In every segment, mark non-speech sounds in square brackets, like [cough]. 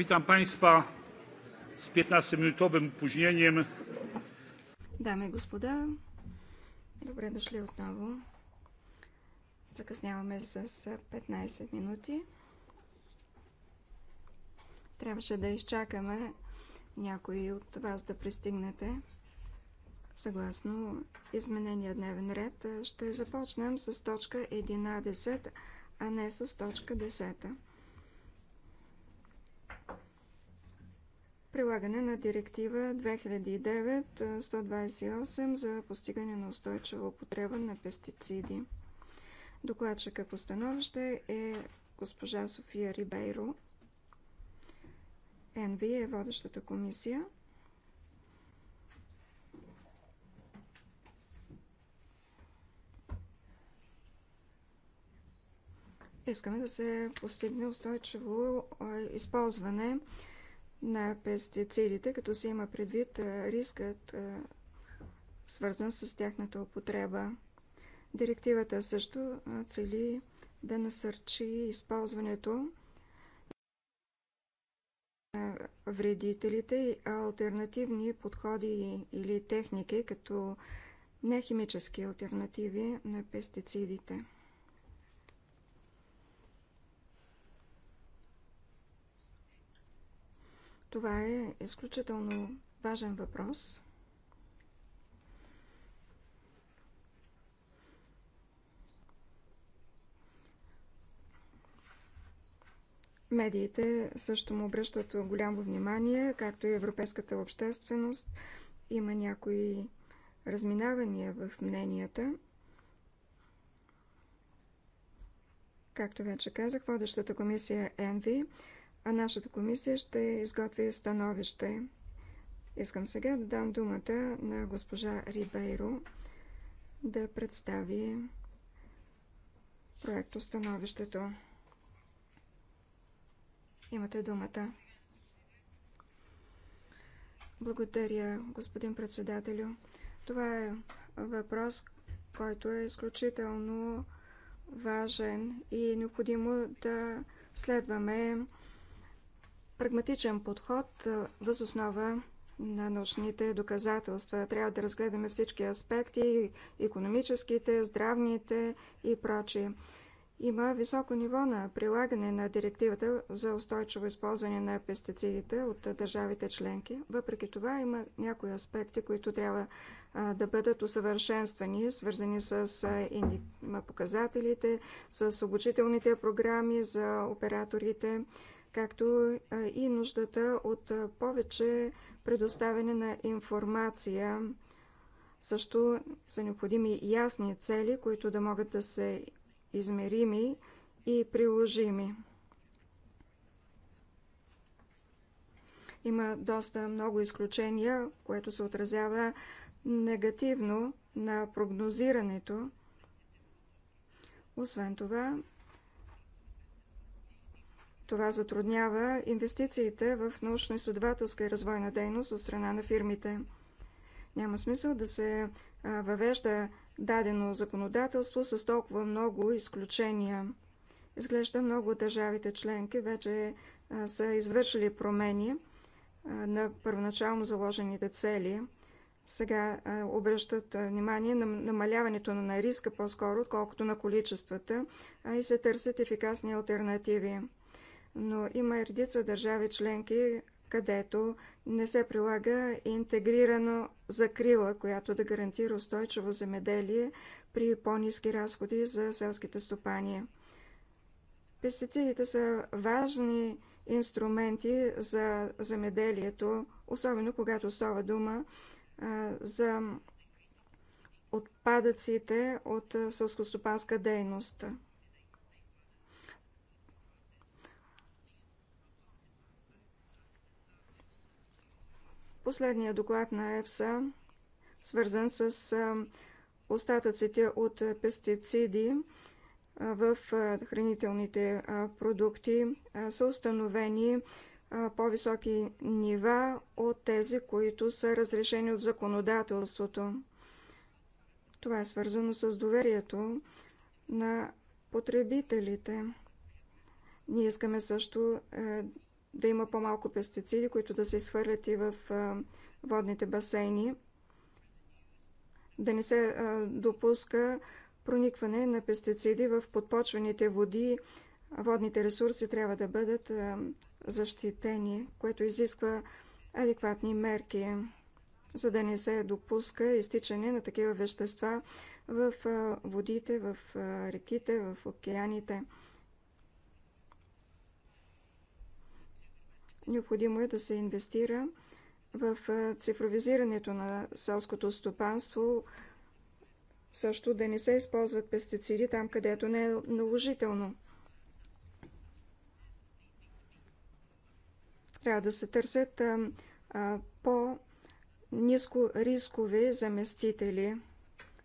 Witam Państwa z 15-minutowym opóźnieniem. Дами и господа, добре дошли отново. Закъсняваме с 15 минути. Трябваше да изчакаме някои от вас да пристигнете. Съгласно изменения дневен ред, ще започнем с точка 11, а не с точка 10. прилагане на директива 2009-128 за постигане на устойчива употреба на пестициди. Докладчика по становище е госпожа София Рибейро. НВ е водещата комисия. Искаме да се постигне устойчиво използване на пестицидите, като се има предвид рискът, свързан с тяхната употреба. Директивата също цели да насърчи използването на вредителите и альтернативни подходи или техники, като нехимически альтернативи на пестицидите. Това е изключително важен въпрос. Медиите също му обръщат голямо внимание, както и европейската общественост. Има някои разминавания в мненията. Както вече казах, водещата комисия ЕНВИ а нашата комисия ще изготви становище. Искам сега да дам думата на госпожа Рибейро да представи проекто становището. Имате думата. Благодаря, господин председателю. Това е въпрос, който е изключително важен и е необходимо да следваме прагматичен подход въз основа на научните доказателства. Трябва да разгледаме всички аспекти, економическите, здравните и прочие. Има високо ниво на прилагане на директивата за устойчиво използване на пестицидите от държавите членки. Въпреки това има някои аспекти, които трябва да бъдат усъвършенствани, свързани с показателите, с обучителните програми за операторите, както и нуждата от повече предоставяне на информация. Също са необходими ясни цели, които да могат да се измерими и приложими. Има доста много изключения, което се отразява негативно на прогнозирането. Освен това, това затруднява инвестициите в научно-изследователска и развойна дейност от страна на фирмите. Няма смисъл да се въвежда дадено законодателство с толкова много изключения. Изглежда много от държавите членки вече са извършили промени на първоначално заложените цели. Сега обръщат внимание на намаляването на риска по-скоро, отколкото на количествата, а и се търсят ефикасни альтернативи но има и редица държави членки, където не се прилага интегрирано закрила, която да гарантира устойчиво земеделие при по-низки разходи за селските стопани. Пестицидите са важни инструменти за земеделието, особено когато става дума за отпадъците от сълскостопанска дейност. Последният доклад на ЕФСА, свързан с остатъците от пестициди в хранителните продукти, са установени по-високи нива от тези, които са разрешени от законодателството. Това е свързано с доверието на потребителите. Ние искаме също е, да има по-малко пестициди, които да се изхвърлят и в водните басейни, да не се допуска проникване на пестициди в подпочвените води. Водните ресурси трябва да бъдат защитени, което изисква адекватни мерки, за да не се допуска изтичане на такива вещества в водите, в реките, в океаните. Необходимо е да се инвестира в цифровизирането на селското стопанство, също да не се използват пестициди там, където не е наложително. Трябва да се търсят по-низко рискови заместители.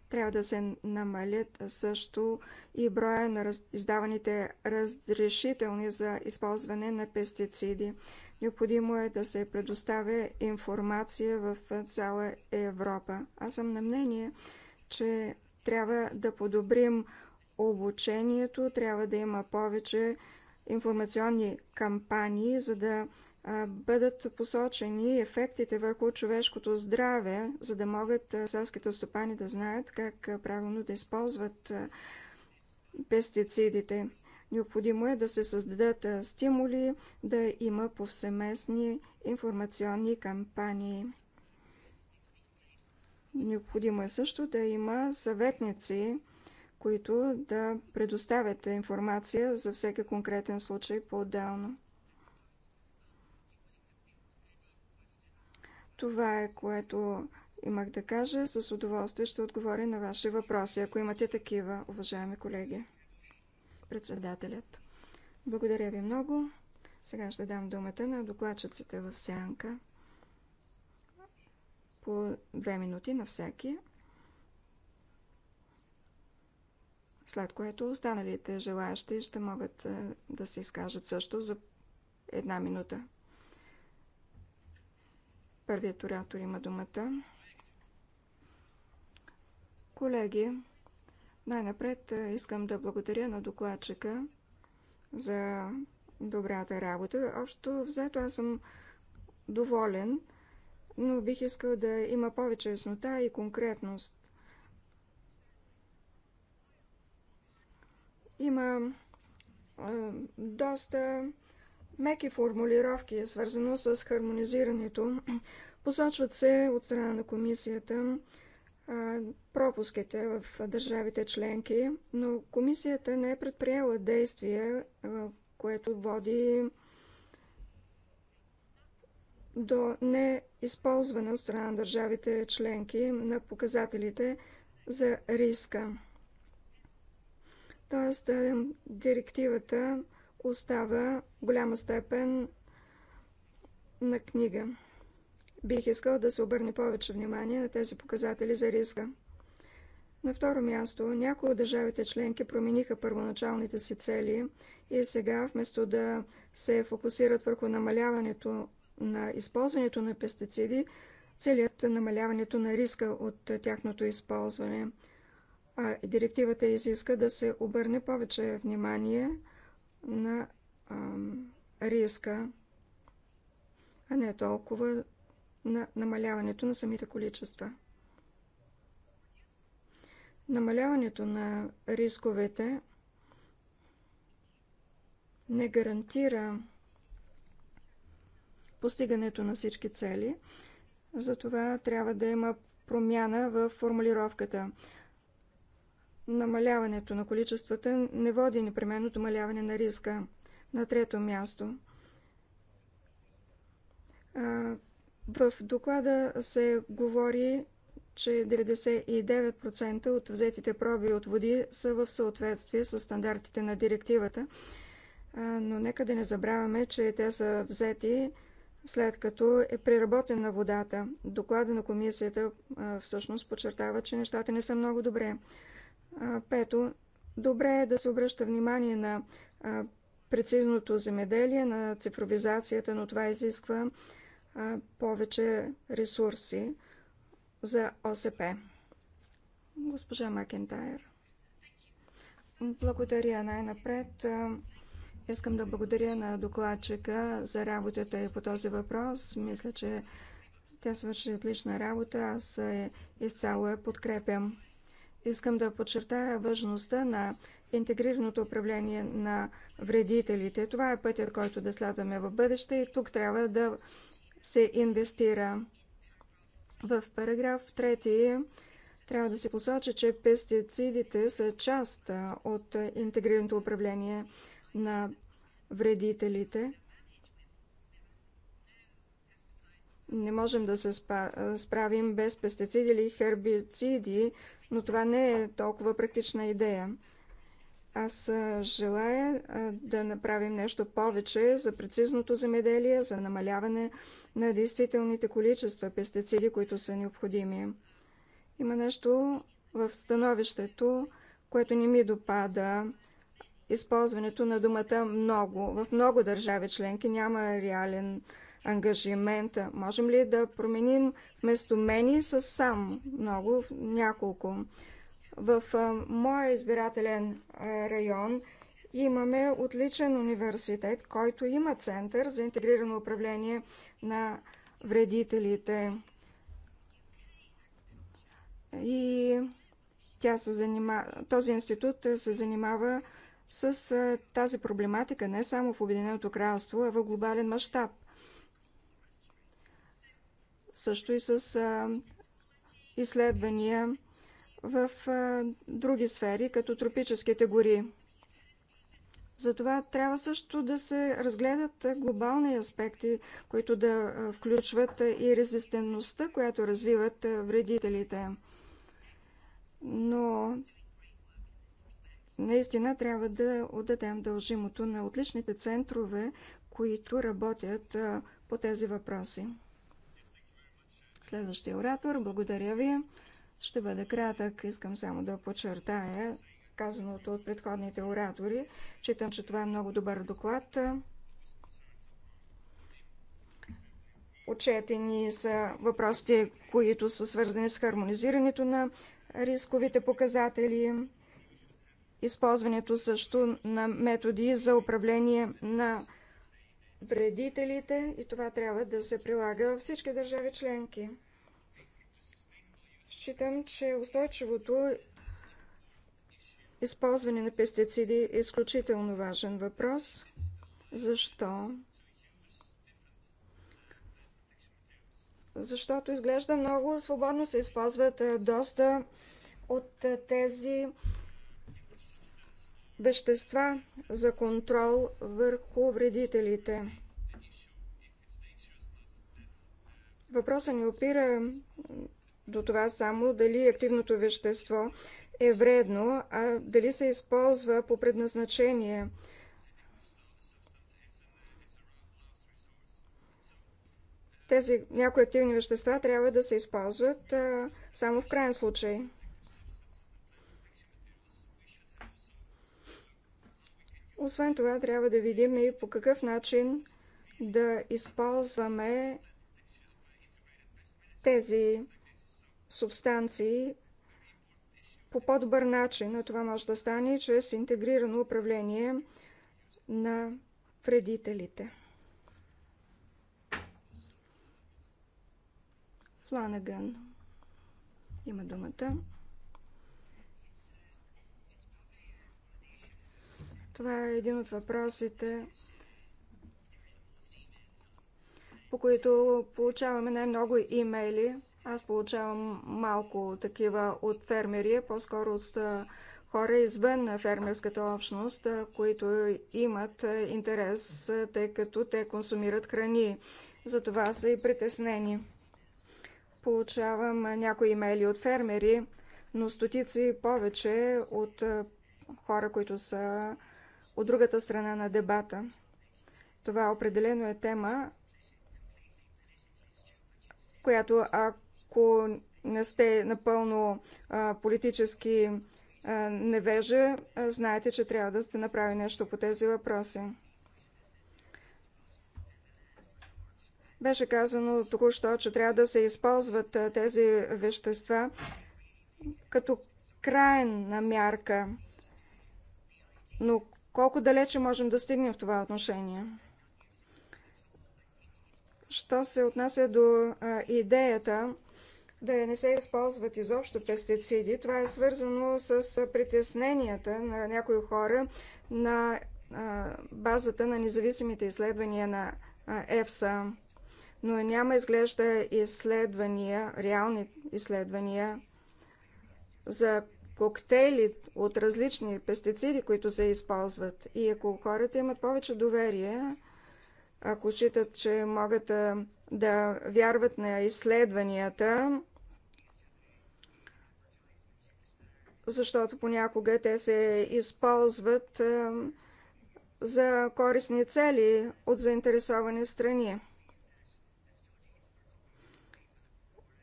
Трябва да се намалят също и броя на издаваните разрешителни за използване на пестициди. Необходимо е да се предоставя информация в цяла Европа. Аз съм на мнение, че трябва да подобрим обучението, трябва да има повече информационни кампании, за да бъдат посочени ефектите върху човешкото здраве, за да могат селските стопани да знаят как правилно да използват пестицидите. Необходимо е да се създадат стимули, да има повсеместни информационни кампании. Необходимо е също да има съветници, които да предоставят информация за всеки конкретен случай по-отделно. Това е което имах да кажа. С удоволствие ще отговоря на ваши въпроси, ако имате такива, уважаеми колеги. Председателят. Благодаря ви много. Сега ще дам думата на докладчиците в сянка по две минути на всеки. След което останалите желаящи ще могат е, да се изкажат също за една минута. Първият оратор има думата. Колеги, най-напред е, искам да благодаря на докладчика за добрата работа. Общо взето аз съм доволен, но бих искал да има повече яснота и конкретност. Има е, доста меки формулировки, свързано с хармонизирането. Посочват се от страна на комисията пропуските в държавите членки, но комисията не е предприела действия, което води до неизползване от страна на държавите членки на показателите за риска. Тоест, директивата остава в голяма степен на книга. Бих искал да се обърне повече внимание на тези показатели за риска. На второ място, някои от държавите членки промениха първоначалните си цели и сега, вместо да се фокусират върху намаляването на използването на пестициди, целят намаляването на риска от тяхното използване. А директивата изиска да се обърне повече внимание на ам, риска, а не толкова на намаляването на самите количества. Намаляването на рисковете не гарантира постигането на всички цели, затова трябва да има промяна в формулировката. Намаляването на количествата не води непременно до намаляване на риска. На трето място – в доклада се говори, че 99% от взетите проби от води са в съответствие с стандартите на директивата, но нека да не забравяме, че те са взети след като е преработена водата. Доклада на комисията всъщност подчертава, че нещата не са много добре. Пето, добре е да се обръща внимание на прецизното земеделие, на цифровизацията, но това изисква повече ресурси за ОСП. Госпожа Макентайр. Благодаря най-напред. Искам да благодаря на докладчика за работата и по този въпрос. Мисля, че тя свърши отлична работа. Аз е изцяло я подкрепям. Искам да подчертая важността на интегрираното управление на вредителите. Това е пътят, който да следваме в бъдеще и тук трябва да се инвестира. В параграф 3 трябва да се посочи, че пестицидите са част от интегрираното управление на вредителите. Не можем да се справим без пестициди или хербициди, но това не е толкова практична идея. Аз желая да направим нещо повече за прецизното земеделие, за намаляване на действителните количества пестициди, които са необходими. Има нещо в становището, което не ми допада. Използването на думата много. В много държави членки няма реален ангажимент. Можем ли да променим вместо мени с сам много, няколко? В моя избирателен район имаме отличен университет, който има център за интегрирано управление на вредителите. И тя се занимава, този институт се занимава с тази проблематика не само в Обединеното кралство, а в глобален мащаб. Също и с изследвания в други сфери, като тропическите гори. Затова трябва също да се разгледат глобални аспекти, които да включват и резистентността, която развиват вредителите. Но наистина трябва да отдадем дължимото на отличните центрове, които работят по тези въпроси. Следващия оратор, благодаря ви. Ще бъда кратък. Искам само да подчертая казаното от предходните оратори. Читам, че това е много добър доклад. Отчетени са въпросите, които са свързани с хармонизирането на рисковите показатели, използването също на методи за управление на вредителите и това трябва да се прилага във всички държави членки. Считам, че устойчивото използване на пестициди е изключително важен въпрос. Защо? Защото изглежда много свободно се използват доста от тези вещества за контрол върху вредителите. Въпросът ни опира до това само дали активното вещество е вредно, а дали се използва по предназначение. Тези някои активни вещества трябва да се използват а, само в крайен случай. Освен това, трябва да видим и по какъв начин да използваме тези субстанции по по-добър начин, а това може да стане чрез интегрирано управление на вредителите. Фланаган има думата. Това е един от въпросите, по които получаваме най-много имейли. Аз получавам малко такива от фермери, по-скоро от хора извън фермерската общност, които имат интерес, тъй като те консумират храни. Затова са и притеснени. Получавам някои имейли от фермери, но стотици повече от хора, които са от другата страна на дебата. Това определено е тема, която ако не сте напълно политически невежа, знаете, че трябва да се направи нещо по тези въпроси. Беше казано току-що, че трябва да се използват тези вещества като крайна мярка. Но колко далече можем да стигнем в това отношение? Що се отнася до идеята да не се използват изобщо пестициди, това е свързано с притесненията на някои хора на базата на независимите изследвания на ЕФСА. Но няма изглежда изследвания, реални изследвания за коктейли от различни пестициди, които се използват. И ако хората имат повече доверие ако считат, че могат да вярват на изследванията, защото понякога те се използват за корисни цели от заинтересовани страни.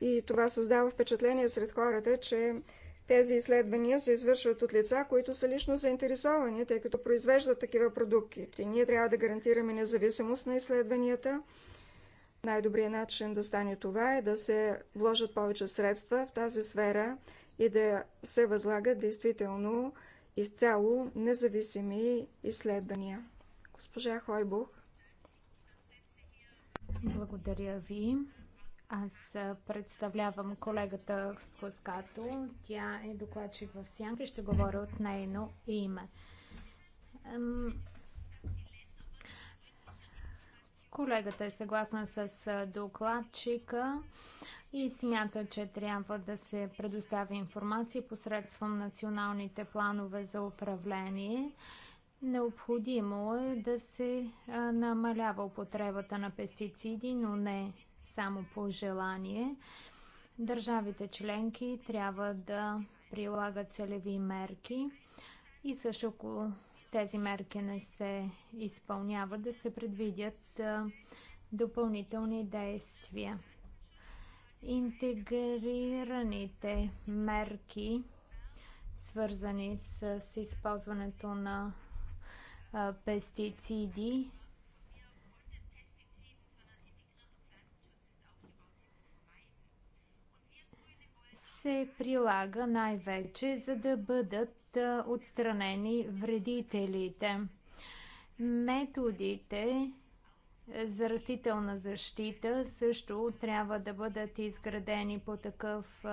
И това създава впечатление сред хората, че тези изследвания се извършват от лица, които са лично заинтересовани, тъй като произвеждат такива продукти. И ние трябва да гарантираме независимост на изследванията. Най-добрият начин да стане това е да се вложат повече средства в тази сфера и да се възлагат действително изцяло независими изследвания. Госпожа Хойбух. Благодаря ви. Аз представлявам колегата Скоскато. Тя е докладчик в Сянка и ще говоря от нейно име. Колегата е съгласна с докладчика и смята, че трябва да се предостави информация посредством националните планове за управление. Необходимо е да се намалява употребата на пестициди, но не само по желание. Държавите членки трябва да прилагат целеви мерки и също ако тези мерки не се изпълняват, да се предвидят допълнителни действия. Интегрираните мерки, свързани с използването на пестициди, се прилага най-вече за да бъдат отстранени вредителите. Методите е, за растителна защита също трябва да бъдат изградени по такъв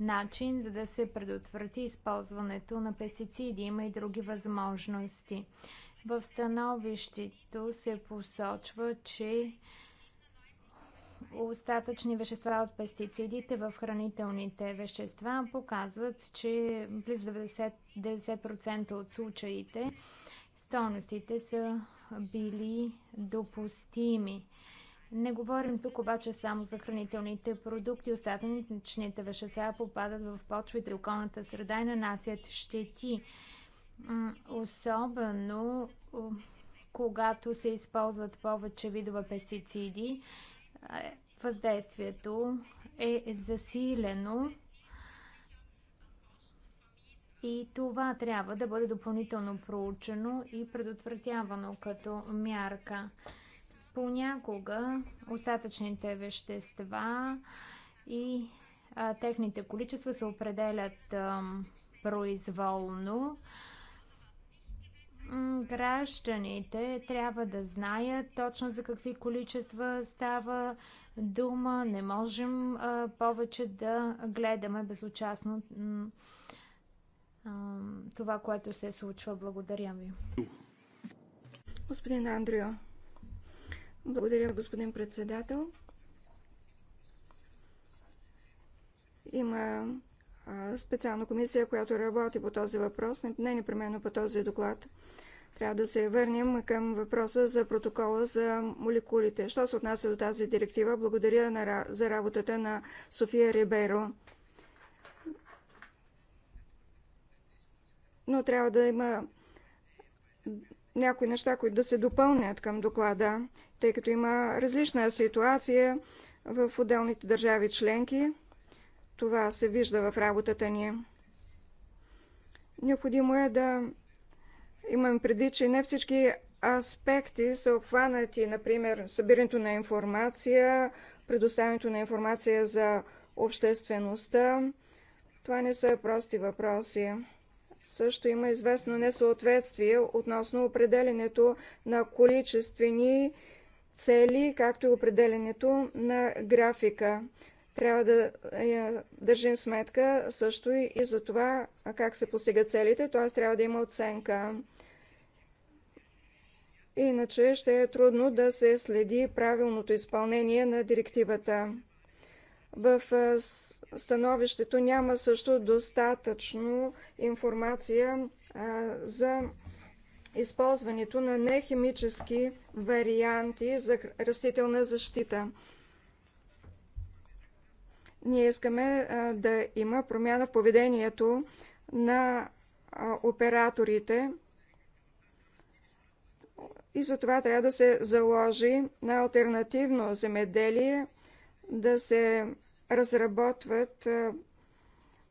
начин, за да се предотврати използването на пестициди. Има и други възможности. В становището се посочва, че остатъчни вещества от пестицидите в хранителните вещества показват, че близо 90%, 90 от случаите стойностите са били допустими. Не говорим тук обаче само за хранителните продукти. Остатъчните вещества попадат в почвите и околната среда и нанасят щети. Особено когато се използват повече видове пестициди въздействието е засилено и това трябва да бъде допълнително проучено и предотвратявано като мярка. Понякога остатъчните вещества и а, техните количества се определят а, произволно. Гражданите трябва да знаят точно за какви количества става дума. Не можем а, повече да гледаме безучастно а, това, което се случва. Благодаря ви. Господин Андрио, благодаря, господин председател. Има специална комисия, която работи по този въпрос, не непременно по този доклад. Трябва да се върнем към въпроса за протокола за молекулите. Що се отнася до тази директива, благодаря на, за работата на София Риберо. Но трябва да има някои неща, които да се допълнят към доклада, тъй като има различна ситуация в отделните държави членки. Това се вижда в работата ни. Необходимо е да имам предвид, че не всички аспекти са обхванати, например, събирането на информация, предоставянето на информация за обществеността. Това не са прости въпроси. Също има известно несъответствие относно определенето на количествени цели, както и определенето на графика. Трябва да е, държим сметка също и за това как се постига целите, т.е. трябва да има оценка. Иначе ще е трудно да се следи правилното изпълнение на директивата. В е, становището няма също достатъчно информация е, за използването на нехимически варианти за растителна защита. Ние искаме да има промяна в поведението на операторите и за това трябва да се заложи на альтернативно земеделие, да се разработват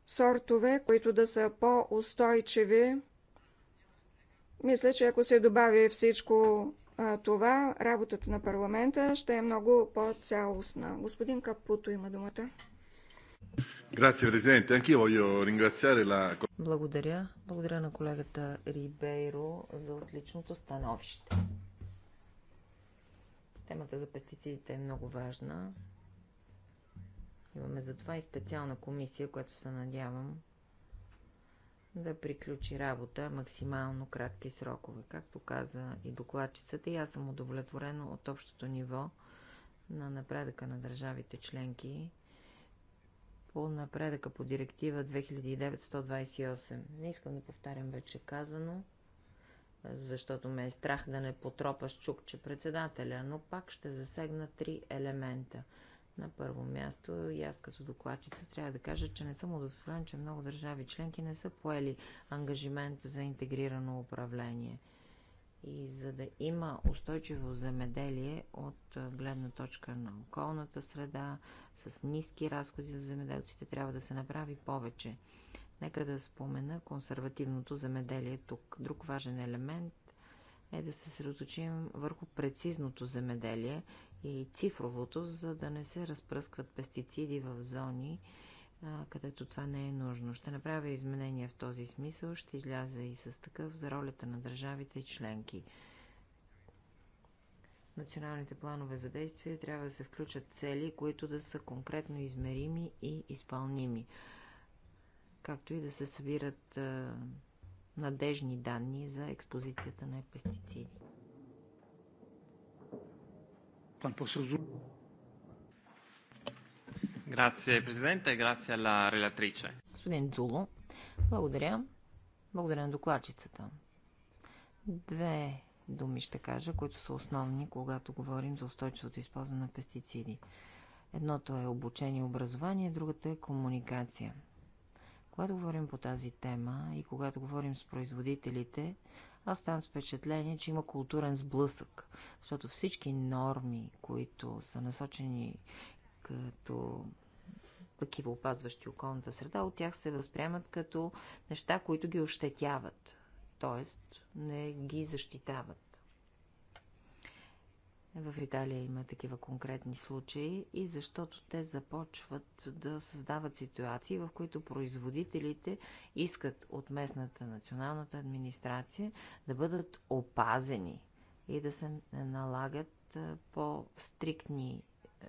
сортове, които да са по-устойчиви. Мисля, че ако се добави всичко това, работата на парламента ще е много по-цялостна. Господин Капуто има думата. Благодаря. Благодаря на колегата Рибейро за отличното становище. Темата за пестицидите е много важна. Имаме за това и специална комисия, която се надявам да приключи работа максимално кратки срокове. Както каза и докладчицата, и аз съм удовлетворена от общото ниво на напредъка на държавите членки по напредъка по директива 2928. Не искам да повтарям вече казано, защото ме е страх да не потропа с чукче председателя, но пак ще засегна три елемента. На първо място, и аз като докладчица трябва да кажа, че не съм удовлетворен, че много държави членки не са поели ангажимент за интегрирано управление – и за да има устойчиво земеделие от гледна точка на околната среда, с ниски разходи за земеделците, трябва да се направи повече. Нека да спомена консервативното земеделие тук. Друг важен елемент е да се средоточим върху прецизното земеделие и цифровото, за да не се разпръскват пестициди в зони, където това не е нужно. Ще направя изменения в този смисъл, ще изляза и с такъв за ролята на държавите и членки. Националните планове за действие трябва да се включат цели, които да са конкретно измерими и изпълними, както и да се събират надежни данни за експозицията на пестициди. Пан Грация, президента, и грация ла релатриче. Господин Дзуло, благодаря. Благодаря на докладчицата. Две думи ще кажа, които са основни, когато говорим за устойчивото използване на пестициди. Едното е обучение и образование, другата е комуникация. Когато говорим по тази тема и когато говорим с производителите, аз ставам с впечатление, че има културен сблъсък, защото всички норми, които са насочени като такива опазващи околната среда, от тях се възприемат като неща, които ги ощетяват, т.е. не ги защитават. В Италия има такива конкретни случаи и защото те започват да създават ситуации, в които производителите искат от местната националната администрация да бъдат опазени и да се налагат по-стриктни е,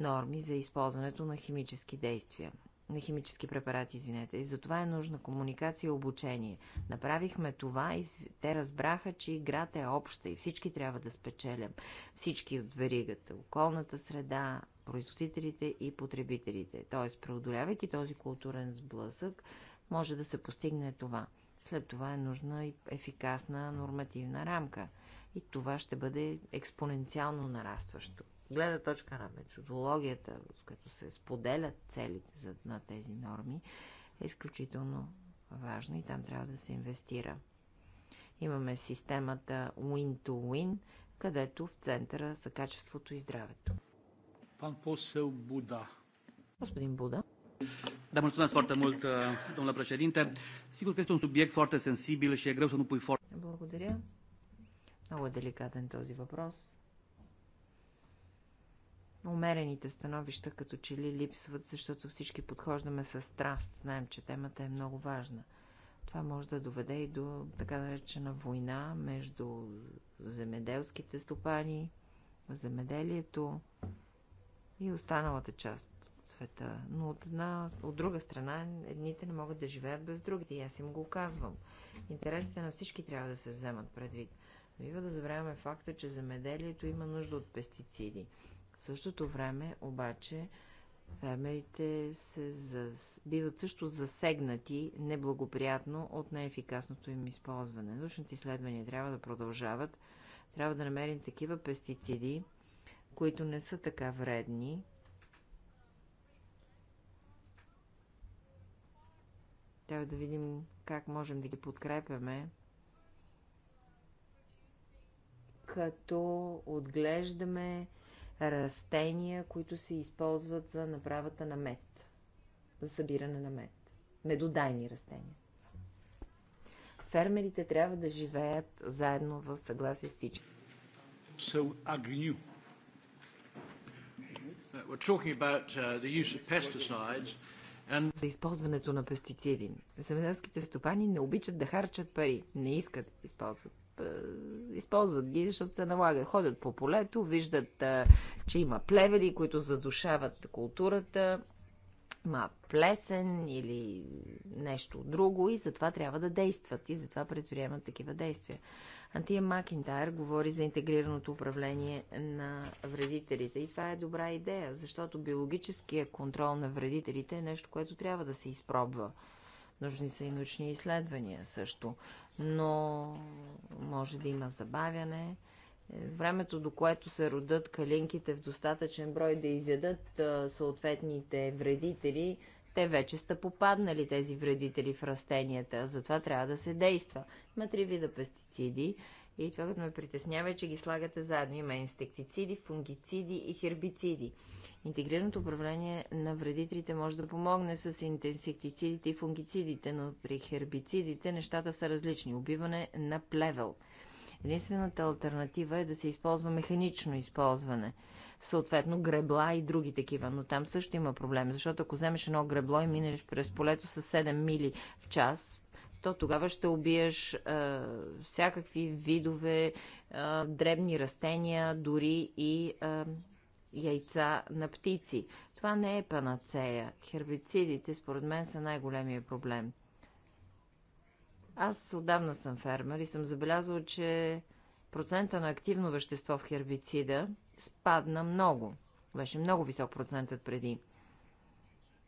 норми за използването на химически действия на химически препарати, извинете. И затова е нужна комуникация и обучение. Направихме това и те разбраха, че играта е обща и всички трябва да спечелям. Всички от веригата, околната среда, производителите и потребителите. Тоест, преодолявайки този културен сблъсък, може да се постигне това. След това е нужна и ефикасна нормативна рамка. И това ще бъде експоненциално нарастващо гледна точка на методологията, с която се споделят целите за, на тези норми, е изключително важно и там трябва да се инвестира. Имаме системата Win-to-Win, където в центъра са качеството и здравето. Пан посел Буда. Господин Буда. Да, mulțumesc foarte mult, uh, domnule președinte. Sigur că este un subiect foarte sensibil și e greu să nu pui foarte... Благодаря. Много е деликатен този въпрос умерените становища като че ли липсват, защото всички подхождаме с страст. Знаем, че темата е много важна. Това може да доведе и до така наречена война между земеделските стопани, земеделието и останалата част от света. Но от, една, от друга страна, едните не могат да живеят без другите. И аз им го казвам. Интересите на всички трябва да се вземат предвид. Бива да забравяме факта, че земеделието има нужда от пестициди. В същото време обаче фермерите се зас... биват също засегнати неблагоприятно от неефикасното им използване. Научните изследвания трябва да продължават. Трябва да намерим такива пестициди, които не са така вредни. Трябва да видим как можем да ги подкрепяме, като отглеждаме растения, които се използват за направата на мед, за събиране на мед. Медодайни растения. Фермерите трябва да живеят заедно в съгласие с всички. So, Agnew. We're talking about uh, the use of pesticides за използването на пестициди. Земеделските стопани не обичат да харчат пари, не искат да използват е, използват ги, защото се налагат. Ходят по полето, виждат, е, че има плевели, които задушават културата, има плесен или нещо друго и затова трябва да действат и затова предприемат такива действия. Антия Макинтайр говори за интегрираното управление на вредителите и това е добра идея, защото биологическия контрол на вредителите е нещо, което трябва да се изпробва. Нужни са и научни изследвания също. Но може да има забавяне. Е, времето, до което се родат калинките в достатъчен брой да изядат съответните вредители, те вече са попаднали тези вредители в растенията. Затова трябва да се действа. Има три вида пестициди и това, което ме притеснява е, че ги слагате заедно. Има инсектициди, фунгициди и хербициди. Интегрираното управление на вредителите може да помогне с инсектицидите и фунгицидите, но при хербицидите нещата са различни. Убиване на плевел. Единствената альтернатива е да се използва механично използване. Съответно, гребла и други такива. Но там също има проблем, защото ако вземеш едно гребло и минеш през полето с 7 мили в час, то тогава ще убиеш а, всякакви видове а, дребни растения, дори и а, яйца на птици. Това не е панацея. Хербицидите, според мен, са най-големия проблем. Аз отдавна съм фермер и съм забелязал, че процента на активно вещество в хербицида спадна много. Беше много висок процентът преди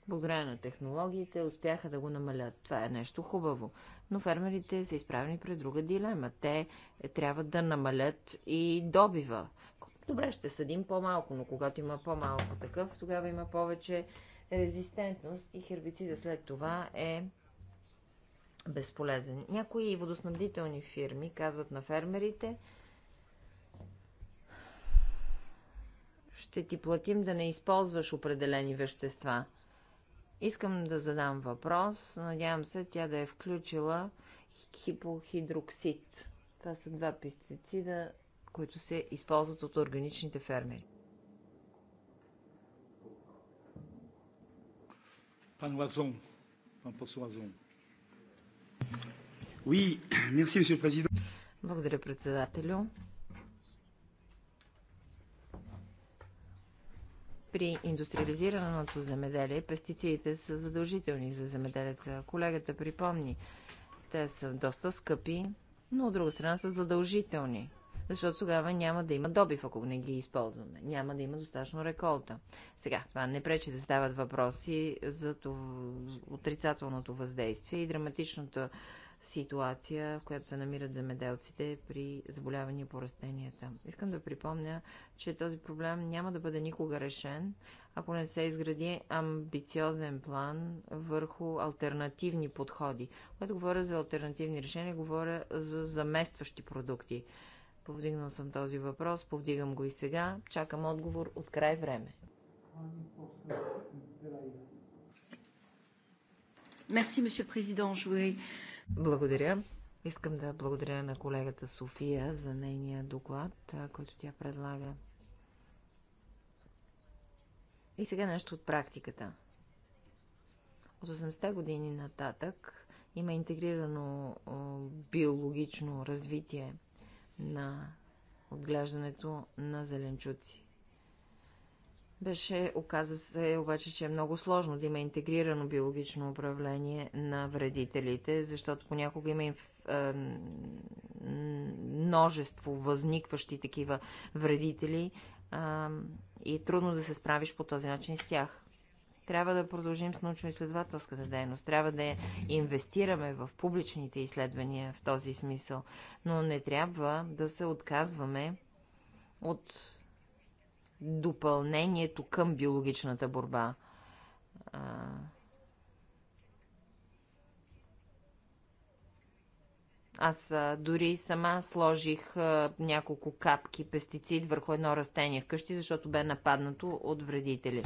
благодаря на технологиите, успяха да го намалят. Това е нещо хубаво. Но фермерите са изправени пред друга дилема. Те трябва да намалят и добива. Добре, ще съдим по-малко, но когато има по-малко такъв, тогава има повече резистентност и хербицида след това е безполезен. Някои водоснабдителни фирми казват на фермерите, ще ти платим да не използваш определени вещества – Искам да задам въпрос. Надявам се тя да е включила хипохидроксид. Това са два пестицида, които се използват от органичните фермери. Пан Лазон. Пан Лазон. Oui, merci, Благодаря, председателю. При индустриализираното земеделие пестицидите са задължителни за земеделеца. Колегата припомни, те са доста скъпи, но от друга страна са задължителни, защото тогава няма да има добив, ако не ги използваме. Няма да има достатъчно реколта. Сега, това не пречи да стават въпроси за отрицателното въздействие и драматичното ситуация, в която се намират замеделците при заболявания по растенията. Искам да припомня, че този проблем няма да бъде никога решен, ако не се изгради амбициозен план върху альтернативни подходи. Когато говоря за альтернативни решения, говоря за заместващи продукти. Повдигнал съм този въпрос, повдигам го и сега. Чакам отговор от край време. Merci, Monsieur le Président. Je voudrais благодаря. Искам да благодаря на колегата София за нейния доклад, който тя предлага. И сега нещо от практиката. От 80-те години нататък има интегрирано биологично развитие на отглеждането на зеленчуци. Беше, оказа се обаче, че е много сложно да има интегрирано биологично управление на вредителите, защото понякога има инф, множество възникващи такива вредители и е, трудно да се справиш по този начин с тях. Трябва да продължим с научно-изследователската дейност. Трябва да инвестираме в публичните изследвания в този смисъл. Но не трябва да се отказваме от допълнението към биологичната борба. А... Аз дори сама сложих няколко капки пестицид върху едно растение вкъщи, защото бе нападнато от вредители.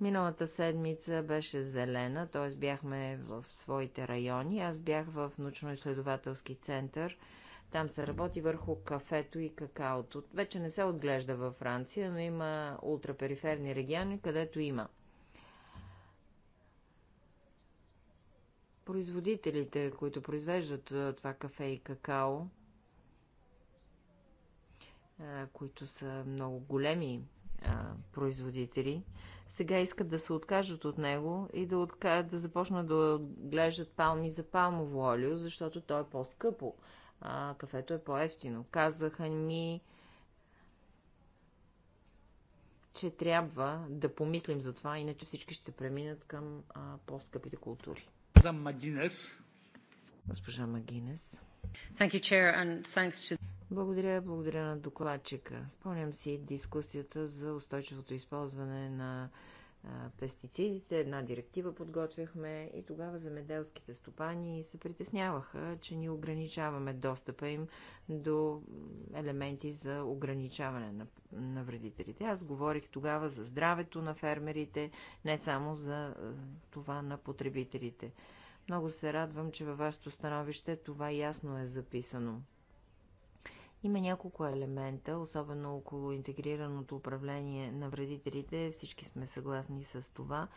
Миналата седмица беше зелена, т.е. бяхме в своите райони. Аз бях в научно-изследователски център – там се работи върху кафето и какаото. Вече не се отглежда във Франция, но има ултрапериферни региони, където има. Производителите, които произвеждат това кафе и какао, които са много големи производители, сега искат да се откажат от него и да, отка... да започнат да отглеждат палми за палмово олио, защото то е по-скъпо а, кафето е по-ефтино. Казаха ми, че трябва да помислим за това, иначе всички ще преминат към по-скъпите култури. За Магинес. Госпожа Магинес. Thank you, Chair, and thanks to... Благодаря, благодаря на докладчика. Спомням си дискусията за устойчивото използване на пестицидите, една директива подготвяхме и тогава земеделските стопани се притесняваха, че ни ограничаваме достъпа им до елементи за ограничаване на, на вредителите. Аз говорих тогава за здравето на фермерите, не само за това на потребителите. Много се радвам, че във вашето становище това ясно е записано. Има няколко елемента, особено около интегрираното управление на вредителите. Всички сме съгласни с това.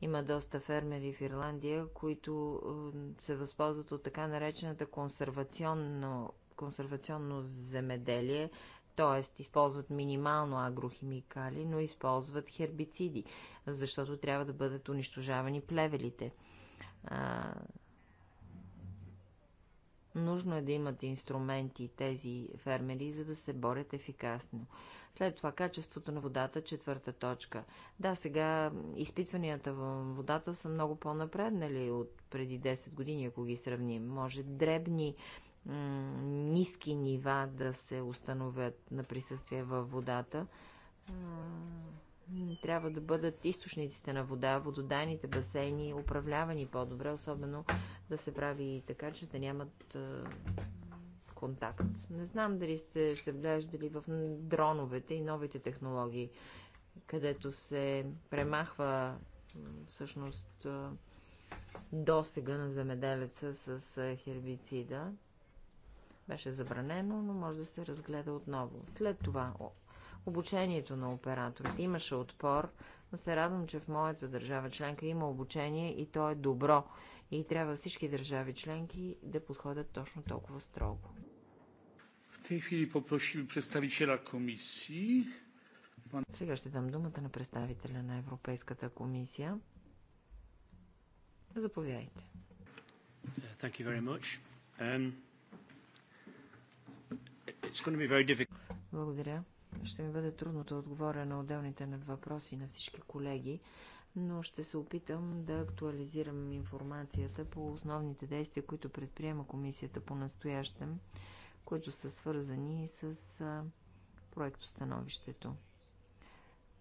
Има доста фермери в Ирландия, които е, се възползват от така наречената консервационно, консервационно земеделие, т.е. използват минимално агрохимикали, но използват хербициди, защото трябва да бъдат унищожавани плевелите. Нужно е да имат инструменти тези фермери, за да се борят ефикасно. След това качеството на водата, четвърта точка. Да, сега изпитванията в водата са много по-напреднали от преди 10 години, ако ги сравним. Може дребни ниски нива да се установят на присъствие във водата трябва да бъдат източниците на вода, вододайните басейни управлявани по-добре, особено да се прави и така, че да нямат контакт. Не знам дали сте се вглеждали в дроновете и новите технологии, където се премахва всъщност досега на земеделеца с хербицида. Беше забранено, но може да се разгледа отново. След това обучението на операторите. Имаше отпор, но се радвам, че в моята държава членка има обучение и то е добро. И трябва всички държави членки да подходят точно толкова строго. В тези хвили попросим представителя комисии. Сега ще дам думата на представителя на Европейската комисия. Заповядайте. Thank you very much. Um, it's going to be very difficult. Благодаря. Ще ми бъде трудно да отговоря на отделните въпроси на всички колеги, но ще се опитам да актуализирам информацията по основните действия, които предприема комисията по настоящем, които са свързани с проектостановището.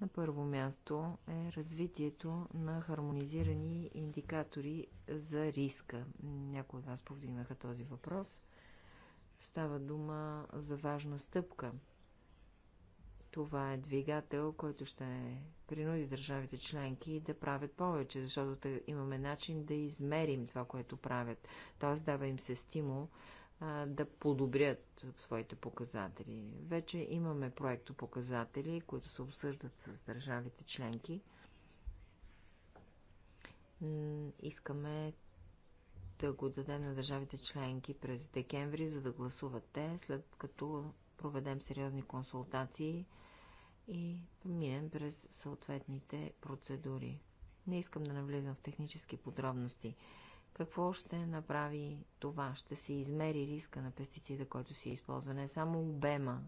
На първо място е развитието на хармонизирани индикатори за риска. Някои от вас повдигнаха този въпрос. Става дума за важна стъпка – това е двигател, който ще принуди държавите членки да правят повече, защото имаме начин да измерим това, което правят. Тоест дава им се стимул а, да подобрят своите показатели. Вече имаме проекто показатели, които се обсъждат с държавите членки. Искаме да го дадем на държавите членки през декември, за да гласуват те, след като проведем сериозни консултации и минем през съответните процедури. Не искам да навлизам в технически подробности. Какво ще направи това? Ще се измери риска на пестицида, който се използва, не само обема.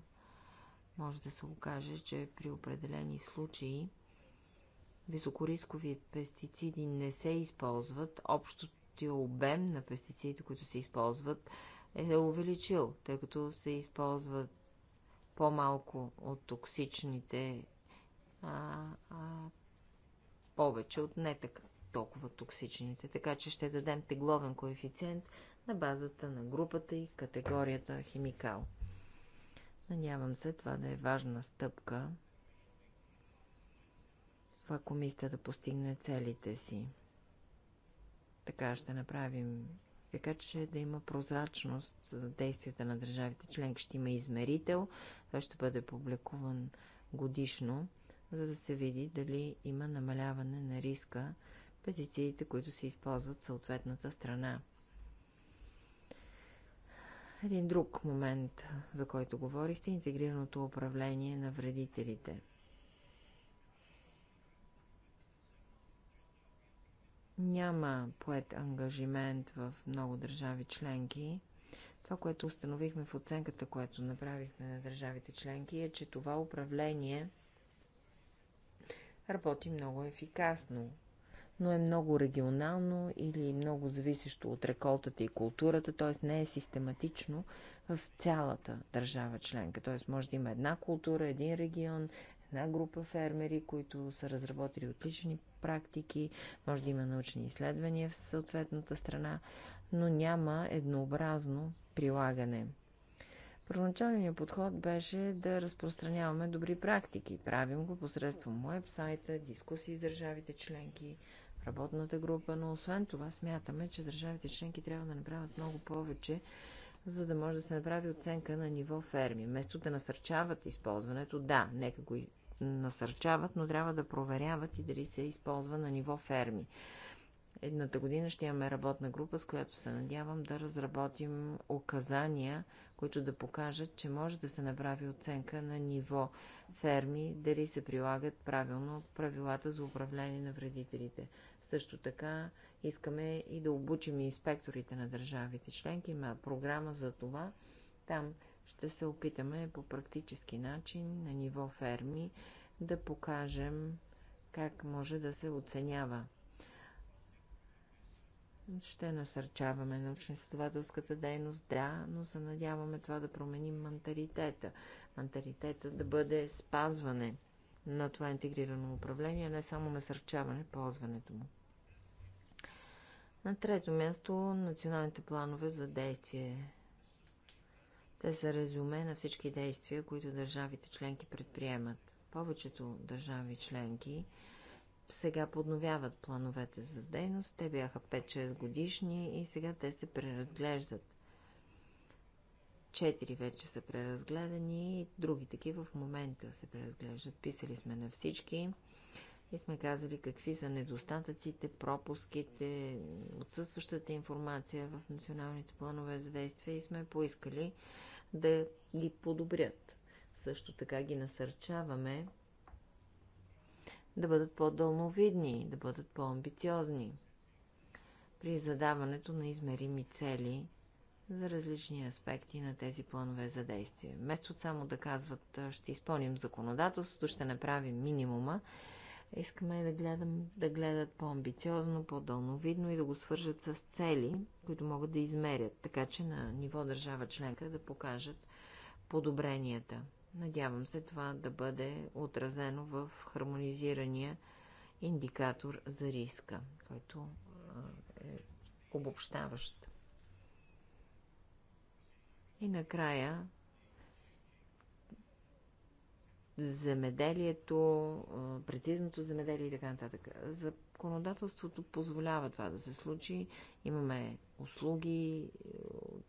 Може да се окаже, че при определени случаи високорискови пестициди не се използват. Общото обем на пестицидите, които се използват, е увеличил, тъй като се използват по-малко от токсичните, а, а повече от не така толкова токсичните. Така че ще дадем тегловен коефициент на базата на групата и категорията химикал. Надявам се това да е важна стъпка. Това комисията да постигне целите си. Така ще направим така че да има прозрачност за действията на държавите членки. Ще има измерител, той ще бъде публикуван годишно, за да се види дали има намаляване на риска пестицидите, които се използват в съответната страна. Един друг момент, за който говорихте, е интегрираното управление на вредителите – няма поет ангажимент в много държави членки. Това, което установихме в оценката, което направихме на държавите членки, е, че това управление работи много ефикасно, но е много регионално или много зависещо от реколтата и културата, т.е. не е систематично в цялата държава членка. Т.е. може да има една култура, един регион, една група фермери, които са разработили отлични практики, може да има научни изследвания в съответната страна, но няма еднообразно прилагане. Първоначалният подход беше да разпространяваме добри практики. Правим го посредством уебсайта, дискусии с държавите членки, работната група, но освен това смятаме, че държавите членки трябва да направят много повече, за да може да се направи оценка на ниво ферми. Вместо да насърчават използването, да, нека го насърчават, но трябва да проверяват и дали се използва на ниво ферми. Едната година ще имаме работна група, с която се надявам да разработим указания, които да покажат, че може да се направи оценка на ниво ферми, дали се прилагат правилно правилата за управление на вредителите. Също така искаме и да обучим инспекторите на държавите членки. Има програма за това. Там ще се опитаме по практически начин на ниво ферми да покажем как може да се оценява. Ще насърчаваме научно-изследователската дейност, да, но се надяваме това да променим менталитета. Менталитета да бъде спазване на това интегрирано управление, не само насърчаване ползването му. На трето място националните планове за действие те са резюме на всички действия, които държавите членки предприемат. Повечето държави членки сега подновяват плановете за дейност. Те бяха 5-6 годишни и сега те се преразглеждат. Четири вече са преразгледани и други такива в момента се преразглеждат. Писали сме на всички и сме казали какви са недостатъците, пропуските, отсъстващата информация в националните планове за действие и сме поискали да ги подобрят. Също така ги насърчаваме да бъдат по-дълновидни, да бъдат по-амбициозни при задаването на измерими цели за различни аспекти на тези планове за действие. Вместо само да казват, ще изпълним законодателството, ще направим минимума, Искаме да, гледам, да гледат по-амбициозно, по-дълновидно и да го свържат с цели, които могат да измерят, така че на ниво държава членка да покажат подобренията. Надявам се това да бъде отразено в хармонизирания индикатор за риска, който е обобщаващ. И накрая земеделието, прецизното земеделие и така нататък. Законодателството позволява това да се случи. Имаме услуги, е,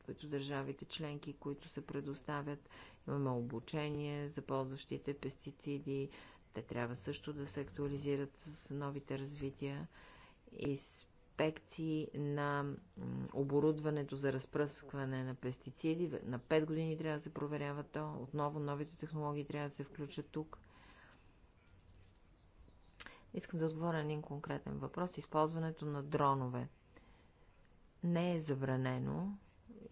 които държавите членки, които се предоставят. Имаме обучение за ползващите пестициди. Те трябва също да се актуализират с новите развития. И инспекции на оборудването за разпръскване на пестициди. На 5 години трябва да се проверява то. Отново новите технологии трябва да се включат тук. Искам да отговоря на един конкретен въпрос. Използването на дронове не е забранено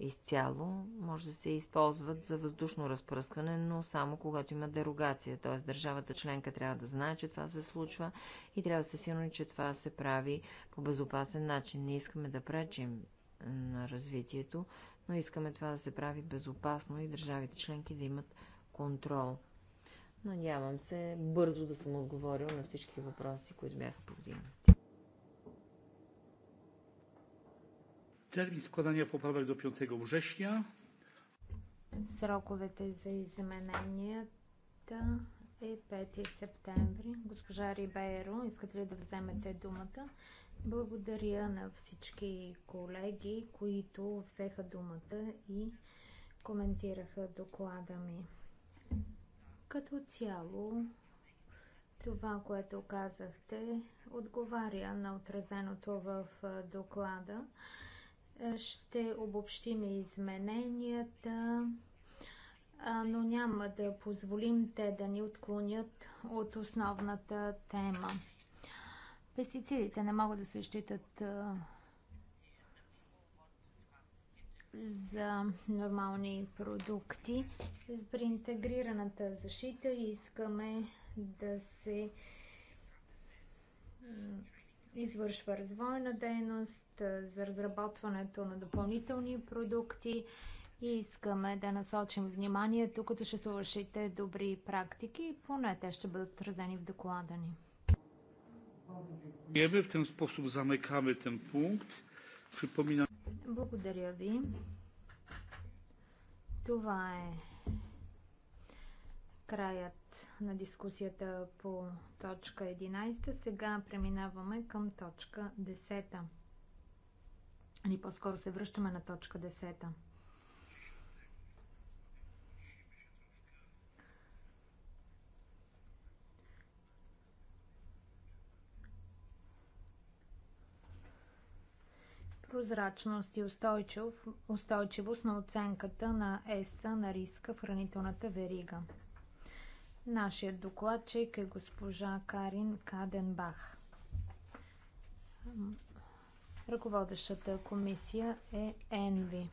изцяло, може да се използват за въздушно разпръскване, но само когато има дерогация. Т.е. държавата членка трябва да знае, че това се случва и трябва да се сигурни, че това се прави по безопасен начин. Не искаме да пречим на развитието, но искаме това да се прави безопасно и държавите членки да имат контрол. Надявам се бързо да съм отговорил на всички въпроси, които бяха повдигнати. Termin składania poprawek do 5 września. Сроковете за измененията е 5 септември. Госпожа Рибейро, искате ли да вземете думата? Благодаря на всички колеги, които взеха думата и коментираха доклада ми. Като цяло, това, което казахте, отговаря на отразеното в доклада. Ще обобщим измененията, но няма да позволим те да ни отклонят от основната тема. Пестицидите не могат да се считат за нормални продукти. При интегрираната защита искаме да се извършва развойна дейност за разработването на допълнителни продукти и искаме да насочим вниманието като ще вършите добри практики и поне те ще бъдат отразени в доклада ни. Благодаря ви. Това е краят на дискусията по точка 11. Сега преминаваме към точка 10. Или по-скоро се връщаме на точка 10. прозрачност и устойчив, устойчивост на оценката на ЕСа на риска в хранителната верига. Нашият докладчик е госпожа Карин Каденбах. Ръководещата комисия е ЕНВИ.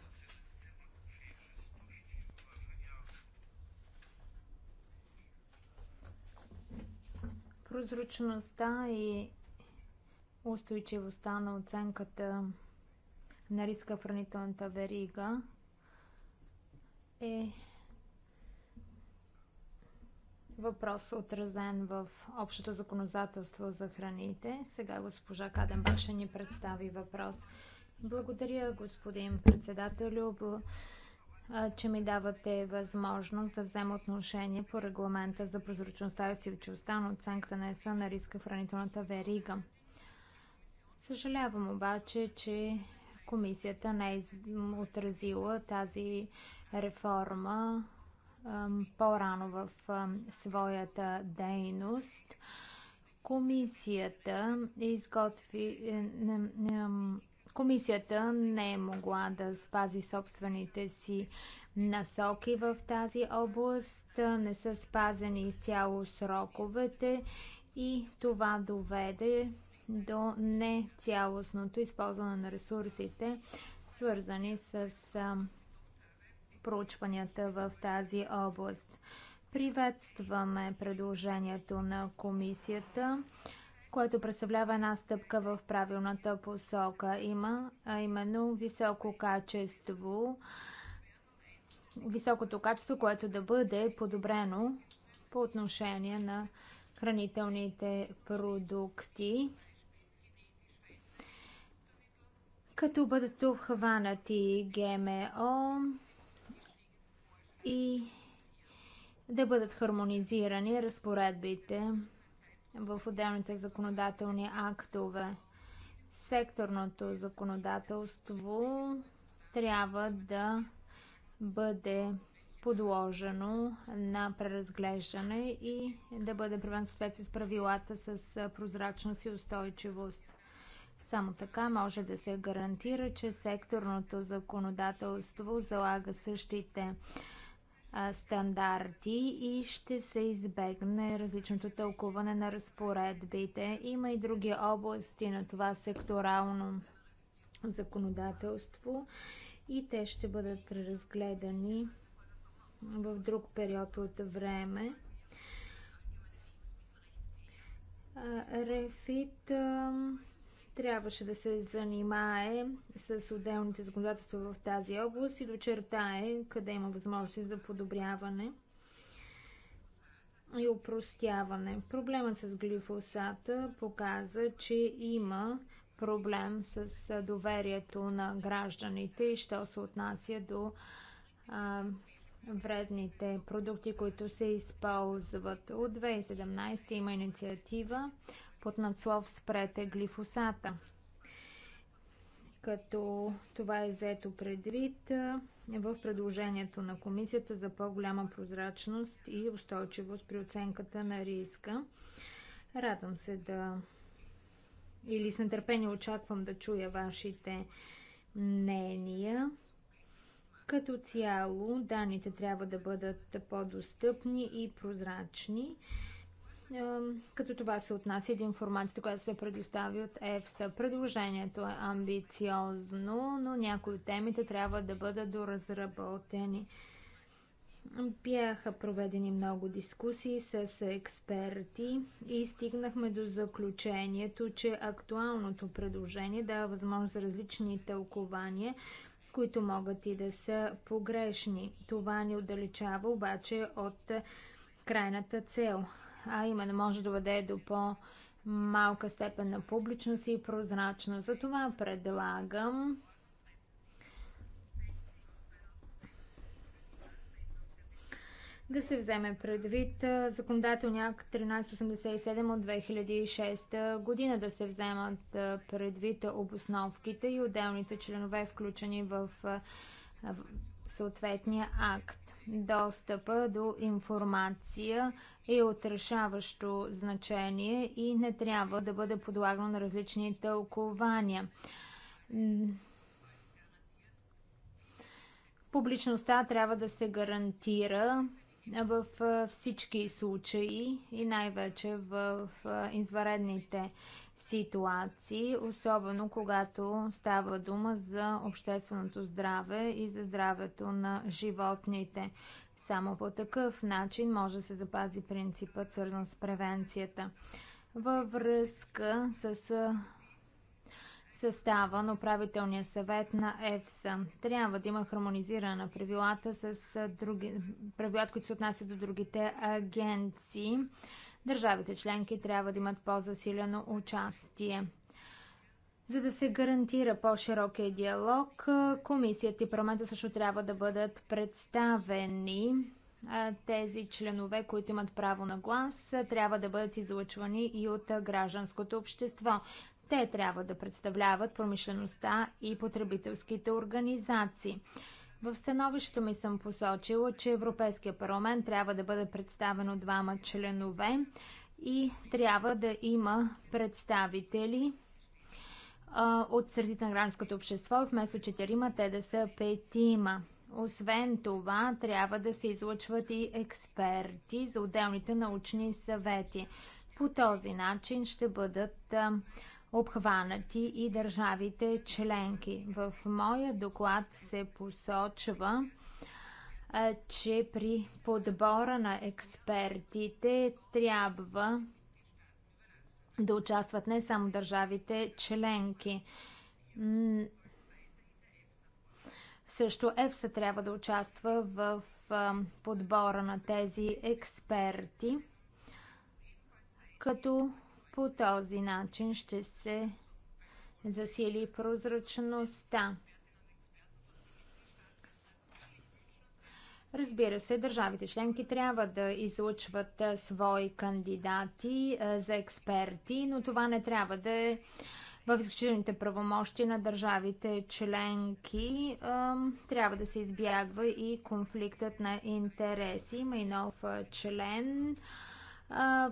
Прозрачността и устойчивостта на оценката на риска в хранителната верига е въпрос отразен в общото законодателство за храните. Сега госпожа Каденбах ще ни представи въпрос. Благодаря, господин председателю, че ми давате възможност да взема отношение по регламента за прозрачността и устойчивостта на оценката на ЕСА на риска в хранителната верига. Съжалявам обаче, че комисията не е отразила тази реформа по-рано в своята дейност. Комисията изготви. Е, комисията не е могла да спази собствените си насоки в тази област, не са спазени изцяло сроковете и това доведе до нецялостното използване на ресурсите, свързани с проучванията в тази област. Приветстваме предложението на комисията, което представлява една стъпка в правилната посока. Има а именно високо качество, високото качество, което да бъде подобрено по отношение на хранителните продукти. Като бъдат обхванати ГМО, и да бъдат хармонизирани разпоредбите в отделните законодателни актове. Секторното законодателство трябва да бъде подложено на преразглеждане и да бъде приведен в съответствие с правилата с прозрачност и устойчивост. Само така може да се гарантира, че секторното законодателство залага същите стандарти и ще се избегне различното тълкуване на разпоредбите. Има и други области на това секторално законодателство и те ще бъдат преразгледани в друг период от време. Рефит трябваше да се занимае с отделните законодателства в тази област и дочертае къде има възможности за подобряване и упростяване. Проблемът с глифосата показа, че има проблем с доверието на гражданите и що се отнася до а, вредните продукти, които се използват. От 2017 има инициатива под надслов спрете глифосата. Като това е взето предвид в предложението на комисията за по-голяма прозрачност и устойчивост при оценката на риска. Радвам се да или с нетърпение очаквам да чуя вашите мнения. Като цяло, данните трябва да бъдат по-достъпни и прозрачни като това се отнася до информацията, която се предостави от ЕФСА. Предложението е амбициозно, но някои от темите трябва да бъдат доразработени. Бяха проведени много дискусии с експерти и стигнахме до заключението, че актуалното предложение дава възможност за различни тълкования, които могат и да са погрешни. Това ни отдалечава обаче от крайната цел а именно може да доведе до по-малка степен на публичност и прозрачност. Затова предлагам да се вземе предвид законодателния акт 1387 от 2006 година, да се вземат предвид обосновките и отделните членове, включени в съответния акт. Достъпа до информация е от решаващо значение и не трябва да бъде подлагано на различни тълкования. Публичността трябва да се гарантира в всички случаи и най-вече в изваредните ситуации, особено когато става дума за общественото здраве и за здравето на животните. Само по такъв начин може да се запази принципът, свързан с превенцията. Във връзка с състава на управителния съвет на ЕФСА. Трябва да има хармонизиране на правилата с други, правилата, които се отнасят до другите агенции. Държавите членки трябва да имат по-засилено участие. За да се гарантира по-широкия диалог, комисията и парламента също трябва да бъдат представени. Тези членове, които имат право на глас, трябва да бъдат излъчвани и от гражданското общество. Те трябва да представляват промишлеността и потребителските организации. В становището ми съм посочила, че Европейския парламент трябва да бъде представен от двама членове и трябва да има представители а, от средите на гражданското общество, вместо четирима те да са петима. Освен това, трябва да се излъчват и експерти за отделните научни съвети. По този начин ще бъдат а, обхванати и държавите членки. В моя доклад се посочва, че при подбора на експертите трябва да участват не само държавите членки. Също ЕФСА трябва да участва в подбора на тези експерти, като по този начин ще се засили прозрачността. Разбира се, държавите членки трябва да излучват свои кандидати за експерти, но това не трябва да е в изключителните правомощи на държавите членки. Трябва да се избягва и конфликтът на интереси. Има и нов член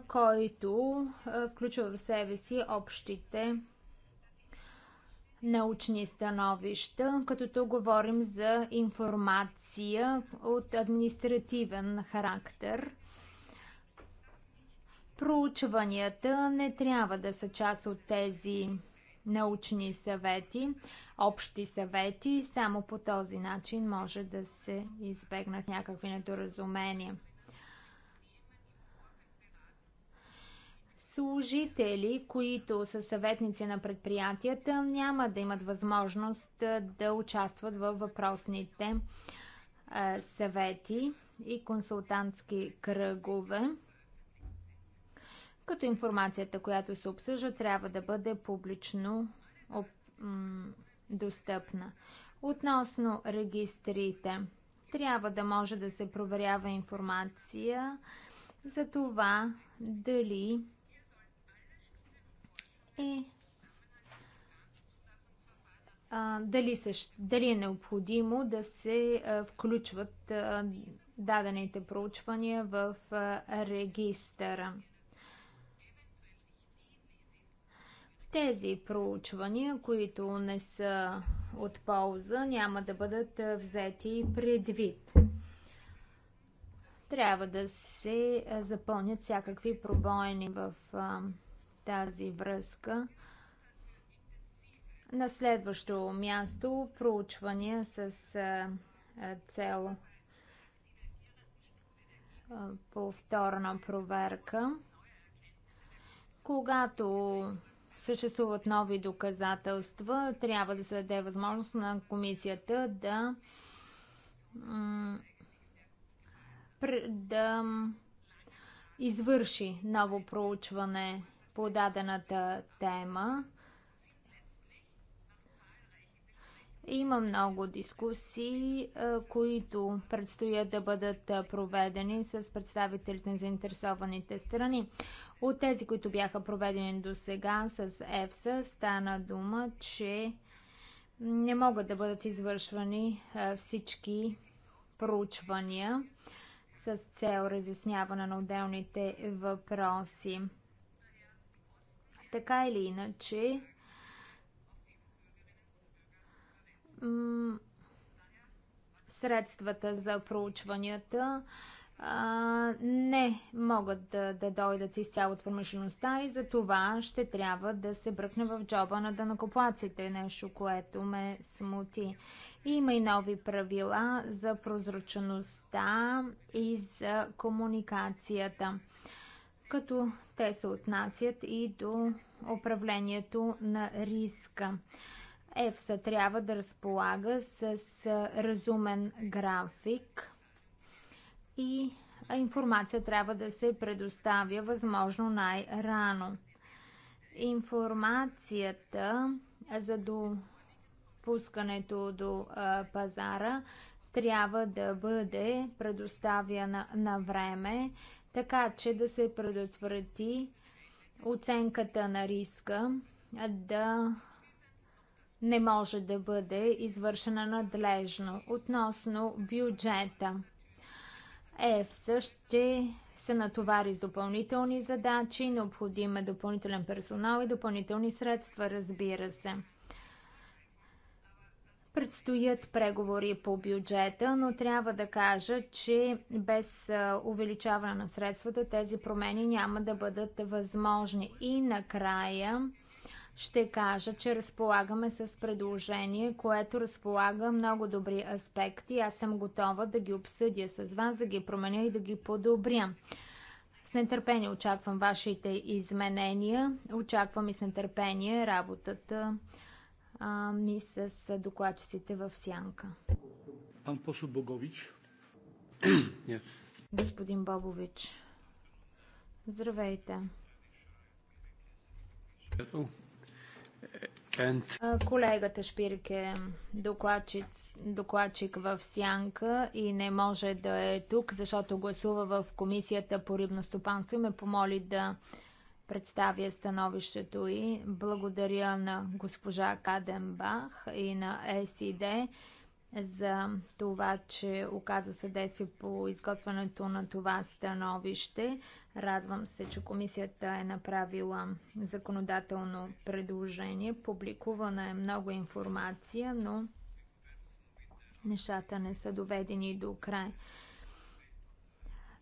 който включва в себе си общите научни становища, като тук говорим за информация от административен характер. Проучванията не трябва да са част от тези научни съвети, общи съвети, само по този начин може да се избегнат някакви недоразумения. служители, които са съветници на предприятията, няма да имат възможност да участват във въпросните съвети и консултантски кръгове. Като информацията, която се обсъжда, трябва да бъде публично достъпна. Относно регистрите, трябва да може да се проверява информация за това дали е а, дали, се, дали е необходимо да се а, включват а, дадените проучвания в а, регистъра. Тези проучвания, които не са от полза, няма да бъдат взети предвид. Трябва да се запълнят всякакви пробойни в а, тази връзка. На следващо място проучвания с цел повторна проверка. Когато съществуват нови доказателства, трябва да се даде възможност на комисията да да извърши ново проучване по дадената тема. Има много дискусии, които предстоят да бъдат проведени с представителите на заинтересованите страни. От тези, които бяха проведени до сега с ЕФСА, стана дума, че не могат да бъдат извършвани всички проучвания с цел разясняване на отделните въпроси. Така или иначе, средствата за проучванията не могат да, да дойдат изцяло от промишлеността и за това ще трябва да се бръкне в джоба на данакоплаците, нещо, което ме смути. Има и нови правила за прозрачността и за комуникацията. Като те се отнасят и до управлението на риска. ЕФСА трябва да разполага с разумен график и информация трябва да се предоставя възможно най-рано. Информацията за допускането до пазара трябва да бъде предоставяна на време, така че да се предотврати оценката на риска да не може да бъде извършена надлежно. Относно бюджета, ЕФС ще се натовари с допълнителни задачи, необходим е допълнителен персонал и допълнителни средства, разбира се. Предстоят преговори по бюджета, но трябва да кажа, че без увеличаване на средствата тези промени няма да бъдат възможни. И накрая ще кажа, че разполагаме с предложение, което разполага много добри аспекти. Аз съм готова да ги обсъдя с вас, да ги променя и да ги подобря. С нетърпение очаквам вашите изменения. Очаквам и с нетърпение работата ми с докладчиците в Сянка. Пан Посо Богович. [coughs] Господин Бобович. Здравейте. And... Колегата Шпирк е докладчик, докладчик в Сянка и не може да е тук, защото гласува в комисията по рибно стопанство и ме помоли да представя становището и благодаря на госпожа Каденбах и на е СИД за това, че оказа съдействие по изготвянето на това становище. Радвам се, че комисията е направила законодателно предложение. Публикувана е много информация, но нещата не са доведени до край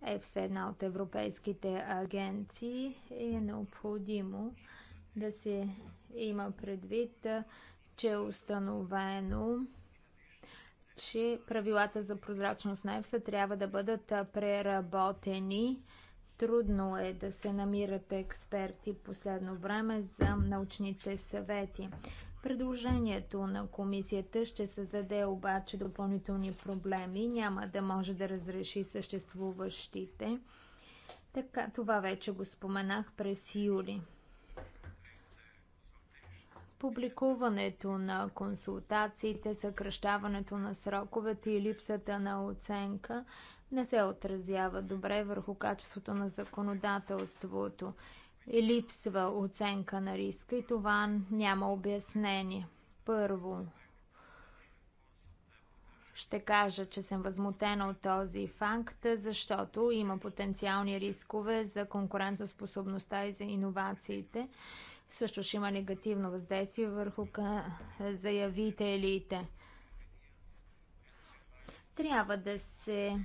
е все една от европейските агенции и е необходимо да се има предвид, че е установено, че правилата за прозрачност на ЕФСА трябва да бъдат преработени. Трудно е да се намират експерти последно време за научните съвети. Предложението на комисията ще създаде обаче допълнителни проблеми, няма да може да разреши съществуващите. Така, това вече го споменах през юли. Публикуването на консултациите, съкръщаването на сроковете и липсата на оценка не се отразява добре върху качеството на законодателството липсва оценка на риска и това няма обяснение. Първо, ще кажа, че съм възмутена от този факт, защото има потенциални рискове за конкурентоспособността и за иновациите. Също ще има негативно въздействие върху заявителите. Трябва да се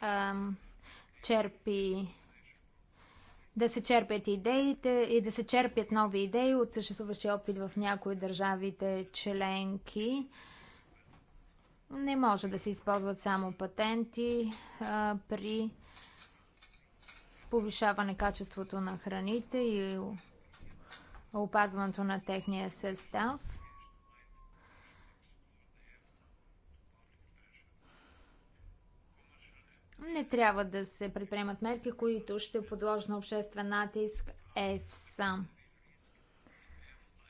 ам, черпи да се черпят идеите и да се черпят нови идеи от съществуващия опит в някои държавите членки. Не може да се използват само патенти а, при повишаване качеството на храните и опазването на техния състав. Не трябва да се предприемат мерки, които ще подложат на обществен натиск ЕФСА.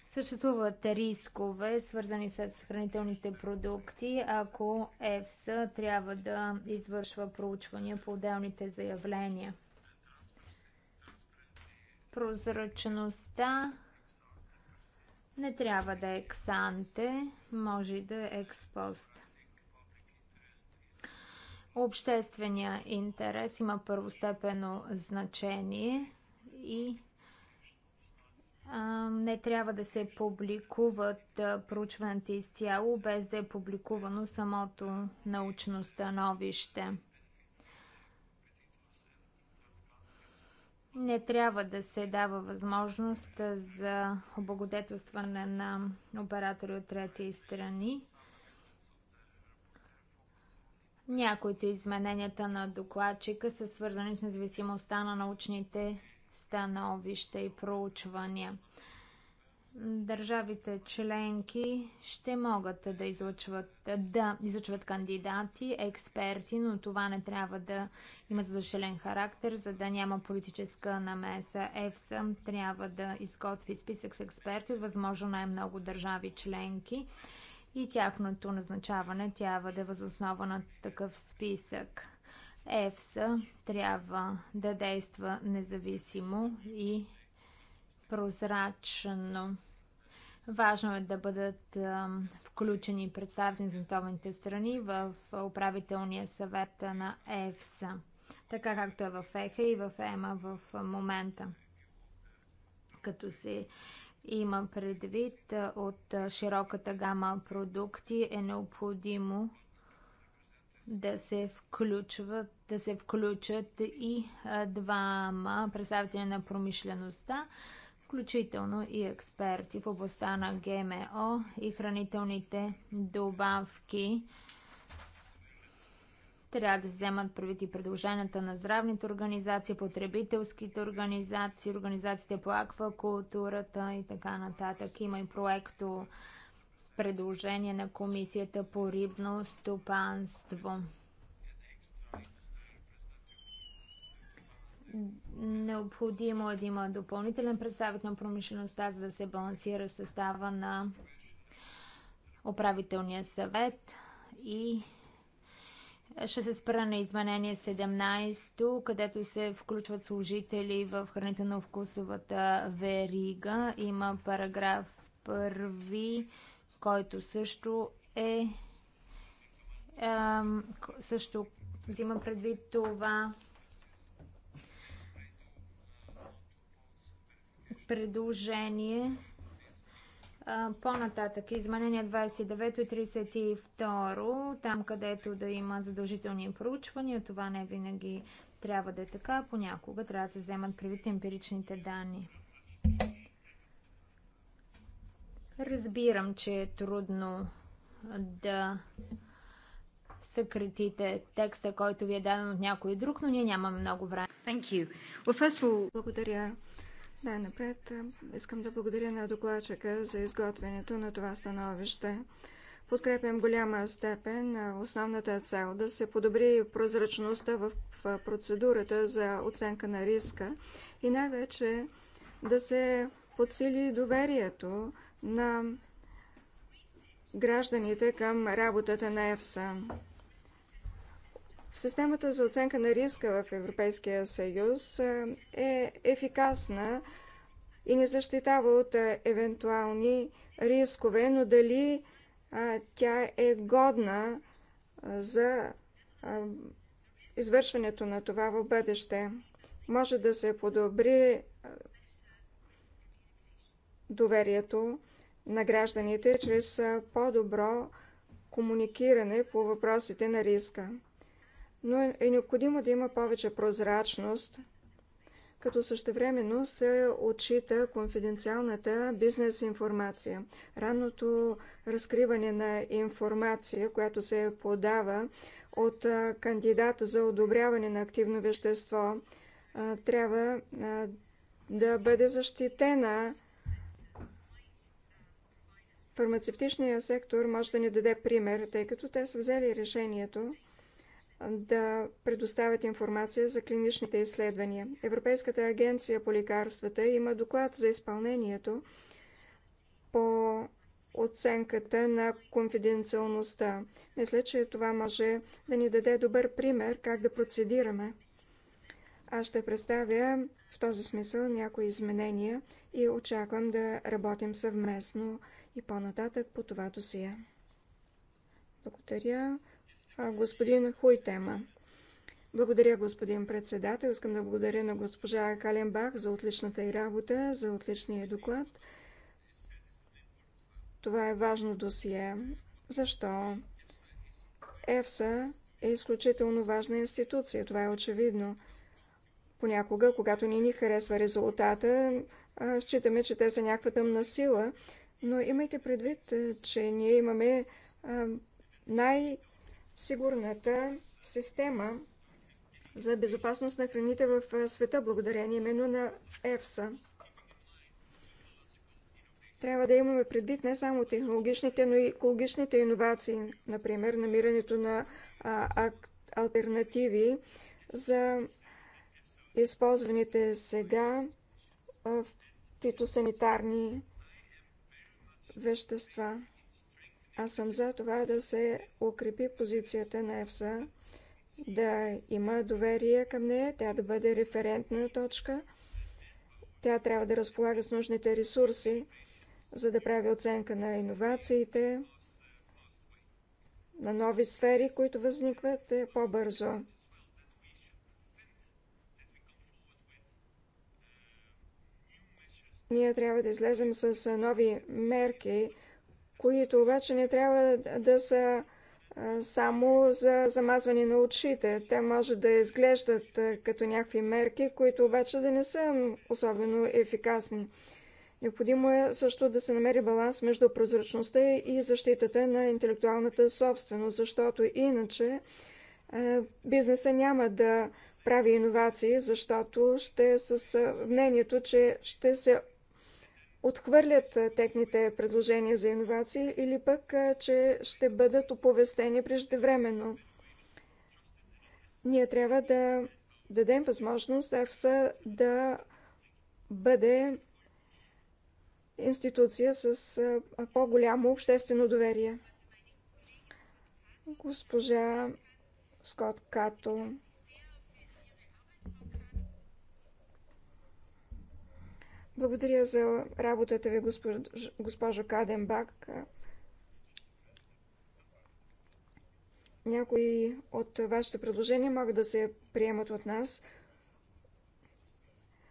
Съществуват рискове, свързани с хранителните продукти, ако ЕФСА трябва да извършва проучвания по отделните заявления. Прозрачността не трябва да е ексанте, може да е експост. Обществения интерес има първостепенно значение и а, не трябва да се публикуват проучването изцяло, без да е публикувано самото научно становище. не трябва да се дава възможност за облагодетелстване на оператори от трети страни. Някои от измененията на докладчика са свързани с независимостта на научните становища и проучвания. Държавите членки ще могат да излъчват, да излъчват кандидати, експерти, но това не трябва да има задушелен характер, за да няма политическа намеса. ЕФСА трябва да изготви списък с експерти от възможно най-много държави членки и тяхното назначаване трябва да е възоснова на такъв списък. ЕФСА трябва да действа независимо и прозрачно. Важно е да бъдат а, включени на заинтересованите страни в управителния съвет на ЕФСА, така както е в ЕХА и в ЕМА в момента. Като се Имам предвид от широката гама продукти е необходимо да се включват, да се включат и двама представители на промишлеността, включително и експерти в областта на ГМО и хранителните добавки трябва да се вземат правит и предложенията на здравните организации, потребителските организации, организациите по аквакултурата и така нататък. Има и проекто предложение на Комисията по рибно стопанство. Необходимо е да има допълнителен представител на промишлеността, за да се балансира състава на управителния съвет и ще се спра на изменение 17, където се включват служители в хранително-вкусовата верига. Има параграф първи, който също е, е също взима предвид това. Предложение по-нататък, изменения 29 и 32, там където да има задължителни проучвания, това не винаги трябва да е така, понякога трябва да се вземат предвид емпиричните данни. Разбирам, че е трудно да съкретите текста, който ви е даден от някой друг, но ние нямаме много време. Well, all... Благодаря. Най-напред искам да благодаря на докладчика за изготвянето на това становище. Подкрепям голяма степен основната цел да се подобри прозрачността в процедурата за оценка на риска и най-вече да се подсили доверието на гражданите към работата на ЕФСА. Системата за оценка на риска в Европейския съюз е ефикасна и не защитава от евентуални рискове, но дали тя е годна за извършването на това в бъдеще. Може да се подобри доверието на гражданите чрез по-добро комуникиране по въпросите на риска но е необходимо да има повече прозрачност, като същевременно се отчита конфиденциалната бизнес информация. Ранното разкриване на информация, която се подава от кандидата за одобряване на активно вещество, трябва да бъде защитена. Фармацевтичният сектор може да ни даде пример, тъй като те са взели решението да предоставят информация за клиничните изследвания. Европейската агенция по лекарствата има доклад за изпълнението по оценката на конфиденциалността. Мисля, че това може да ни даде добър пример как да процедираме. Аз ще представя в този смисъл някои изменения и очаквам да работим съвместно и по-нататък по това досия. Благодаря господин Хуйтема. Благодаря, господин председател. Искам да благодаря на госпожа Каленбах за отличната и работа, за отличния доклад. Това е важно досие. Защо? ЕФСА е изключително важна институция. Това е очевидно. Понякога, когато не ни харесва резултата, считаме, че те са някаква тъмна сила, но имайте предвид, че ние имаме най- сигурната система за безопасност на храните в света, благодарение именно на ЕФСА. Трябва да имаме предвид не само технологичните, но и екологичните иновации, например намирането на а, альтернативи за използваните сега фитосанитарни вещества. Аз съм за това да се укрепи позицията на ЕФСА, да има доверие към нея, тя да бъде референтна точка. Тя трябва да разполага с нужните ресурси, за да прави оценка на иновациите, на нови сфери, които възникват е по-бързо. Ние трябва да излезем с нови мерки, които обаче не трябва да са само за замазване на очите. Те може да изглеждат като някакви мерки, които обаче да не са особено ефикасни. Необходимо е също да се намери баланс между прозрачността и защитата на интелектуалната собственост, защото иначе бизнеса няма да прави иновации, защото ще е с мнението, че ще се отхвърлят техните предложения за иновации или пък, че ще бъдат оповестени преждевременно. Ние трябва да дадем възможност ЕФСА да бъде институция с по-голямо обществено доверие. Госпожа Скот Като Благодаря за работата ви, госпожо Каденбак. Някои от вашите предложения могат да се приемат от нас.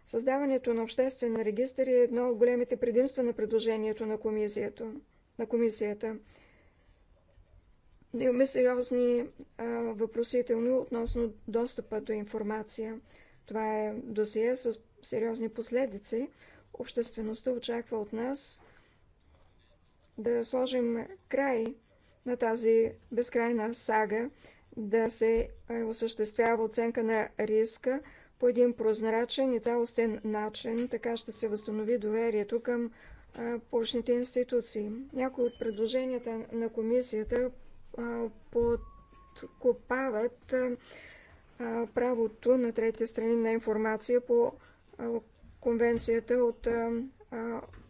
Създаването на обществен регистр е едно от големите предимства на предложението на комисията. На комисията. Имаме сериозни а, въпросителни относно достъпа до информация. Това е досие с сериозни последици, Обществеността очаква от нас да сложим край на тази безкрайна сага, да се осъществява оценка на риска по един прозрачен и цялостен начин. Така ще се възстанови доверието към публичните институции. Някои от предложенията на комисията подкопават правото на трети страни на информация по конвенцията от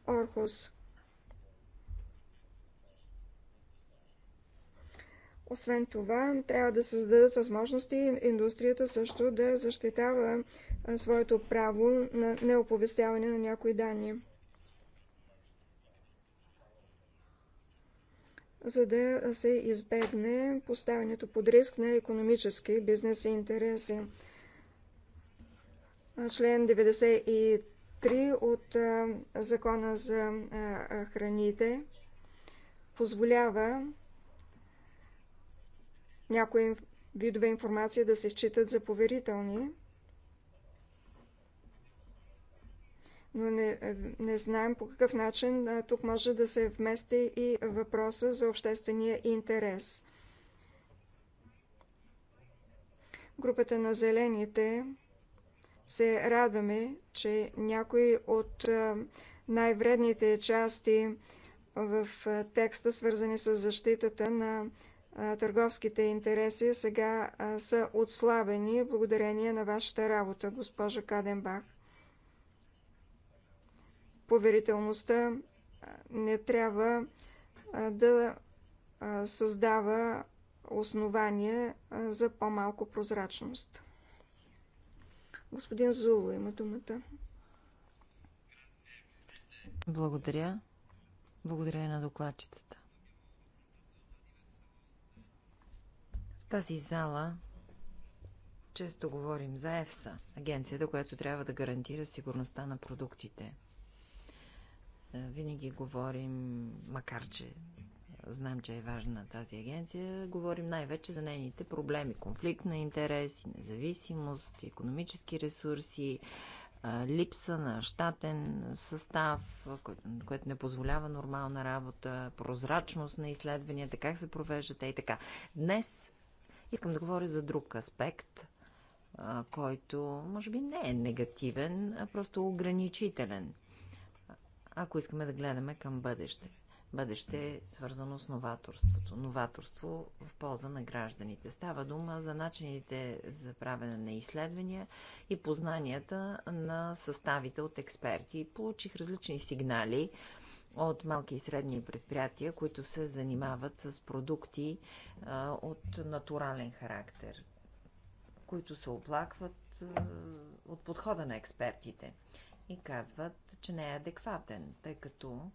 Орхус. Освен това, трябва да създадат възможности индустрията също да защитава своето право на неоповестяване на някои данни. за да се избегне поставянето под риск на економически бизнес интереси член 93 от Закона за храните позволява някои видове информация да се считат за поверителни, но не, не знаем по какъв начин тук може да се вмести и въпроса за обществения интерес. Групата на зелените се радваме, че някои от най-вредните части в текста, свързани с защитата на търговските интереси, сега са отслабени благодарение на вашата работа, госпожа Каденбах. Поверителността не трябва да създава основания за по-малко прозрачност. Господин Зуло има думата. Благодаря. Благодаря и на докладчицата. В тази зала често говорим за ЕФСА, агенцията, която трябва да гарантира сигурността на продуктите. Е, винаги говорим, макар че Знам, че е важна тази агенция. Говорим най-вече за нейните проблеми. Конфликт на интереси, независимост, економически ресурси, липса на щатен състав, което не позволява нормална работа, прозрачност на изследванията, как се провеждат и така. Днес искам да говоря за друг аспект, който може би не е негативен, а просто ограничителен, ако искаме да гледаме към бъдеще бъдеще, свързано с новаторството. Новаторство в полза на гражданите. Става дума за начините за правене на изследвания и познанията на съставите от експерти. Получих различни сигнали от малки и средни предприятия, които се занимават с продукти а, от натурален характер, които се оплакват а, от подхода на експертите и казват, че не е адекватен, тъй като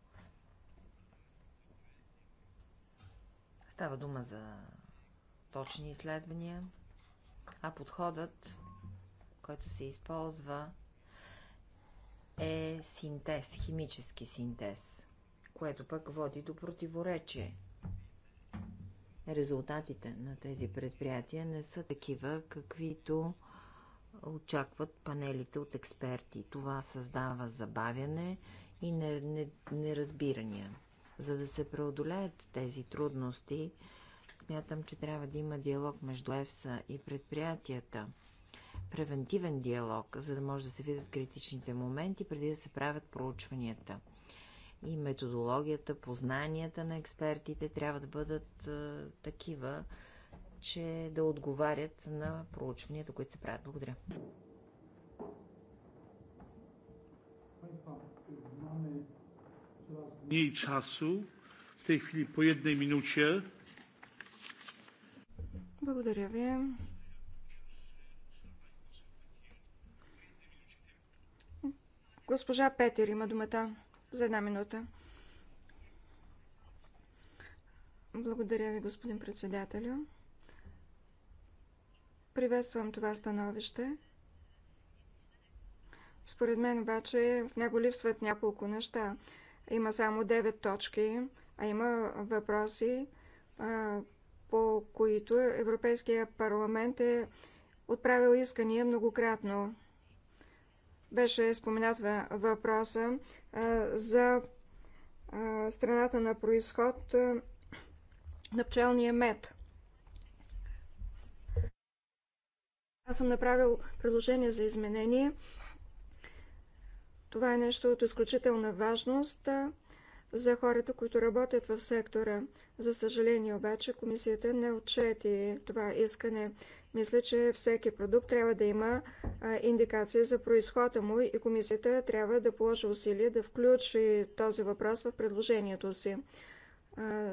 Става дума за точни изследвания, а подходът, който се използва, е синтез, химически синтез, което пък води до противоречие. Резултатите на тези предприятия не са такива, каквито очакват панелите от експерти. Това създава забавяне и неразбирания. Не, не, за да се преодолеят тези трудности, смятам, че трябва да има диалог между ЕФСА и предприятията. Превентивен диалог, за да може да се видят критичните моменти преди да се правят проучванията. И методологията, познанията на експертите трябва да бъдат е, такива, че да отговарят на проучванията, които се правят. Благодаря. Thank you mniej czasu. W tej chwili po jednej minucie. Благодаря ви. Госпожа Петер има думата за една минута. Благодаря ви, господин председателю. Приветствам това становище. Според мен обаче в него липсват няколко неща. Има само 9 точки, а има въпроси, по които Европейския парламент е отправил искания многократно. Беше споменат въпроса за страната на происход на пчелния мед. Аз съм направил предложение за изменение това е нещо от изключителна важност за хората, които работят в сектора. За съжаление обаче, комисията не отчети това искане. Мисля, че всеки продукт трябва да има индикация за происхода му и комисията трябва да положи усилия да включи този въпрос в предложението си.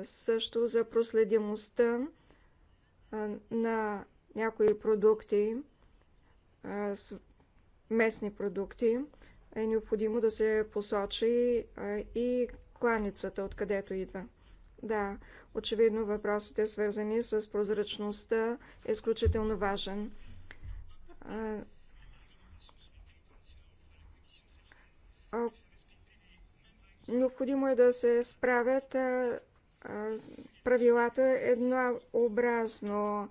Също за проследимостта на някои продукти, местни продукти, е необходимо да се посочи и кланицата, откъдето идва. Да, очевидно въпросите, свързани с прозрачността, е изключително важен. Необходимо е да се справят правилата еднообразно.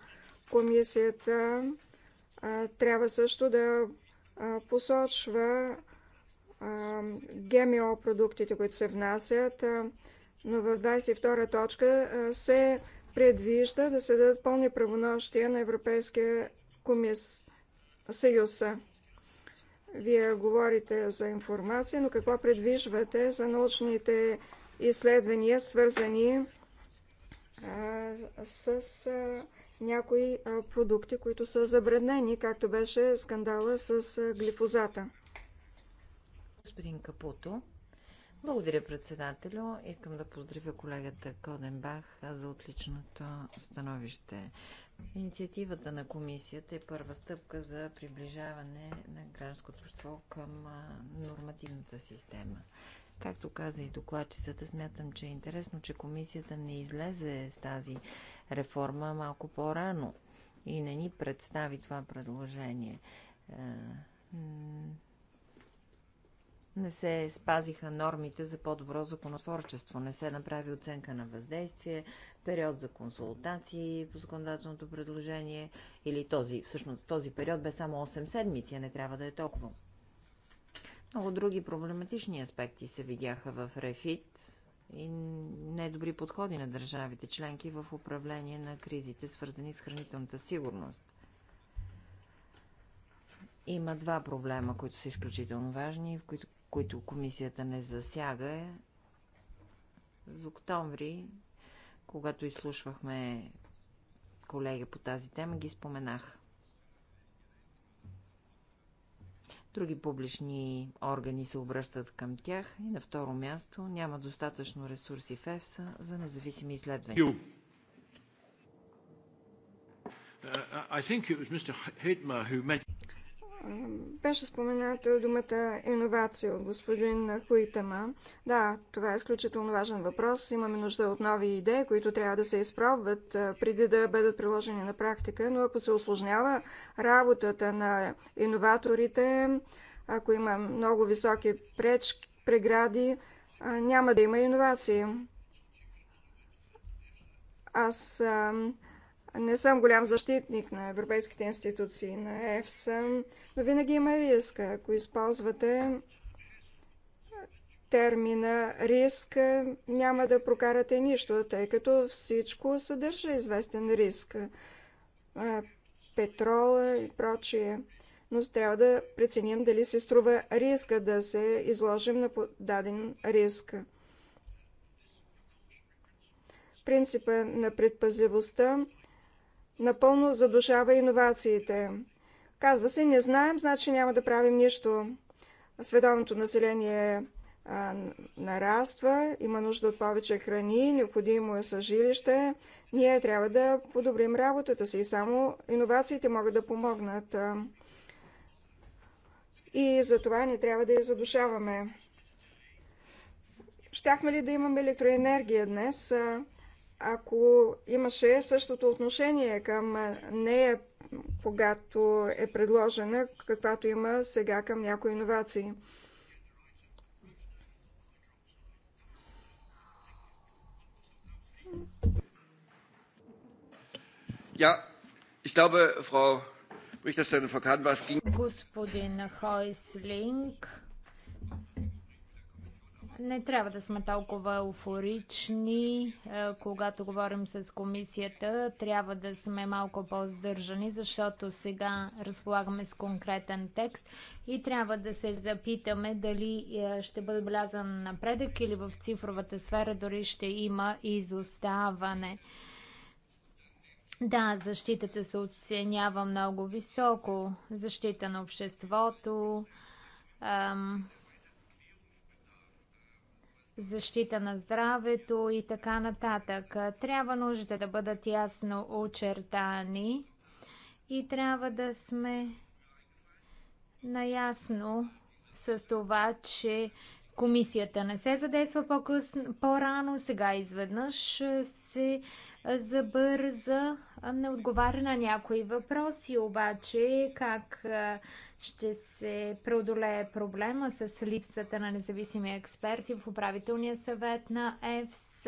Комисията трябва също да посочва ГМО продуктите, които се внасят, но в 22 точка се предвижда да се дадат пълни правонощия на Европейския комис... съюз. Вие говорите за информация, но какво предвижвате за научните изследвания, свързани а, с а, някои а, продукти, които са забранени, както беше скандала с а, глифозата? Господин Капуто. Благодаря, председателю. Искам да поздравя колегата Коденбах за отличното становище. Инициативата на комисията е първа стъпка за приближаване на гражданското общество към нормативната система. Както каза и докладчицата, смятам, че е интересно, че комисията не излезе с тази реформа малко по-рано и не ни представи това предложение не се спазиха нормите за по-добро законотворчество, не се направи оценка на въздействие, период за консултации по законодателното предложение или този, всъщност този период бе само 8 седмици, а не трябва да е толкова. Много други проблематични аспекти се видяха в Рефит и недобри подходи на държавите членки в управление на кризите, свързани с хранителната сигурност. Има два проблема, които са изключително важни, в които които комисията не засяга, е в октомври, когато изслушвахме колеги по тази тема, ги споменах. Други публични органи се обръщат към тях и на второ място няма достатъчно ресурси в ЕФСА за независими изследвания. Uh, mentioned... Беше спомената думата иновация от господин Хуитама. Да, това е изключително важен въпрос. Имаме нужда от нови идеи, които трябва да се изпробват преди да бъдат приложени на практика, но ако се осложнява работата на иноваторите, ако има много високи пречки, прегради, няма да има иновации. Аз не съм голям защитник на европейските институции, на ЕФСА, но винаги има риск. Ако използвате термина риск, няма да прокарате нищо, тъй като всичко съдържа известен риск. Петрола и прочие. Но трябва да преценим дали се струва риска да се изложим на даден риск. Принципа на предпазивостта напълно задушава иновациите. Казва се, не знаем, значи няма да правим нищо. Световното население а, нараства, има нужда от повече храни, необходимо е съжилище. Ние трябва да подобрим работата си и само иновациите могат да помогнат. И за това не трябва да я задушаваме. Щяхме ли да имаме електроенергия днес, а, ако имаше същото отношение към нея, когато е предложена, каквато има сега към някои иновации. Ja, ich glaube, Frau Berichterstatterin Frau Kahn, was ging... Господин Хойслинг, не трябва да сме толкова уфорични, е, когато говорим с комисията. Трябва да сме малко по-здържани, защото сега разполагаме с конкретен текст и трябва да се запитаме дали е, ще бъде влязан напредък или в цифровата сфера дори ще има изоставане. Да, защитата се оценява много високо. Защита на обществото. Ам защита на здравето и така нататък. Трябва нуждите да бъдат ясно очертани и трябва да сме наясно с това, че комисията не се задейства по-рано, по сега изведнъж се забърза, не отговаря на някои въпроси, обаче как ще се преодолее проблема с липсата на независими експерти в управителния съвет на ЕФС.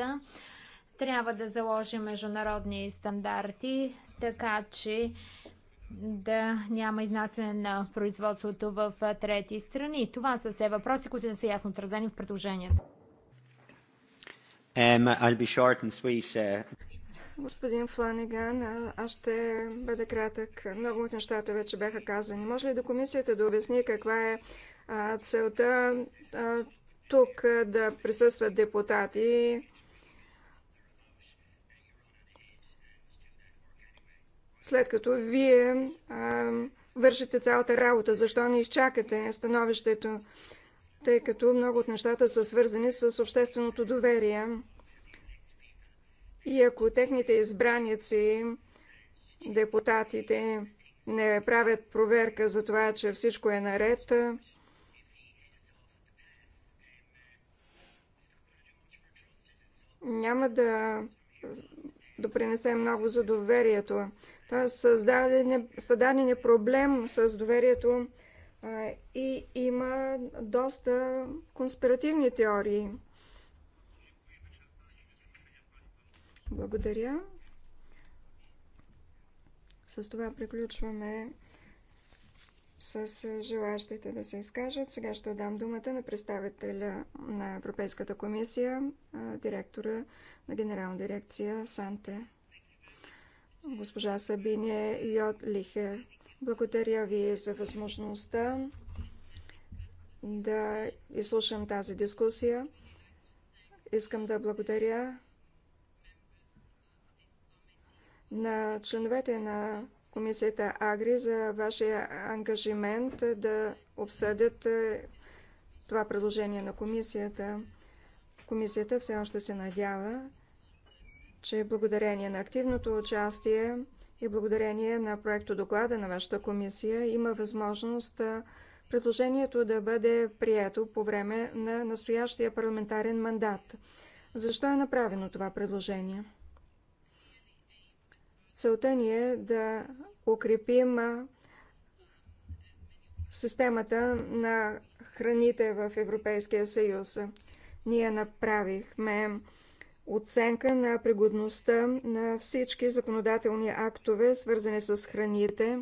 Трябва да заложим международни стандарти, така че да няма изнасяне на производството в трети страни. Това са все въпроси, които не са ясно отразени в предложението. Um, uh, Господин Фланиган, аз ще бъда кратък. Много от нещата вече бяха казани. Може ли до комисията да обясни каква е а, целта а, тук да присъстват депутати? След като вие а, вършите цялата работа, защо не изчакате становището? Тъй като много от нещата са свързани с общественото доверие. И ако техните избраници, депутатите, не правят проверка за това, че всичко е наред, няма да допринесе много за доверието. Тоест, създаден проблем с доверието и има доста конспиративни теории. Благодаря. С това приключваме с желащите да се изкажат. Сега ще дам думата на представителя на Европейската комисия, директора на Генерална дирекция Санте, госпожа Сабине Лихе. Благодаря ви за възможността да изслушам тази дискусия. Искам да благодаря на членовете на комисията Агри за вашия ангажимент да обсъдят е, това предложение на комисията. Комисията все още се надява, че благодарение на активното участие и благодарение на проекто доклада на вашата комисия има възможност е, предложението да бъде прието по време на настоящия парламентарен мандат. Защо е направено това предложение? Целта ни е да укрепим системата на храните в Европейския съюз. Ние направихме оценка на пригодността на всички законодателни актове, свързани с храните.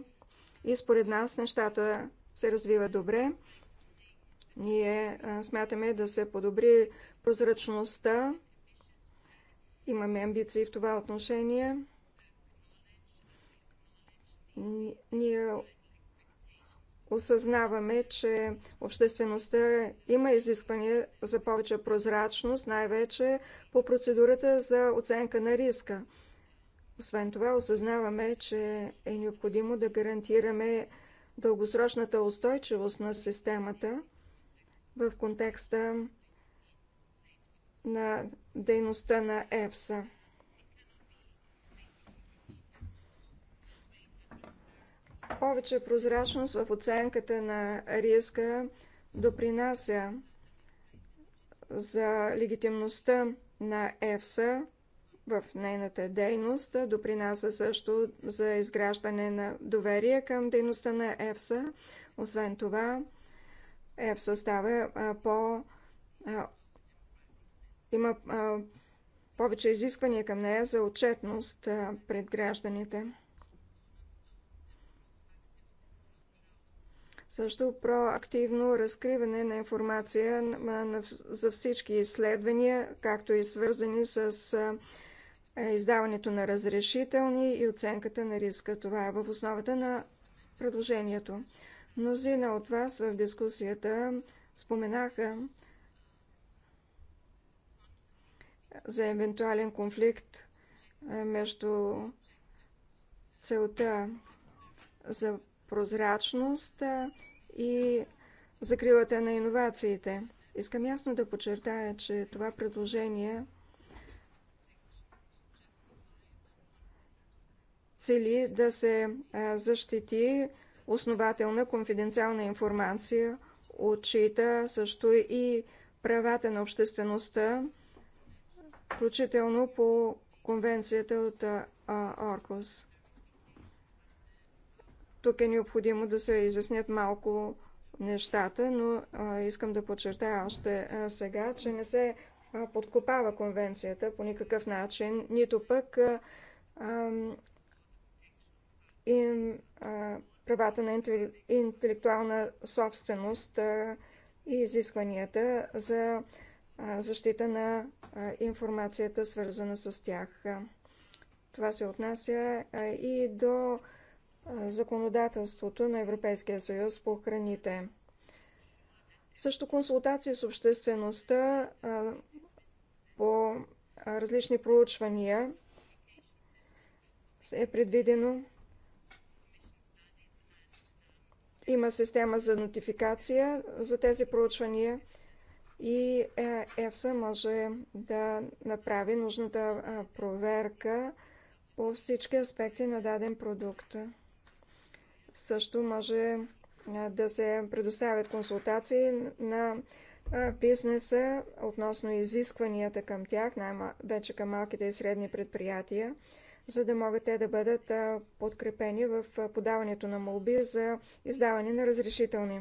И според нас нещата се развиват добре. Ние смятаме да се подобри прозрачността. Имаме амбиции в това отношение. Ние осъзнаваме, че обществеността има изисквания за повече прозрачност, най-вече по процедурата за оценка на риска. Освен това, осъзнаваме, че е необходимо да гарантираме дългосрочната устойчивост на системата в контекста на дейността на ЕФСА. Повече прозрачност в оценката на риска допринася за легитимността на ЕФСА в нейната дейност, допринася също за изграждане на доверие към дейността на ЕФСА. Освен това, ЕФСА става по... има повече изисквания към нея за отчетност пред гражданите. Също проактивно разкриване на информация за всички изследвания, както и свързани с е, издаването на разрешителни и оценката на риска. Това е в основата на предложението. Мнозина от вас в дискусията споменаха за евентуален конфликт между целта за прозрачност и закрилата на иновациите. Искам ясно да подчертая, че това предложение цели да се защити основателна конфиденциална информация, отчита също и правата на обществеността, включително по конвенцията от Оркус. Тук е необходимо да се изяснят малко нещата, но а, искам да подчертая още а, сега, че не се а, подкопава конвенцията по никакъв начин, нито пък а, а, им, а, правата на интелектуална собственост а, и изискванията за а, защита на а, информацията, свързана с тях. Това се отнася а, и до а, законодателството на Европейския съюз по храните. Също консултации с обществеността по различни проучвания е предвидено. Има система за нотификация за тези проучвания и е, ЕФСА може да направи нужната проверка по всички аспекти на даден продукт. Също може да се предоставят консултации на бизнеса относно изискванията към тях, най-вече към малките и средни предприятия, за да могат те да бъдат подкрепени в подаването на молби за издаване на разрешителни.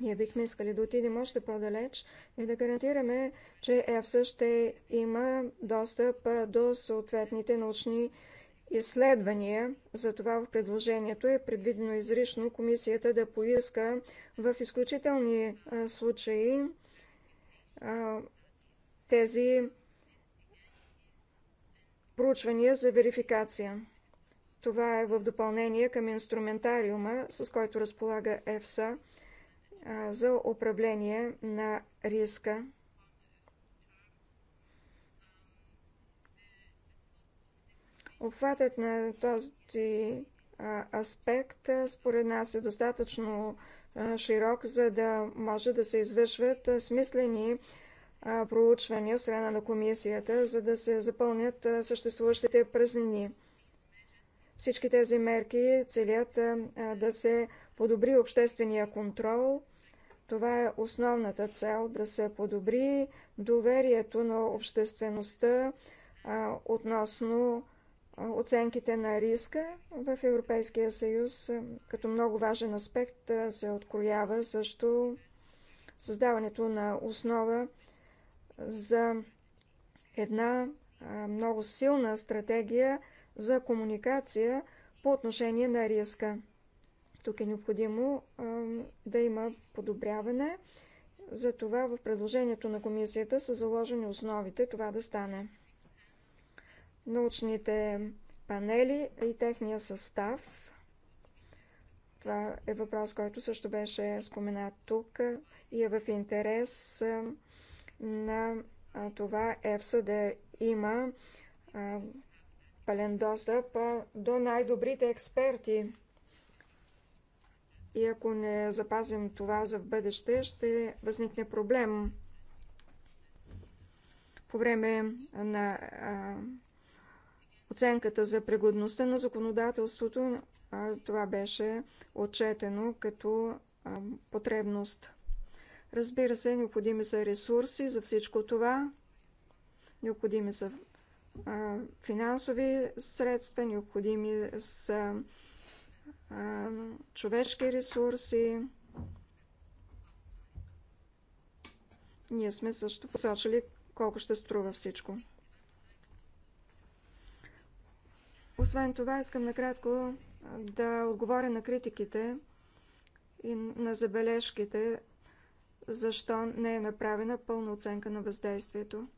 Ние бихме искали да отидем още по-далеч и да гарантираме, че ЕФСА ще има достъп до съответните научни изследвания. Затова в предложението е предвидено изрично комисията да поиска в изключителни случаи тези проучвания за верификация. Това е в допълнение към инструментариума, с който разполага ЕФСА за управление на риска. Обхватът на този аспект според нас е достатъчно широк, за да може да се извършват смислени проучвания от страна на комисията, за да се запълнят съществуващите празнини. Всички тези мерки целят да се подобри обществения контрол. Това е основната цел да се подобри доверието на обществеността относно оценките на риска в Европейския съюз. Като много важен аспект се откроява също създаването на основа за една много силна стратегия за комуникация по отношение на риска. Тук е необходимо да има подобряване. Затова в предложението на комисията са заложени основите това да стане научните панели и техния състав. Това е въпрос, който също беше споменат тук и е в интерес на това ЕФСА да има пълен достъп до най-добрите експерти. И ако не запазим това за в бъдеще, ще възникне проблем. По време на оценката за пригодността на законодателството, това беше отчетено като потребност. Разбира се, необходими са ресурси за всичко това, необходими са финансови средства, необходими са човешки ресурси. Ние сме също посочили колко ще струва всичко. Освен това, искам накратко да отговоря на критиките и на забележките, защо не е направена пълна оценка на въздействието.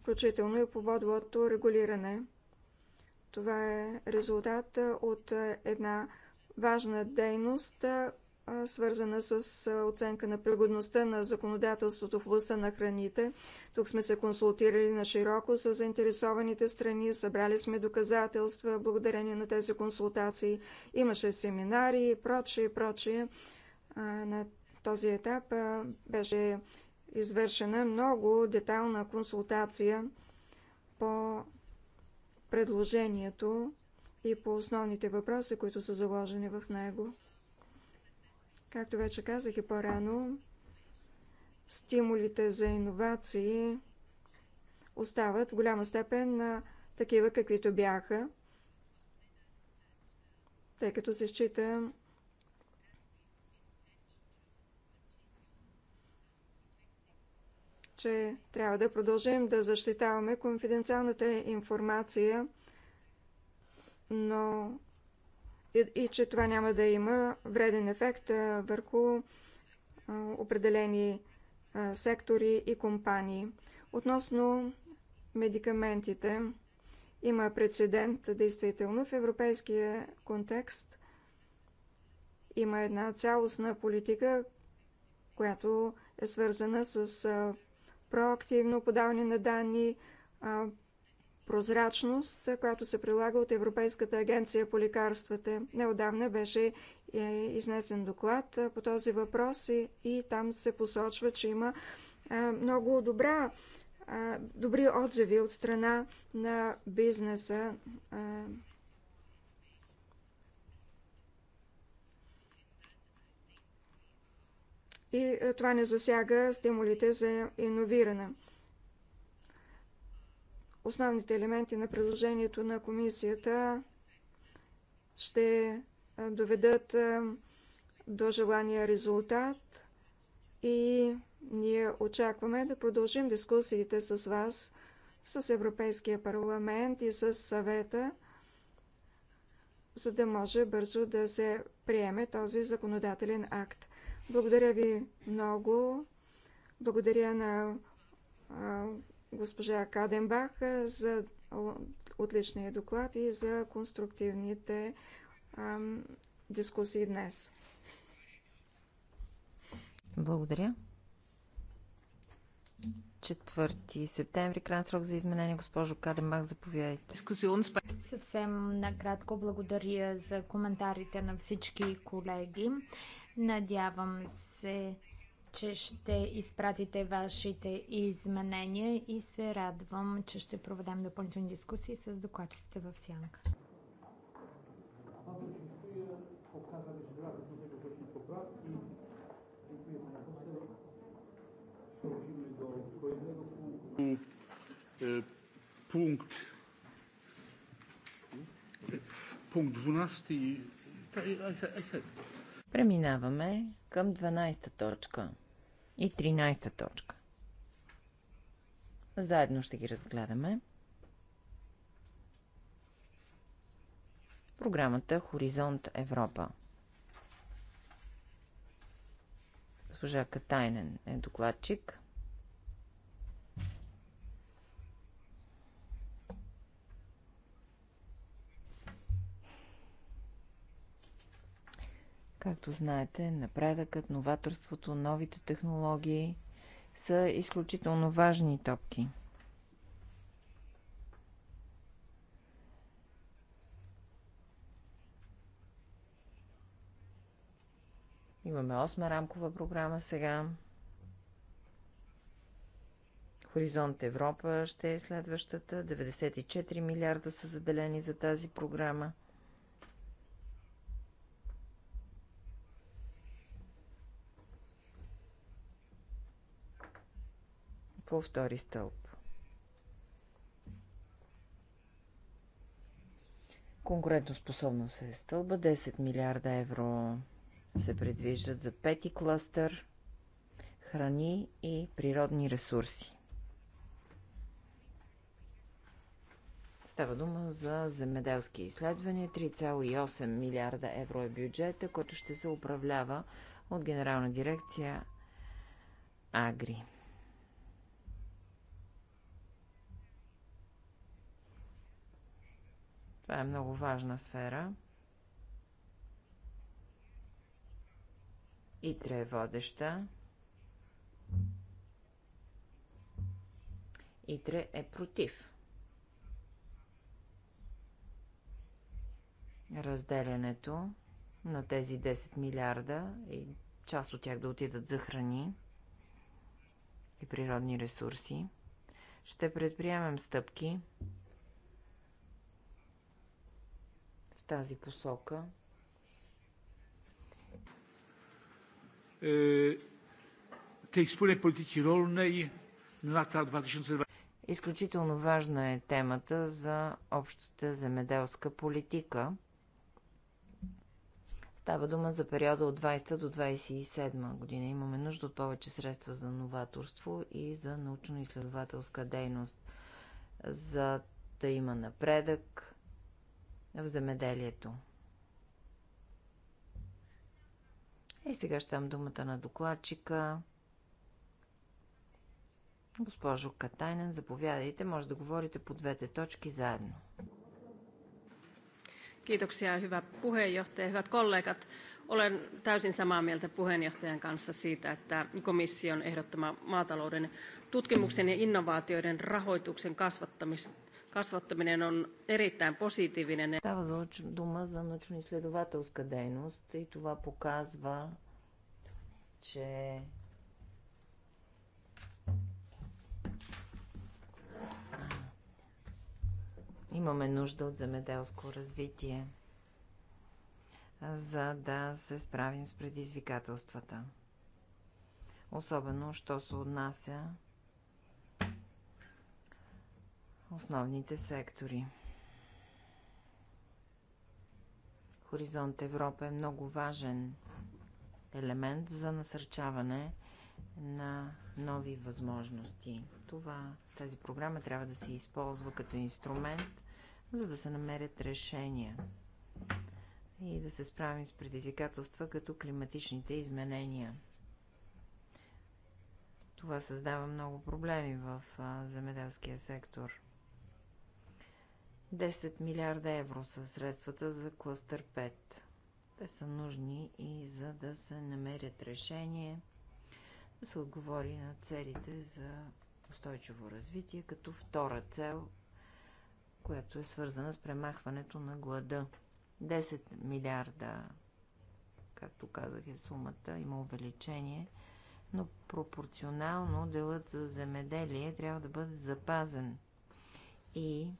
Включително и по водлото регулиране. Това е резултат от една важна дейност, свързана с оценка на пригодността на законодателството в областта на храните. Тук сме се консултирали на широко с заинтересованите страни, събрали сме доказателства благодарение на тези консултации. Имаше семинари и прочее, и прочее. На този етап беше извършена много детална консултация по предложението и по основните въпроси, които са заложени в него. Както вече казах и по-рано, стимулите за иновации остават в голяма степен на такива, каквито бяха, тъй като се счита, че трябва да продължим да защитаваме конфиденциалната информация, но и че това няма да има вреден ефект върху определени сектори и компании. Относно медикаментите, има прецедент действително в европейския контекст. Има една цялостна политика, която е свързана с проактивно подаване на данни, прозрачност, която се прилага от Европейската агенция по лекарствата. Неодавна беше е, изнесен доклад по този въпрос и, и там се посочва, че има много добра, добри отзиви от страна на бизнеса. И това не засяга стимулите за иновиране. Основните елементи на предложението на комисията ще доведат до желания резултат и ние очакваме да продължим дискусиите с вас, с Европейския парламент и с съвета, за да може бързо да се приеме този законодателен акт. Благодаря ви много. Благодаря на госпожа Каденбах е, за отличния доклад и за конструктивните ам, дискусии днес. Благодаря. 4 септември, крайен срок за изменение. Госпожо Каденбах, заповядайте. Съвсем накратко благодаря за коментарите на всички колеги. Надявам се че ще изпратите вашите изменения и се радвам, че ще проведем допълнителни дискусии с докладчиците в Сянка. Пункт Пункт 12. и I, Преминаваме към 12-та точка и 13-та точка. Заедно ще ги разгледаме. Програмата Хоризонт Европа. Госпожа Катайнен е докладчик. Както знаете, напредъкът, новаторството, новите технологии са изключително важни топки. Имаме осма рамкова програма сега. Хоризонт Европа ще е следващата. 94 милиарда са заделени за тази програма – по втори стълб. Конкурентоспособност е стълба. 10 милиарда евро се предвиждат за пети кластър храни и природни ресурси. Става дума за земеделски изследвания. 3,8 милиарда евро е бюджета, който ще се управлява от Генерална дирекция Агри. Това е много важна сфера. Итра е водеща. Итре е против. Разделянето на тези 10 милиарда и част от тях да отидат за храни и природни ресурси. Ще предприемем стъпки тази посока. Е, те политики rolnej на 2020. Изключително важна е темата за общата земеделска политика. Става дума за периода от 20 до 27 година. Имаме нужда от повече средства за новаторство и за научно-изследователска дейност. За да има напредък, в земеделието. И сега ще дам думата на докладчика. Госпожо Катайнен, заповядайте. Може да говорите по двете точки заедно. Kiitoksia, hyvä puheenjohtaja, hyvät kollegat. Olen täysin samaa mieltä puheenjohtajan kanssa siitä, että komission ehdottama maatalouden tutkimuksen ja innovaatioiden rahoituksen kasvattaminen on erittäin positiivinen. Става дума за научно-изследователска дейност и това показва, че имаме нужда от земеделско развитие, за да се справим с предизвикателствата. Особено, що се отнася основните сектори. Хоризонт Европа е много важен елемент за насърчаване на нови възможности. Това, тази програма трябва да се използва като инструмент, за да се намерят решения и да се справим с предизвикателства като климатичните изменения. Това създава много проблеми в земеделския сектор – 10 милиарда евро са средствата за кластър 5. Те са нужни и за да се намерят решение, да се отговори на целите за устойчиво развитие, като втора цел, която е свързана с премахването на глада. 10 милиарда, както казах, е сумата, има увеличение, но пропорционално делът за земеделие трябва да бъде запазен. И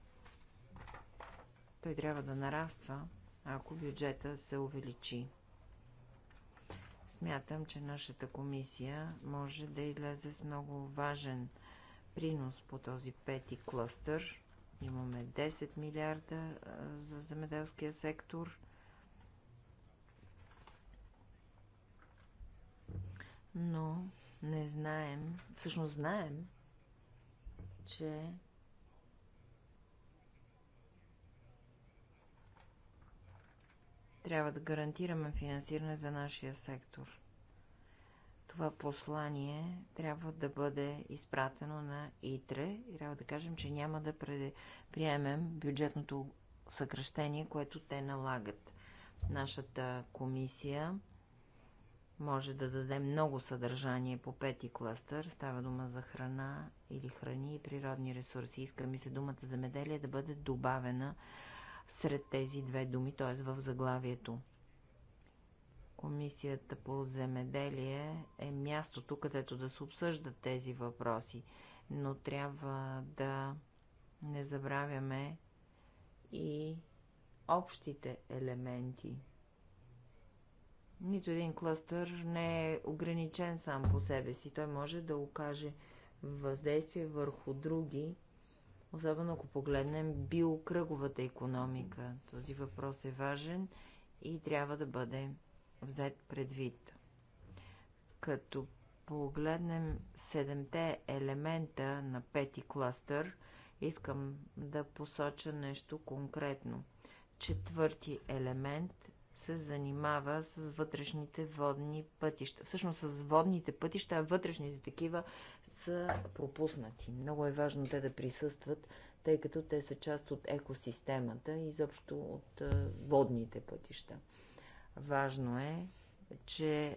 той трябва да нараства, ако бюджета се увеличи. Смятам, че нашата комисия може да излезе с много важен принос по този пети клъстър. Имаме 10 милиарда за земеделския сектор. Но не знаем, всъщност знаем, че Трябва да гарантираме финансиране за нашия сектор. Това послание трябва да бъде изпратено на ИТРЕ и трябва да кажем, че няма да приемем бюджетното съкръщение, което те налагат. Нашата комисия може да даде много съдържание по пети кластър. Става дума за храна или храни и природни ресурси. Искаме се думата за меделие да бъде добавена сред тези две думи, т.е. в заглавието. Комисията по земеделие е мястото, където да се обсъждат тези въпроси, но трябва да не забравяме и общите елементи. Нито един клъстър не е ограничен сам по себе си. Той може да окаже въздействие върху други особено ако погледнем биокръговата економика. Този въпрос е важен и трябва да бъде взет предвид. Като погледнем седемте елемента на пети кластър, искам да посоча нещо конкретно. Четвърти елемент се занимава с вътрешните водни пътища. Всъщност с водните пътища, а вътрешните такива са пропуснати. Много е важно те да присъстват, тъй като те са част от екосистемата и изобщо от водните пътища. Важно е че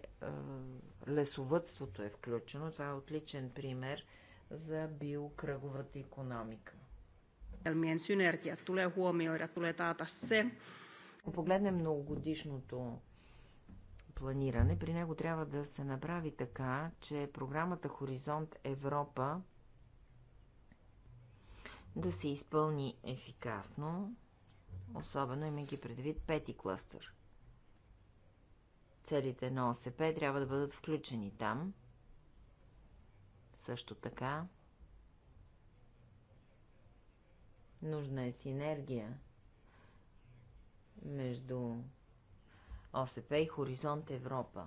лесовътството е включено. Това е отличен пример за биокръговата економика. Elmien synergiat tulee huomioida, tulee taata se, ако погледнем многогодишното планиране, при него трябва да се направи така, че програмата Хоризонт Европа да се изпълни ефикасно, особено имайки предвид пети клъстър. Целите на ОСП трябва да бъдат включени там. Също така, нужна е синергия между ОСП и Хоризонт Европа.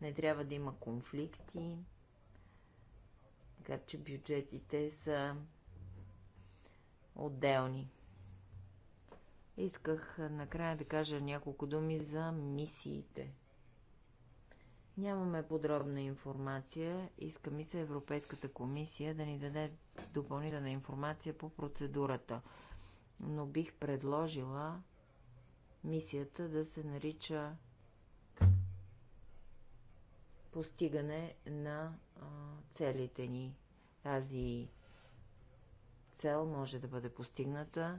Не трябва да има конфликти, така че бюджетите са отделни. Исках накрая да кажа няколко думи за мисиите. Нямаме подробна информация. Иска ми се Европейската комисия да ни даде допълнителна информация по процедурата. Но бих предложила мисията да се нарича постигане на а, целите ни. Тази цел може да бъде постигната.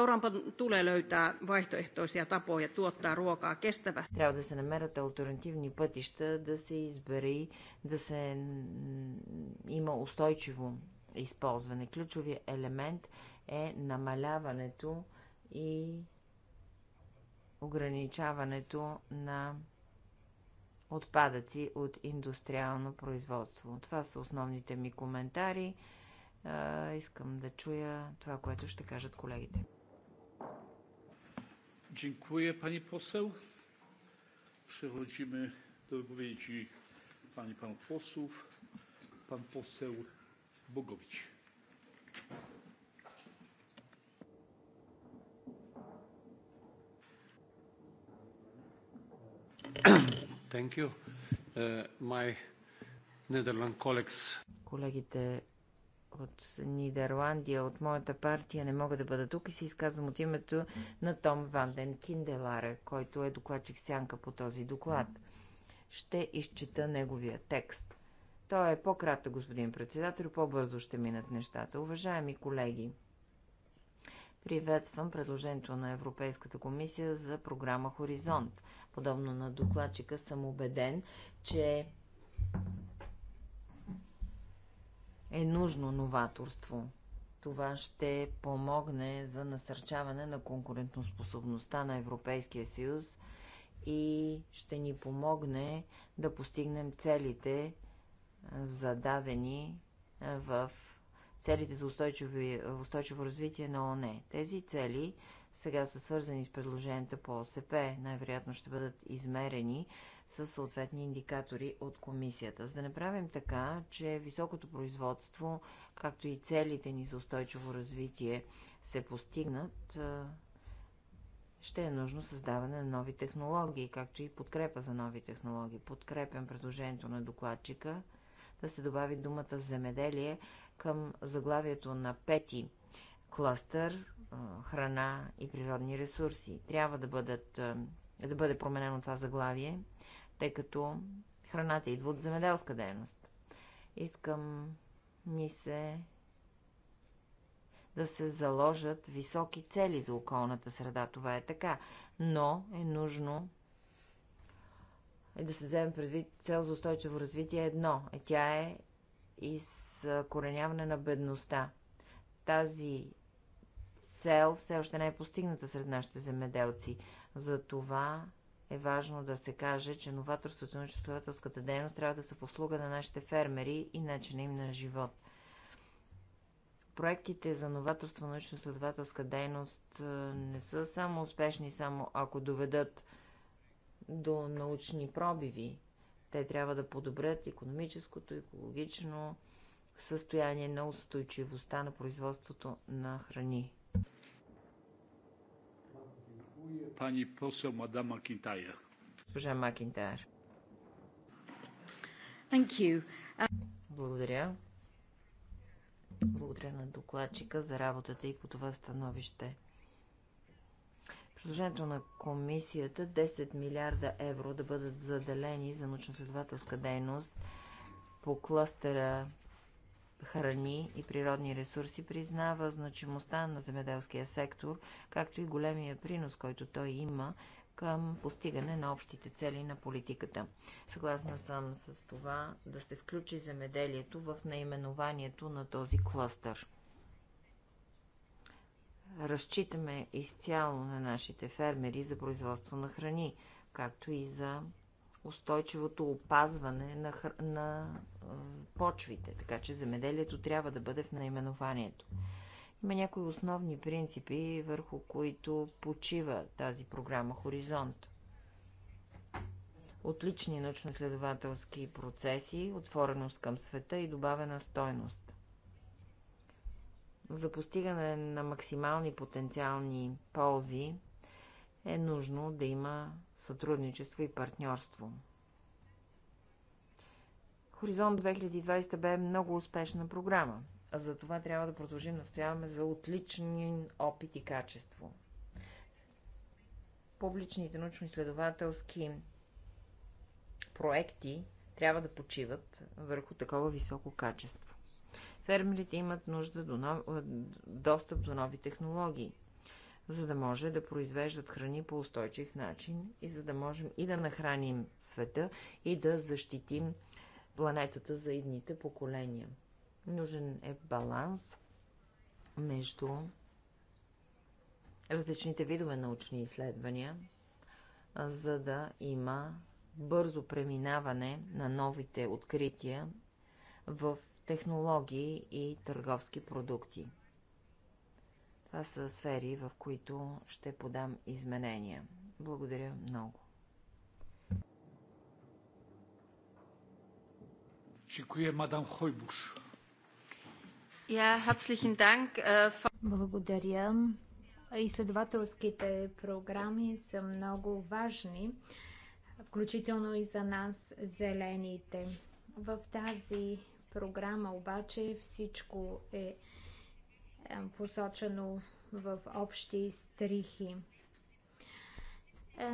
Euroopan tulee löytää vaihtoehtoisia tapoja tuottaa ruokaa kestävästi. Трябва да се намерят альтернативни пътища, да се избере, да се има устойчиво използване. Ключовият елемент е намаляването и ограничаването на отпадъци от индустриално производство. Това са основните ми коментари. Искам да чуя това, което ще кажат колегите. Dziękuję pani poseł. Przechodzimy do wypowiedzi pani Пан посел Pan poseł Bogowicz. Thank you. Uh, my Netherlands colleagues. Колегите от Нидерландия, от моята партия, не мога да бъда тук и се изказвам от името на Том Ванден Кинделаре, който е докладчик сянка по този доклад. Ще изчета неговия текст. Той е по-кратък, господин председател, по-бързо ще минат нещата. Уважаеми колеги, Приветствам предложението на Европейската комисия за програма Хоризонт. Подобно на докладчика съм убеден, че е нужно новаторство. Това ще помогне за насърчаване на конкурентоспособността на Европейския съюз и ще ни помогне да постигнем целите, зададени в целите за устойчиво, устойчиво развитие на ОНЕ. Тези цели сега са свързани с предложенията по ОСП, най-вероятно ще бъдат измерени с съответни индикатори от комисията. За да направим така, че високото производство, както и целите ни за устойчиво развитие се постигнат, ще е нужно създаване на нови технологии, както и подкрепа за нови технологии. Подкрепям предложението на докладчика да се добави думата земеделие към заглавието на пети кластър храна и природни ресурси. Трябва да, бъдат, да бъде променено това заглавие, тъй като храната идва от земеделска дейност. Искам ми се да се заложат високи цели за околната среда. Това е така. Но е нужно е да се вземе предвид цел за устойчиво развитие едно. Е, тя е и с кореняване на бедността. Тази цел все още не е постигната сред нашите земеделци. Затова е важно да се каже, че новаторството на числователската дейност трябва да са в услуга на нашите фермери и начина им на живот. Проектите за новаторство на изследователска дейност е, не са само успешни, само ако доведат до научни пробиви. Те трябва да подобрят економическото, екологично състояние на устойчивостта на производството на храни. Пани посъл мадам макинтайер. Госпожа Макинтайр. Благодаря. Благодаря на докладчика за работата и по това становище предложението на комисията 10 милиарда евро да бъдат заделени за научно-следователска дейност по клъстера храни и природни ресурси признава значимостта на земеделския сектор, както и големия принос, който той има към постигане на общите цели на политиката. Съгласна съм с това да се включи земеделието в наименованието на този клъстър разчитаме изцяло на нашите фермери за производство на храни, както и за устойчивото опазване на, хр... на почвите, така че земеделието трябва да бъде в наименованието. Има някои основни принципи, върху които почива тази програма Хоризонт. Отлични научно-следователски процеси, отвореност към света и добавена стойност за постигане на максимални потенциални ползи е нужно да има сътрудничество и партньорство. Хоризонт 2020 бе много успешна програма, а за това трябва да продължим настояваме за отлични опит и качество. Публичните научно-изследователски проекти трябва да почиват върху такова високо качество. Фермерите имат нужда до нов... Е, достъп до нови технологии, за да може да произвеждат храни по устойчив начин и за да можем и да нахраним света и да защитим планетата за едните поколения. Нужен е баланс между различните видове научни изследвания, за да има бързо преминаване на новите открития в технологии и търговски продукти. Това са сфери, в които ще подам изменения. Благодаря много. Äh, Благодаря. Изследователските програми са много важни, включително и за нас, зелените. В тази програма обаче всичко е, е посочено в общи стрихи. Е,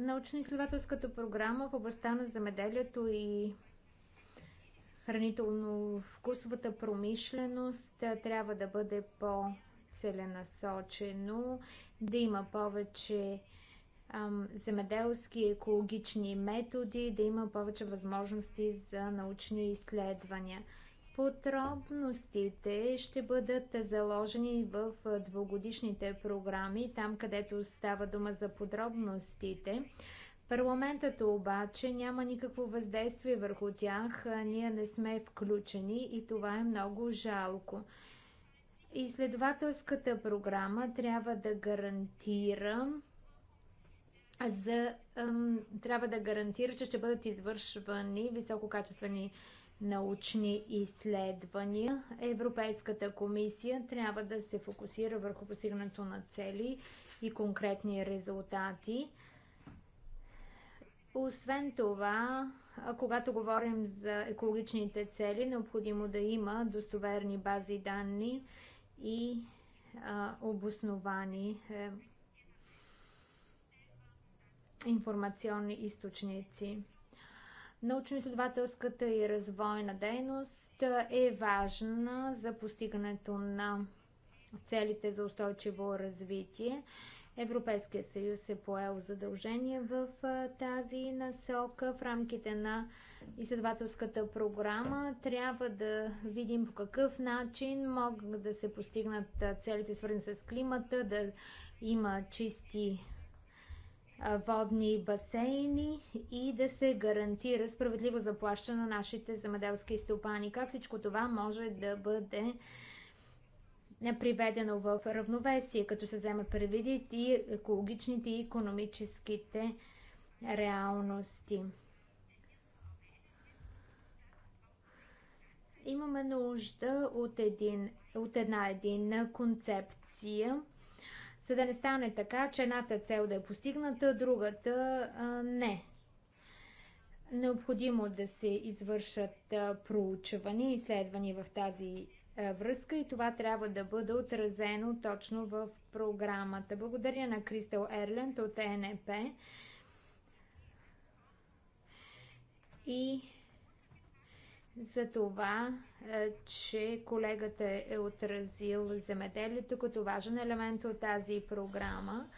научно-изследователската програма в областта на замеделието и хранително-вкусовата промишленост е, трябва да бъде по-целенасочено, да има повече земеделски екологични методи, да има повече възможности за научни изследвания. Подробностите ще бъдат заложени в двогодишните програми, там където става дума за подробностите. Парламентът обаче няма никакво въздействие върху тях, ние не сме включени и това е много жалко. Изследователската програма трябва да гарантира за, ам, трябва да гарантира, че ще бъдат извършвани висококачествени научни изследвания. Европейската комисия трябва да се фокусира върху постигането на цели и конкретни резултати. Освен това, когато говорим за екологичните цели, необходимо да има достоверни бази данни и а, обосновани е, информационни източници. Научно-изследователската и развойна дейност е важна за постигането на целите за устойчиво развитие. Европейския съюз е поел задължение в тази насока. В рамките на изследователската програма трябва да видим по какъв начин могат да се постигнат целите свързани с климата, да има чисти водни басейни и да се гарантира справедливо заплащане на нашите земеделски стопани. Как всичко това може да бъде приведено в равновесие, като се вземат предвид и екологичните и економическите реалности. Имаме нужда от, един, от една единна концепция – за да не стане така, че едната цел да е постигната, другата а, не. Необходимо да се извършат проучвания и изследвания в тази връзка и това трябва да бъде отразено точно в програмата. Благодаря на Кристал Ерленд от ЕНП и за това, е, че колегата е отразил земеделието като важен елемент от тази програма.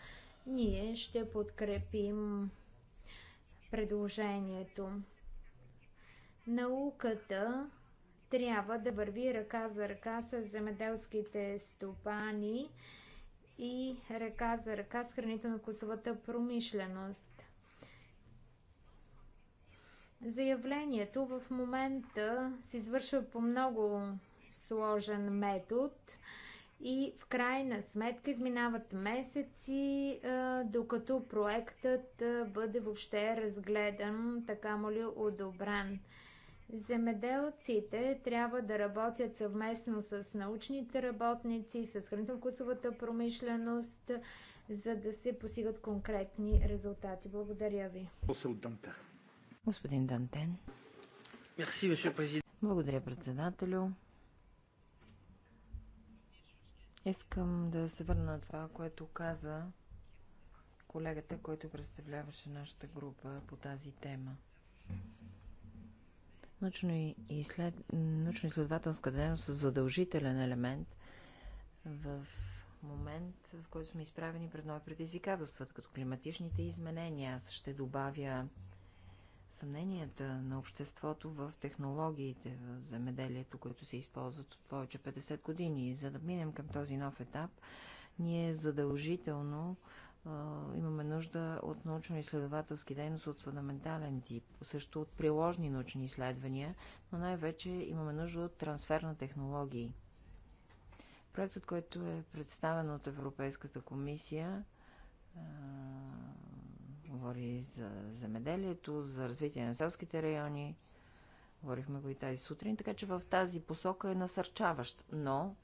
Ние ще подкрепим предложението. Науката трябва да върви ръка за ръка с земеделските стопани и ръка за ръка с хранително-вкусовата промишленост. Заявлението в момента се извършва по много сложен метод и в крайна сметка изминават месеци, докато проектът бъде въобще разгледан, така му ли одобрен. Земеделците трябва да работят съвместно с научните работници, с хранително-вкусовата промишленост, за да се постигат конкретни резултати. Благодаря ви. Господин Дантен. Благодаря, председателю. Искам да се върна на това, което каза колегата, който представляваше нашата група по тази тема. Научно-изследователска дейност е задължителен елемент в момент, в който сме изправени пред нови предизвикателства, като климатичните изменения. Аз ще добавя съмненията на обществото в технологиите в земеделието, които се използват от повече 50 години. И за да минем към този нов етап, ние задължително имаме нужда от научно-изследователски дейност от фундаментален тип, също от приложни научни изследвания, но най-вече имаме нужда от трансфер на технологии. Проектът, който е представен от Европейската комисия, Говори за земеделието, за развитие на селските райони. Говорихме го и тази сутрин, така че в тази посока е насърчаващ. Но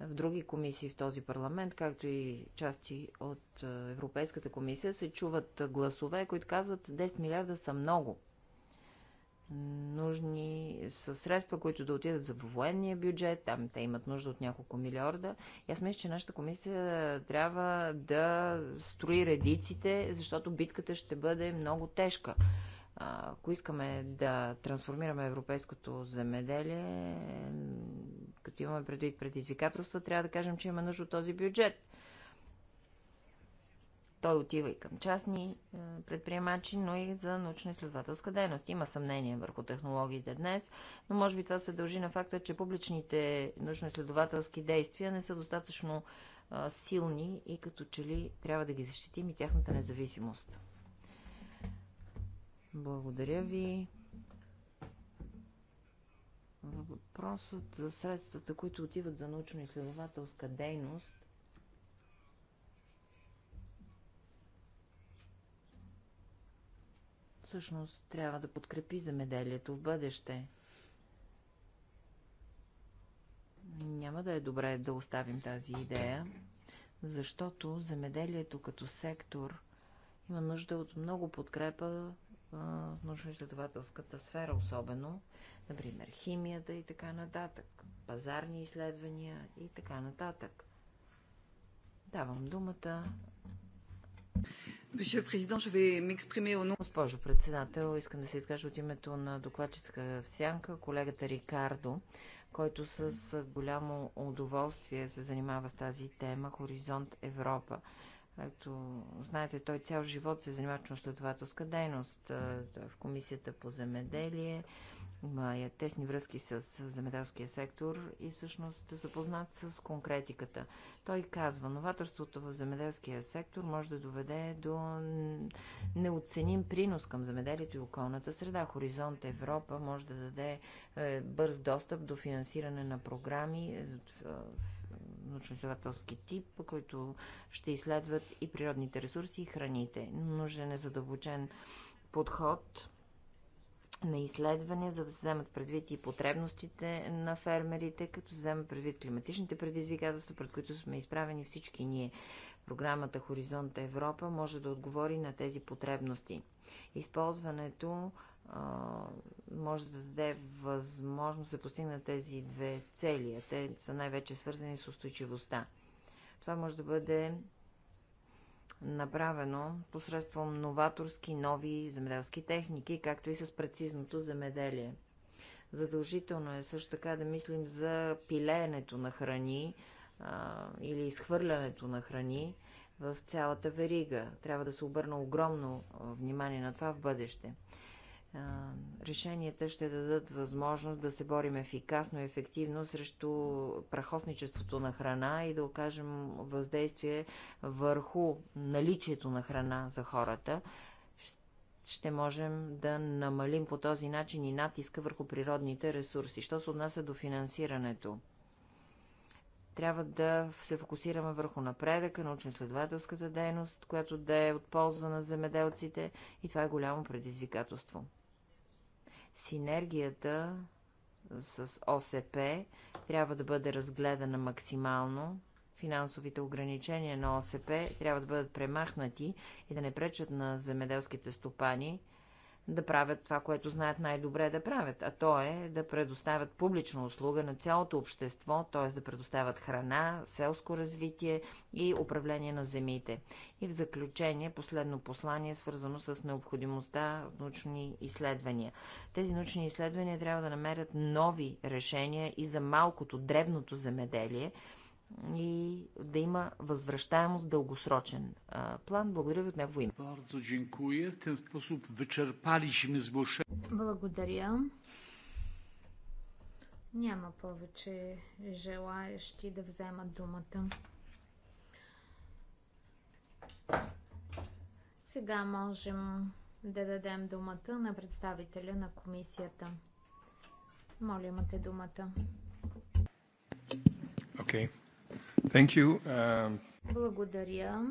в други комисии в този парламент, както и части от е, Европейската комисия, се чуват е, гласове, които казват 10 милиарда са много – нужни са средства, които да отидат за военния бюджет, там те имат нужда от няколко милиарда. И аз мисля, че нашата комисия трябва да строи редиците, защото битката ще бъде много тежка. Ако искаме да трансформираме европейското земеделие, като имаме предвид предизвикателства, трябва да кажем, че има нужда от този бюджет. Той отива и към частни е, предприемачи, но и за научно-изследователска дейност. Има съмнение върху технологиите днес, но може би това се дължи на факта, че публичните научно-изследователски действия не са достатъчно силни и като че ли трябва да ги защитим и тяхната независимост. Благодаря ви. Въпросът за средствата, които отиват за научно-изследователска дейност, всъщност трябва да подкрепи замеделието в бъдеще. Няма да е добре да оставим тази идея, защото замеделието като сектор има нужда от много подкрепа в научно-изследователската сфера, особено, например, химията и така нататък, пазарни изследвания и така нататък. Давам думата Госпожо председател, искам да се изкажа от името на докладчицка в Сянка, колегата Рикардо, който с голямо удоволствие се занимава с тази тема Хоризонт Европа. Както знаете, той цял живот се занимава с следователска дейност в Комисията по земеделие, има тесни връзки с земеделския сектор и всъщност е запознат с конкретиката. Той казва, новаторството в земеделския сектор може да доведе до неоценим принос към земеделието и околната среда. Хоризонт Европа може да даде е, бърз достъп до финансиране на програми е, научно-изследователски тип, които ще изследват и природните ресурси, и храните. Нужен е задълбочен подход на изследвания, за да се вземат предвид и потребностите на фермерите, като се вземат предвид климатичните предизвикателства, пред които сме изправени всички ние. Програмата Хоризонт Европа може да отговори на тези потребности. Използването а, може да даде възможност да постигнат тези две цели. Те са най-вече свързани с устойчивостта. Това може да бъде направено посредством новаторски нови земеделски техники, както и с прецизното земеделие. Задължително е също така да мислим за пилеенето на храни а, или изхвърлянето на храни в цялата верига. Трябва да се обърна огромно внимание на това в бъдеще решенията ще дадат възможност да се борим ефикасно и ефективно срещу прахосничеството на храна и да окажем въздействие върху наличието на храна за хората. Ще можем да намалим по този начин и натиска върху природните ресурси. Що се отнася до финансирането? Трябва да се фокусираме върху напредъка, научно-следователската дейност, която да е от полза на земеделците и това е голямо предизвикателство. Синергията с ОСП трябва да бъде разгледана максимално. Финансовите ограничения на ОСП трябва да бъдат премахнати и да не пречат на земеделските стопани да правят това, което знаят най-добре да правят, а то е да предоставят публична услуга на цялото общество, т.е. да предоставят храна, селско развитие и управление на земите. И в заключение, последно послание, свързано с необходимостта от научни изследвания. Тези научни изследвания трябва да намерят нови решения и за малкото, дребното земеделие, и да има възвръщаемост дългосрочен план. Благодаря ви от негово име. Благодаря. Няма повече желаещи да вземат думата. Сега можем да дадем думата на представителя на комисията. Моля, имате думата. Okay. Thank you. Uh... Благодаря.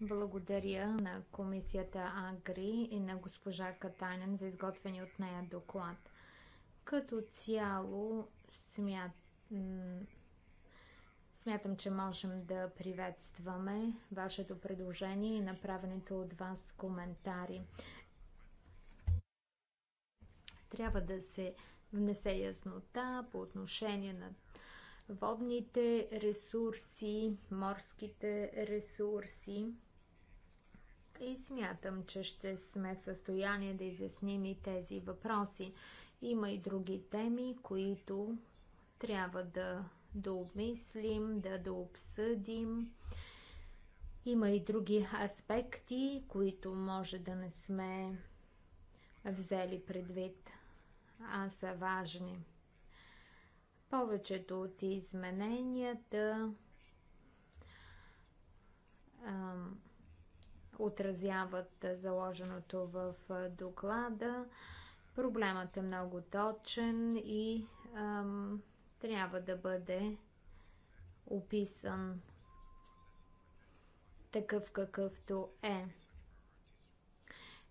Благодаря на комисията Агри и на госпожа Катанен за изготвени от нея доклад. Като цяло смят... смятам, че можем да приветстваме вашето предложение и направените от вас коментари. Трябва да се внесе яснота по отношение на водните ресурси, морските ресурси. И смятам, че ще сме в състояние да изясним и тези въпроси. Има и други теми, които трябва да дообмислим, да дообсъдим. Има и други аспекти, които може да не сме взели предвид, а са важни. Повечето от измененията отразяват заложеното в доклада. Проблемът е много точен и ам, трябва да бъде описан такъв какъвто е.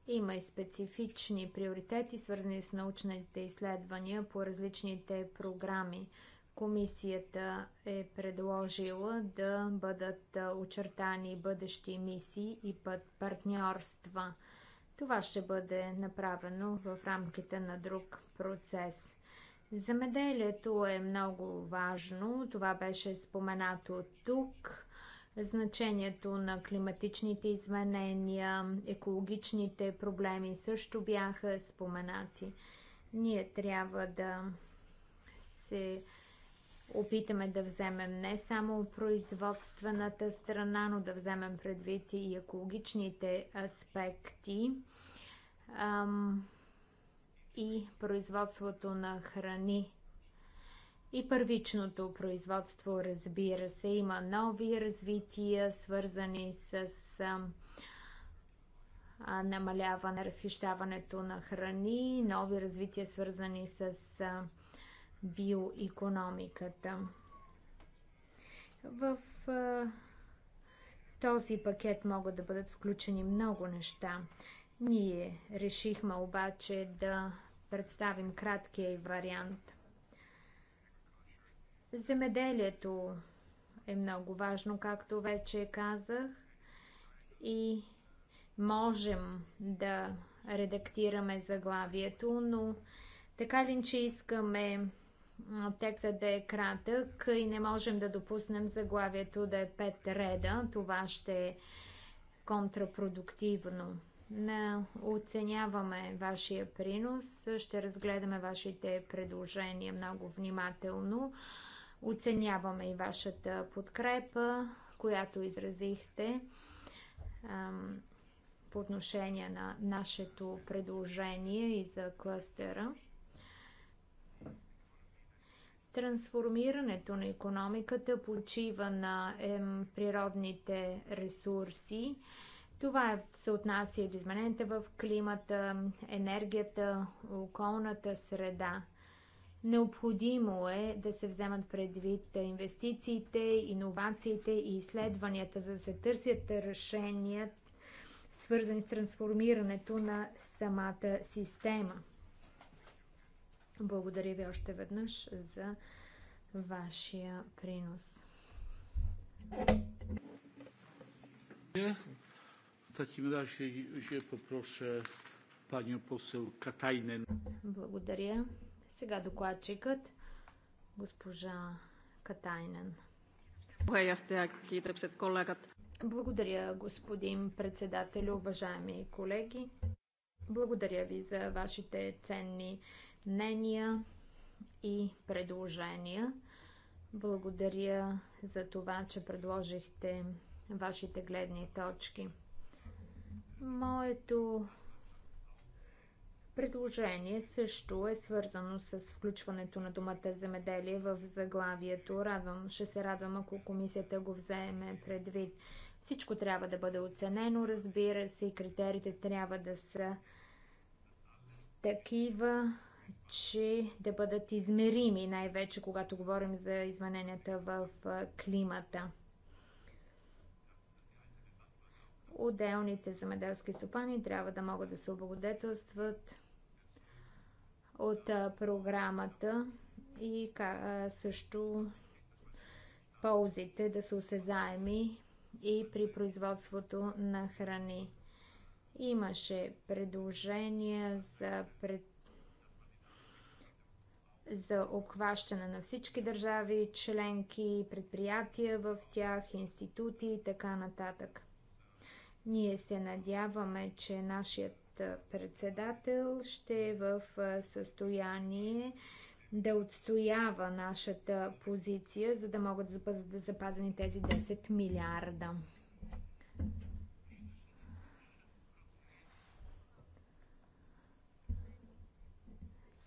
Има и специфични приоритети, свързани с научните изследвания по различните програми. Комисията е предложила да бъдат очертани бъдещи мисии и партньорства. Това ще бъде направено в рамките на друг процес. Замеделието е много важно. Това беше споменато тук. Значението на климатичните изменения, екологичните проблеми също бяха споменати. Ние трябва да се опитаме да вземем не само производствената страна, но да вземем предвид и екологичните аспекти ам, и производството на храни и първичното производство, разбира се. Има нови развития, свързани с а, намаляване разхищаването на храни, нови развития, свързани с а, биоекономиката. В а, този пакет могат да бъдат включени много неща. Ние решихме обаче да представим краткия вариант – Земеделието е много важно, както вече казах, и можем да редактираме заглавието, но така ли, че искаме текстът да е кратък и не можем да допуснем заглавието да е пет реда, това ще е контрапродуктивно. Не оценяваме вашия принос, ще разгледаме вашите предложения много внимателно. Оценяваме и вашата подкрепа, която изразихте по отношение на нашето предложение и за кластера. Трансформирането на економиката почива на природните ресурси. Това е, се отнася и до измененията в климата, енергията, околната среда. Необходимо е да се вземат предвид инвестициите, иновациите и изследванията, за да се търсят решения, свързани с трансформирането на самата система. Благодаря ви още веднъж за вашия принос. W Благодаря. Сега докладчикът, госпожа Катайнен. Благодаря, господин председател, уважаеми колеги. Благодаря ви за вашите ценни мнения и предложения. Благодаря за това, че предложихте вашите гледни точки. Моето предложение също е свързано с включването на думата земеделие в заглавието. Радвам, ще се радвам, ако комисията го вземе предвид. Всичко трябва да бъде оценено, разбира се, и критериите трябва да са такива, че да бъдат измерими, най-вече когато говорим за измененията в климата. Отделните земеделски стопани трябва да могат да се облагодетелстват от програмата и също ползите да са осезаеми и при производството на храни. Имаше предложения за, пред... за обхващане на всички държави, членки, предприятия в тях, институти и така нататък. Ние се надяваме, че нашият председател ще е в състояние да отстоява нашата позиция, за да могат да бъдат запазени тези 10 милиарда.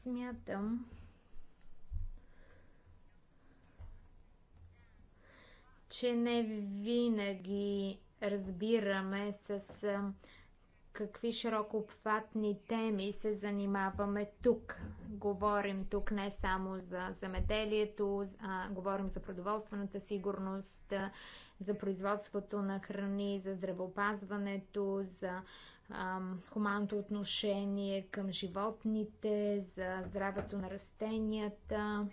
Смятам, че не винаги разбираме с какви широкообхватни теми се занимаваме тук. Говорим тук не само за земеделието, а говорим за продоволствената сигурност, за производството на храни, за здравеопазването, за ам, хуманното отношение към животните, за здравето на растенията,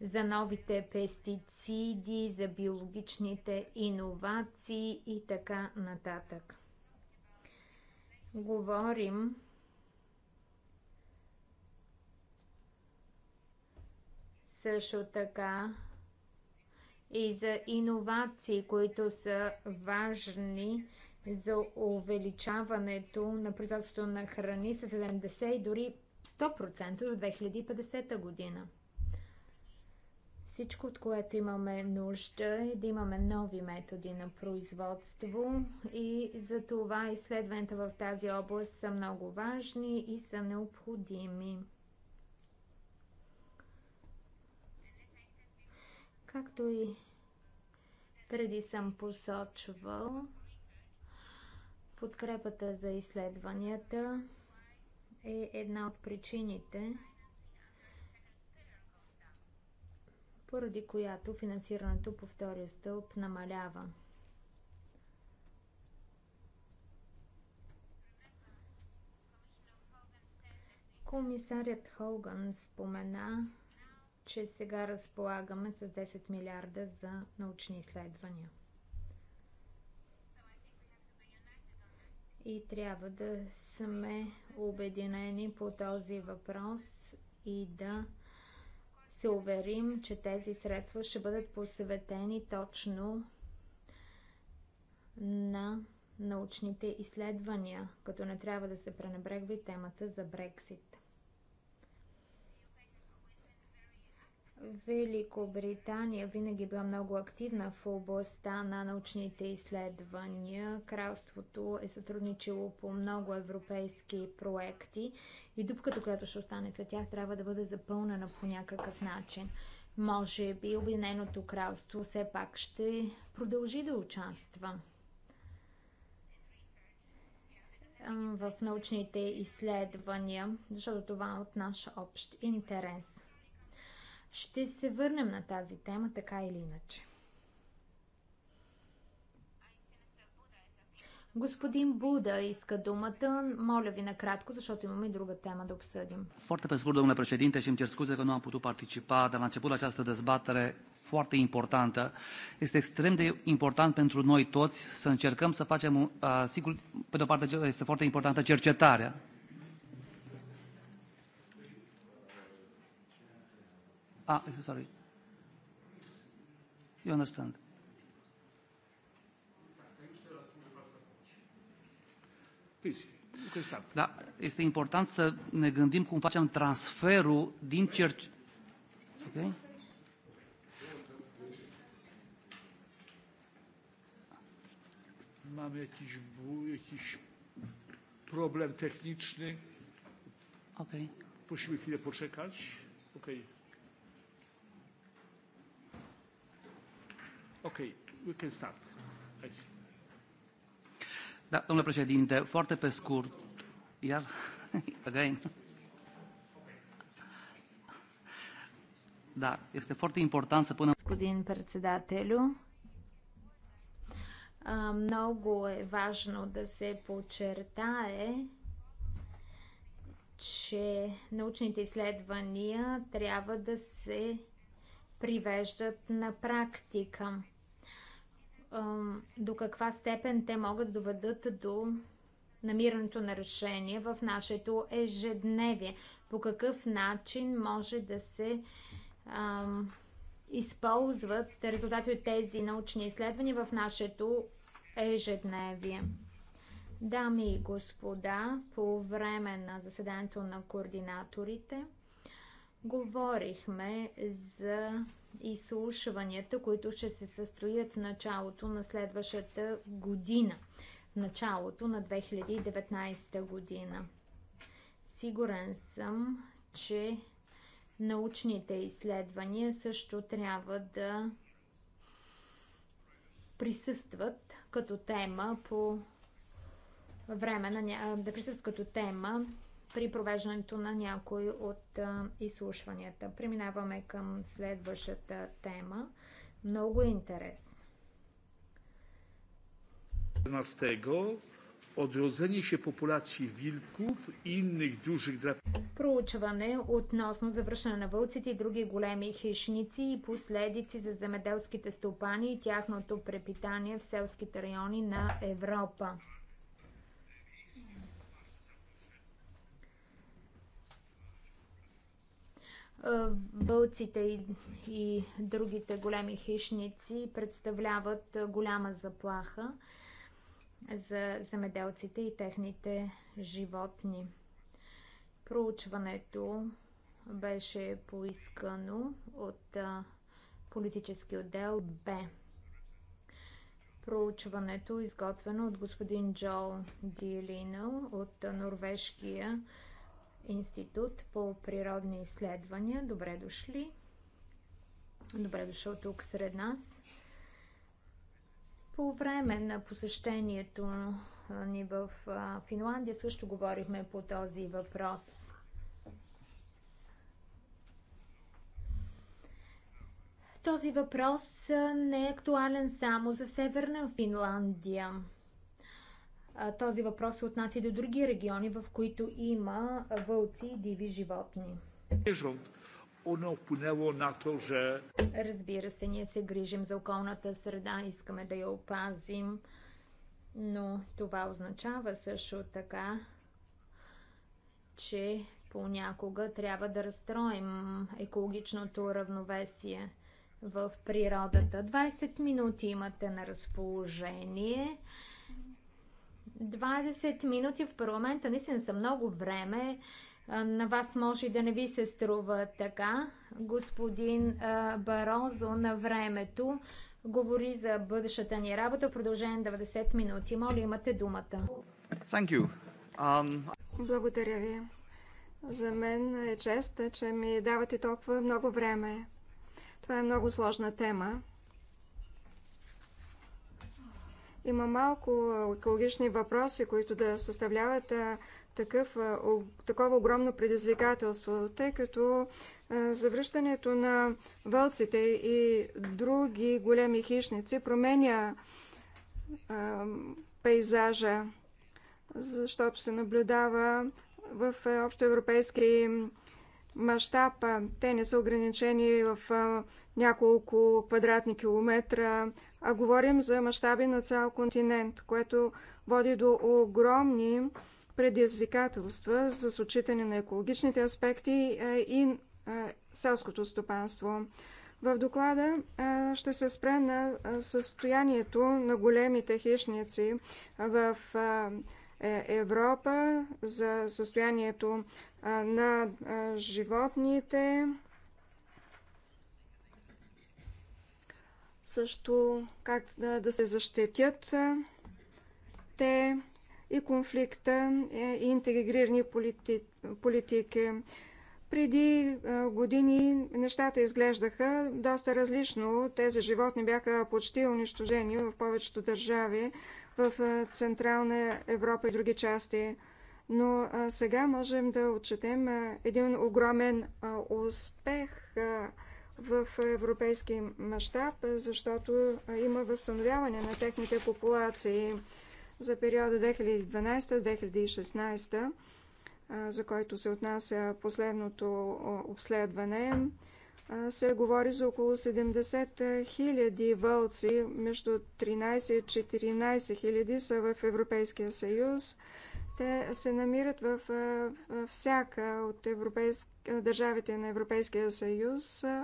за новите пестициди, за биологичните иновации и така нататък говорим също така и за иновации, които са важни за увеличаването на производството на храни с 70 и дори 100% до 2050 година. Всичко, от което имаме нужда е да имаме нови методи на производство и за това изследванията в тази област са много важни и са необходими. Както и преди съм посочвал, подкрепата за изследванията е една от причините, поради която финансирането по втория стълб намалява. Комисарят Холган спомена, че сега разполагаме с 10 милиарда за научни изследвания. И трябва да сме обединени по този въпрос и да се уверим, че тези средства ще бъдат посветени точно на научните изследвания, като не трябва да се пренебрегва и темата за Брексит. Великобритания винаги е била много активна в областта на научните изследвания. Кралството е сътрудничило по много европейски проекти и дупката, която ще остане след тях, трябва да бъде запълнена по някакъв начин. Може би Обединеното кралство все пак ще продължи да участва в научните изследвания, защото това е от наш общ интерес. Ще се върнем на тази тема, така или иначе. Господин Буда иска думата. Моля ви накратко, защото имаме и друга тема да обсъдим. Foarte pe scurt, domnule președinte, și îmi cer scuze că nu am putut participa, De la început această dezbatere foarte importantă. Este extrem de important pentru noi toți să încercăm să facem, sigur, pe de o parte este foarte importantă cercetarea, Ah, sorry. You understand? Da, este important să ne gândim cum facem transferul din cerci... Ok? Mamy jakiś, jakiś problem techniczny. Okay. Musimy chwilę poczekać. Okay. Okay, we can start. Da, domnule președinte, foarte pe scurt, iar, [laughs] again. Da, este foarte important să punem... Господин председателю, много е важно да се подчертае, че научните изследвания трябва да се привеждат на практика до каква степен те могат да доведат до намирането на решение в нашето ежедневие. По какъв начин може да се ам, използват резултати от тези научни изследвания в нашето ежедневие. Дами и господа, по време на заседанието на координаторите говорихме за изслушванията, които ще се състоят в началото на следващата година, в началото на 2019 година. Сигурен съм, че научните изследвания също трябва да присъстват като тема по време на да присъстват като тема при провеждането на някои от изслушванията. Преминаваме към следващата тема. Много е интересно. 14 Проучване относно завършване на вълците и други големи хищници и последици за земеделските стопани и тяхното препитание в селските райони на Европа. Е, вълците и, и другите големи хищници представляват е, голяма заплаха за земеделците и техните животни. Проучването беше поискано от е, политически отдел Б. Проучването, изготвено от господин Джол Диелинъл от норвежкия институт по природни изследвания. Добре дошли! Добре дошъл тук сред нас. По време на посещението ни в Финландия също говорихме по този въпрос. Този въпрос не е актуален само за Северна Финландия. Този въпрос се отнася до други региони, в които има вълци и диви животни. Оно Разбира се, ние се грижим за околната среда, искаме да я опазим, но това означава също така, че понякога трябва да разстроим екологичното равновесие в природата. 20 минути имате на разположение. 20 минути в парламента наистина са много време. На вас може и да не ви се струва така. Господин Барозо на времето говори за бъдещата ни работа продължение 90 минути. Моля, имате думата. Um... Благодаря ви. За мен е чест, че ми давате толкова много време. Това е много сложна тема. Има малко екологични въпроси, които да съставляват такъв, такова огромно предизвикателство, тъй като завръщането на вълците и други големи хищници променя пейзажа, защото се наблюдава в общоевропейски мащаб. Те не са ограничени в няколко квадратни километра, а говорим за мащаби на цял континент, което води до огромни предизвикателства с отчитане на екологичните аспекти и селското стопанство. В доклада ще се спре на състоянието на големите хищници в е, Европа, за състоянието на животните, също как да се защитят те и конфликта е, и интегрирани полити... политики. Преди години нещата изглеждаха доста различно. Тези животни бяха почти унищожени в повечето държави в Централна Европа и други части. Но сега можем да отчетем един огромен успех в европейски мащаб, защото има възстановяване на техните популации за периода 2012-2016, за който се отнася последното обследване. Се говори за около 70 хиляди вълци, между 13 и 14 хиляди са в Европейския съюз. Те се намират е, в всяка от европейск... държавите на Европейския съюз, е,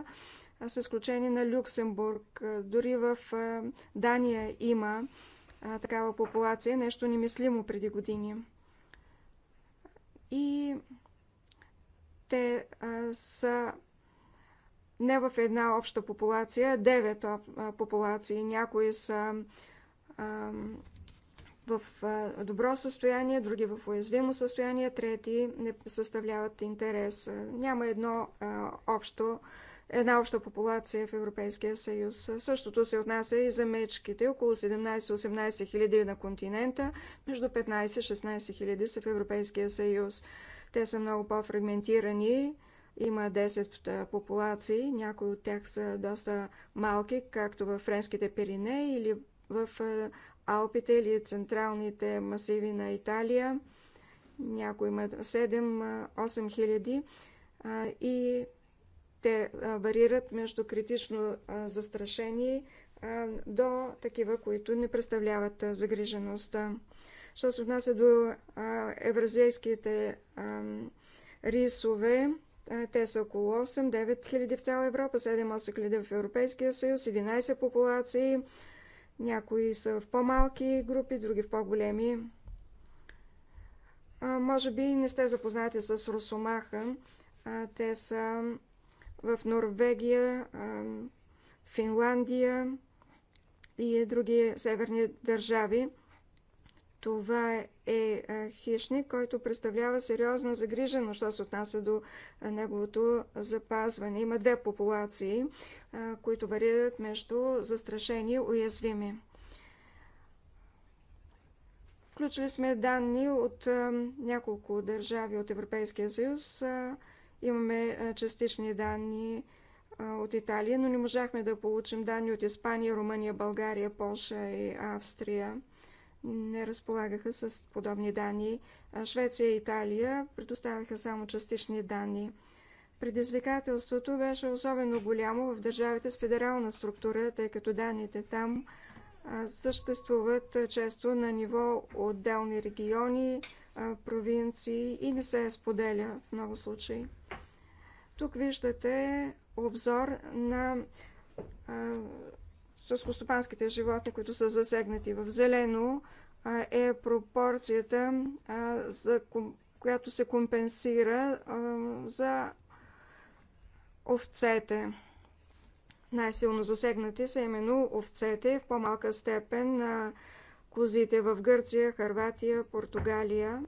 с изключение на Люксембург. Е, дори в Дания има такава популация, нещо немислимо преди години. И те са не в една обща популация, а девет популации. Някои са в добро състояние, други в уязвимо състояние, трети не съставляват интерес. Няма едно общо, една обща популация в Европейския съюз. Същото се отнася и за мечките. Около 17-18 хиляди на континента, между 15-16 хиляди са в Европейския съюз. Те са много по-фрагментирани. Има 10 популации, някои от тях са доста малки, както в френските Пиринеи или в Алпите или централните масиви на Италия. Някои имат 7-8 хиляди и те варират между критично застрашени до такива, които не представляват загрижеността. Що се отнася до евразийските рисове, те са около 8-9 хиляди в цяла Европа, 7-8 хиляди в Европейския съюз, 11 популации някои са в по-малки групи, други в по-големи. Може би не сте запознати с Росомаха. А, те са в Норвегия, а, Финландия и други северни държави. Това е хищник, който представлява сериозна загриженост, що се отнася до неговото запазване. Има две популации които варират между застрашени и уязвими. Включили сме данни от няколко държави от Европейския съюз. Имаме частични данни от Италия, но не можахме да получим данни от Испания, Румъния, България, Польша и Австрия. Не разполагаха с подобни данни. Швеция и Италия предоставяха само частични данни. Предизвикателството беше особено голямо в държавите с федерална структура, тъй като данните там съществуват често на ниво отделни региони, провинции и не се споделя в много случаи. Тук виждате обзор на съскостопанските животни, които са засегнати. В зелено е пропорцията, за която се компенсира за овцете. Най-силно засегнати са именно овцете, в по-малка степен на козите в Гърция, Харватия, Португалия,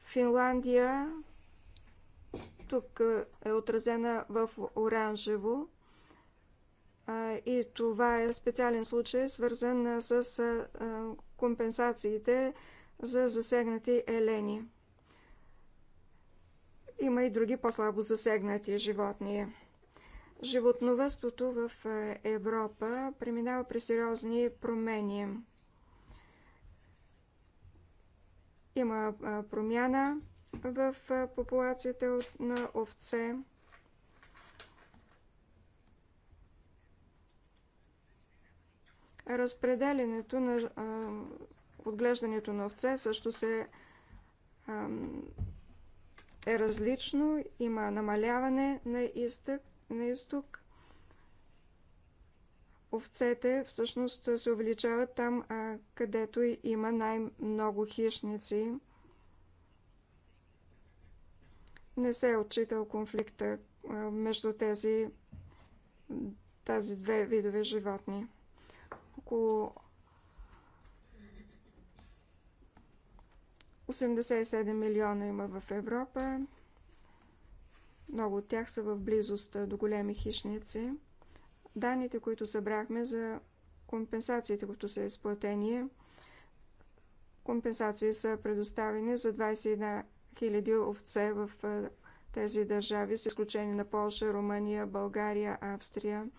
Финландия. Тук е отразена в оранжево. И това е специален случай, свързан с компенсациите за засегнати елени. Има и други по-слабо засегнати животни. Животновъдството в е, Европа преминава при сериозни промени. Има промяна в популацията на овце. Разпределенето на отглеждането на овце също се е различно. Има намаляване на, на изток. Овцете всъщност се увеличават там, където има най-много хищници. Не се е отчитал конфликта между тези, две видове животни. Около 87 милиона има в Европа. Много от тях са в близост до големи хищници. Данните, които събрахме за компенсациите, които са изплатени, компенсации са предоставени за 21 000 овце в тези държави, с изключение на Польша, Румъния, България, Австрия –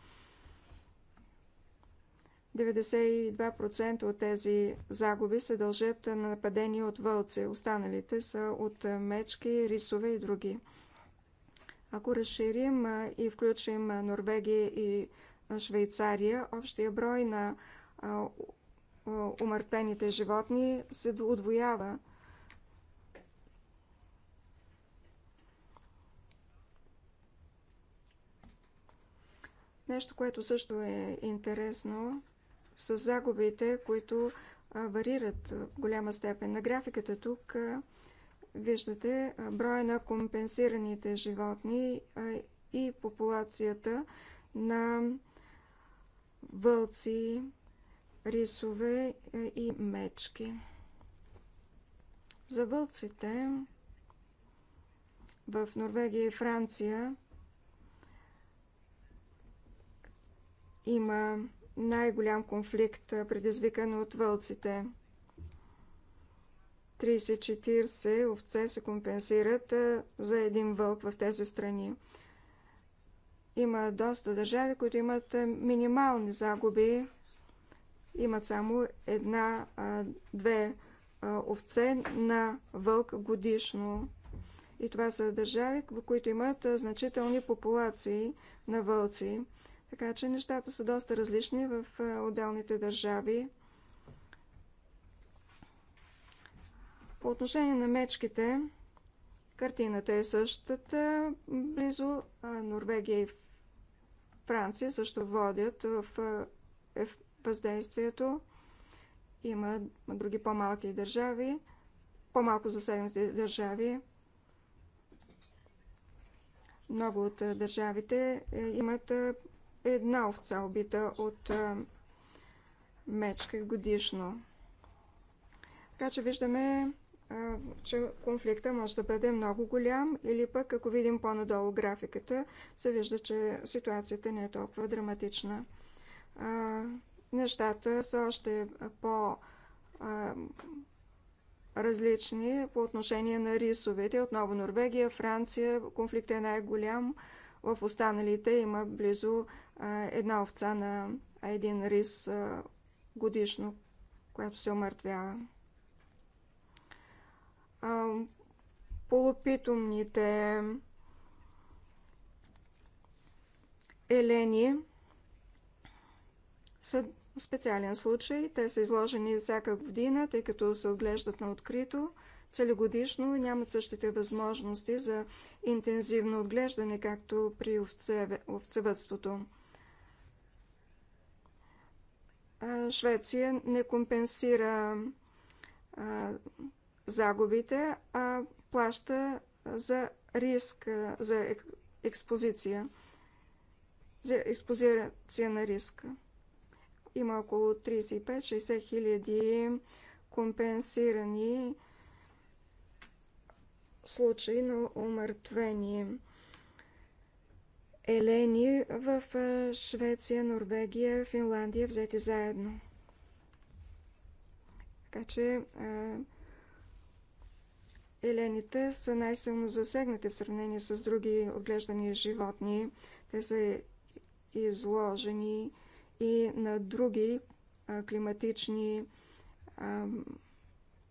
92% от тези загуби се дължат на нападения от вълци. Останалите са от мечки, рисове и други. Ако разширим и включим Норвегия и Швейцария, общия брой на умъртвените животни се удвоява. Нещо, което също е интересно, с загубите, които варират в голяма степен. На графиката тук виждате броя на компенсираните животни и популацията на вълци, рисове и мечки. За вълците в Норвегия и Франция има най-голям конфликт, предизвикан от вълците. 30-40 овце се компенсират за един вълк в тези страни. Има доста държави, които имат минимални загуби. Имат само една-две овце на вълк годишно. И това са държави, които имат значителни популации на вълци. Така че нещата са доста различни в отделните държави. По отношение на мечките, картината е същата. Близо Норвегия и Франция също водят в въздействието. Има други по-малки държави, по-малко засегнати държави. Много от държавите е, имат една овца убита от мечка годишно. Така че виждаме, че конфликта може да бъде много голям или пък, ако видим по-надолу графиката, се вижда, че ситуацията не е толкова драматична. Нещата са още по- различни по отношение на рисовете. Отново Норвегия, Франция, конфликтът е най-голям. В останалите има близо една овца на един рис годишно, която се омъртвява. Полупитомните елени са специален случай. Те са изложени всяка година, тъй като се отглеждат на открито целегодишно и нямат същите възможности за интензивно отглеждане, както при овце, овцевътството. Швеция не компенсира загубите, а плаща за риск, за експозиция, за експозиция на риск. Има около 35-60 хиляди компенсирани случаи на умъртвени елени в Швеция, Норвегия, Финландия, взети заедно. Така че елените са най-силно засегнати в сравнение с други отглеждани животни. Те са изложени и на други климатични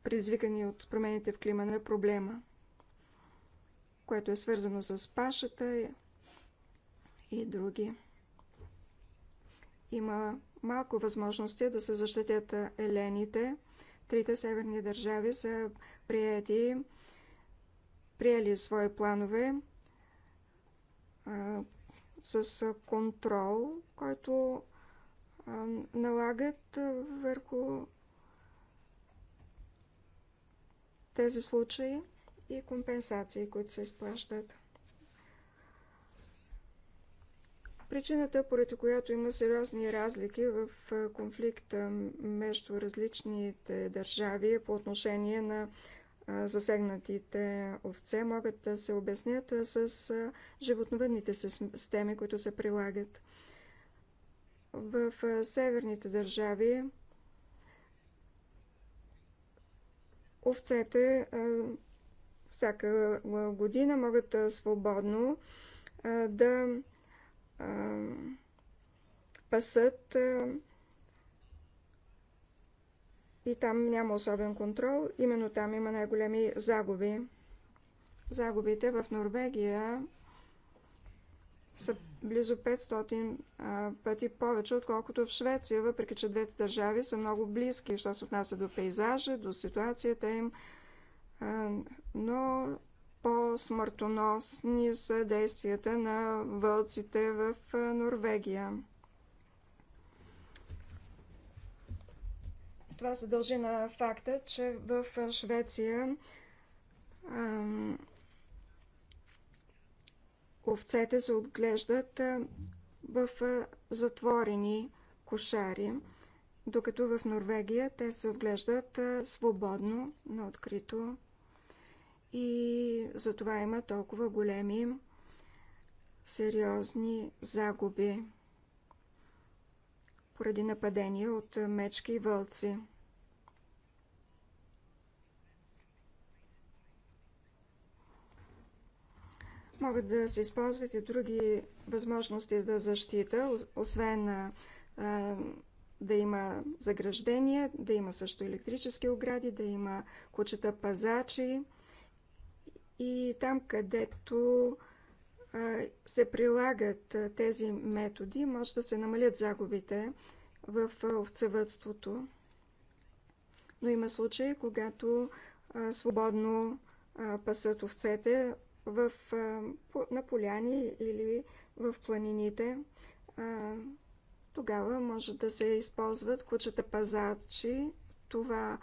предизвикани от промените в клима на проблема, което е свързано с пашата, и други. Има малко възможности да се защитят елените. Трите северни държави са приети, приели свои планове а, с контрол, който а, налагат върху тези случаи и компенсации, които се изплащат. Причината, поради която има сериозни разлики в конфликта между различните държави е по отношение на засегнатите овце, могат да се обяснят с животновъдните системи, които се прилагат. В северните държави овцете всяка година могат свободно да пасат и там няма особен контрол. Именно там има най-големи загуби. Загубите в Норвегия са близо 500 а, пъти повече, отколкото в Швеция, въпреки че двете държави са много близки, що се отнася до пейзажа, до ситуацията им. А, но по-смъртоносни са действията на вълците в Норвегия. Това се дължи на факта, че в Швеция ам, овцете се отглеждат в затворени кошари, докато в Норвегия те се отглеждат свободно на открито и затова има толкова големи сериозни загуби поради нападения от мечки и вълци. Могат да се използват и други възможности за защита, освен а, да има заграждения, да има също електрически огради, да има кучета пазачи, и там, където се прилагат тези методи, може да се намалят загубите в овцевътството. Но има случаи, когато свободно пасат овцете в, на поляни или в планините. Тогава може да се използват кучета пазачи. Това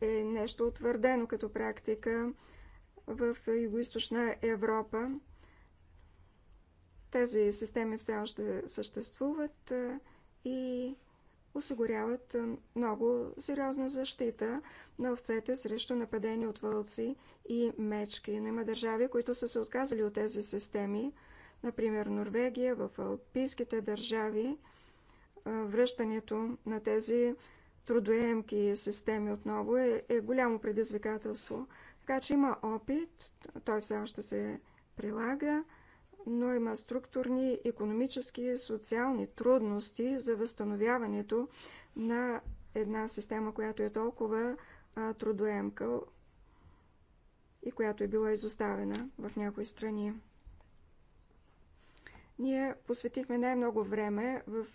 е нещо утвърдено като практика в Юго-Источна Европа. Тези системи все още съществуват и осигуряват много сериозна защита на овцете срещу нападения от вълци и мечки. Но има държави, които са се отказали от тези системи, например Норвегия, в алпийските държави. Връщането на тези трудоемки системи отново е, е голямо предизвикателство. Така че има опит, той все още се прилага, но има структурни, економически и социални трудности за възстановяването на една система, която е толкова трудоемка и която е била изоставена в някои страни. Ние посветихме най-много време в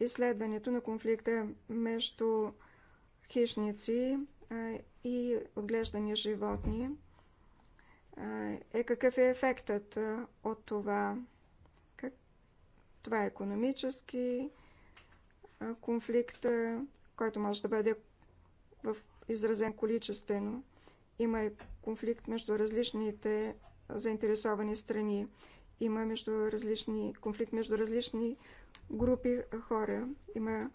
изследването на конфликта между хищници и отглеждани животни е какъв е ефектът от това. Как... Това е економически конфликт, който може да бъде в изразен количествено. Има и конфликт между различните заинтересовани страни. Има между различни, конфликт между различни групи хора. Има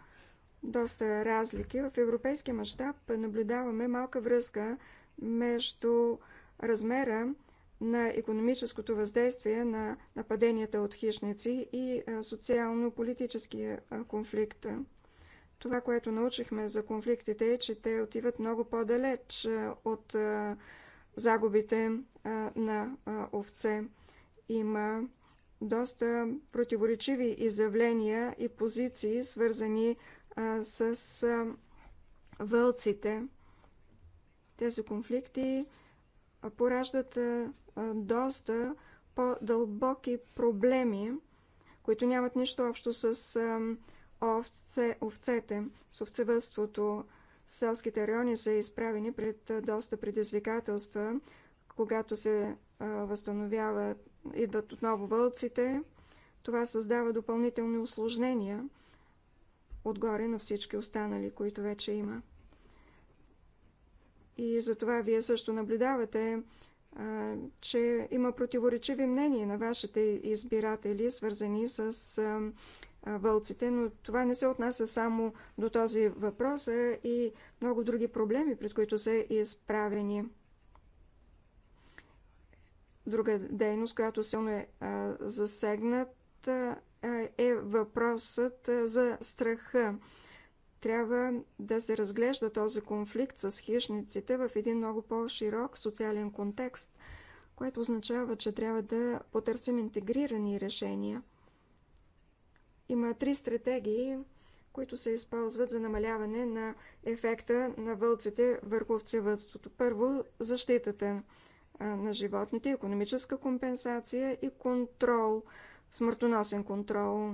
доста разлики. В европейския мащаб наблюдаваме малка връзка между размера на економическото въздействие на нападенията от хищници и социално-политическия конфликт. Това, което научихме за конфликтите е, че те отиват много по-далеч от загубите на овце. Има доста противоречиви изявления и позиции, свързани с вълците. Тези конфликти пораждат доста по-дълбоки проблеми, които нямат нищо общо с овце, овцете, с овцевътството. Селските райони са изправени пред доста предизвикателства, когато се възстановяват, идват отново вълците. Това създава допълнителни осложнения отгоре на всички останали, които вече има. И затова вие също наблюдавате, а, че има противоречиви мнения на вашите избиратели, свързани с а, а, вълците, но това не се отнася само до този въпрос, а и много други проблеми, пред които са изправени. Друга дейност, която силно е засегнат, е въпросът за страха. Трябва да се разглежда този конфликт с хищниците в един много по-широк социален контекст, което означава, че трябва да потърсим интегрирани решения. Има три стратегии, които се използват за намаляване на ефекта на вълците върху овцевътството. Първо, защитата на животните, економическа компенсация и контрол – смъртоносен контрол.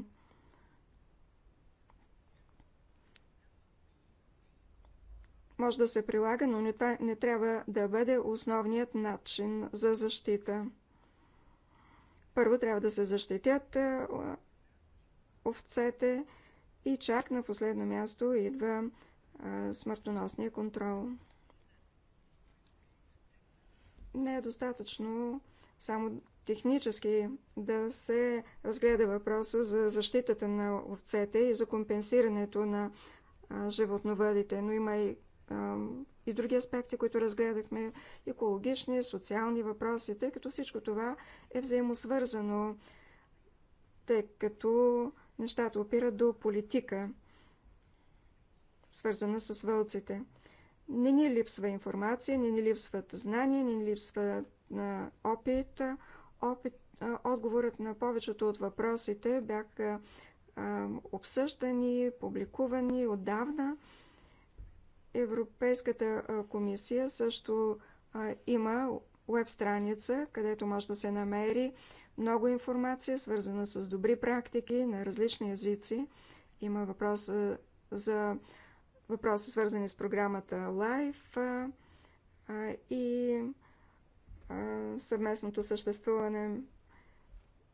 Може да се прилага, но не, не трябва да бъде основният начин за защита. Първо трябва да се защитят овцете и чак на последно място идва смъртоносния контрол. Не е достатъчно само технически да се разгледа въпроса за защитата на овцете и за компенсирането на животновъдите, но има и, и други аспекти, които разгледахме екологични, социални въпроси, тъй като всичко това е взаимосвързано, тъй като нещата опират до политика, свързана с вълците. Не ни липсва информация, не ни липсват знания, не ни липсва на опит опит, отговорът на повечето от въпросите бяха обсъждани, публикувани отдавна. Европейската комисия също има веб-страница, където може да се намери много информация, свързана с добри практики на различни езици. Има а, за въпроси, свързани с програмата LIFE и съвместното съществуване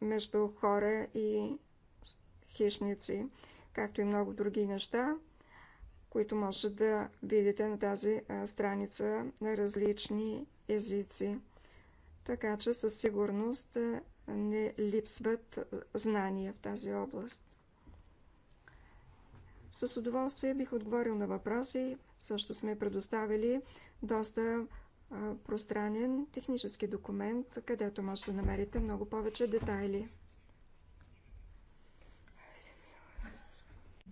между хора и хищници, както и много други неща, които може да видите на тази страница на различни езици. Така че със сигурност не липсват знания в тази област. С удоволствие бих отговорил на въпроси. Също сме предоставили доста пространен технически документ, където може да намерите много повече детайли.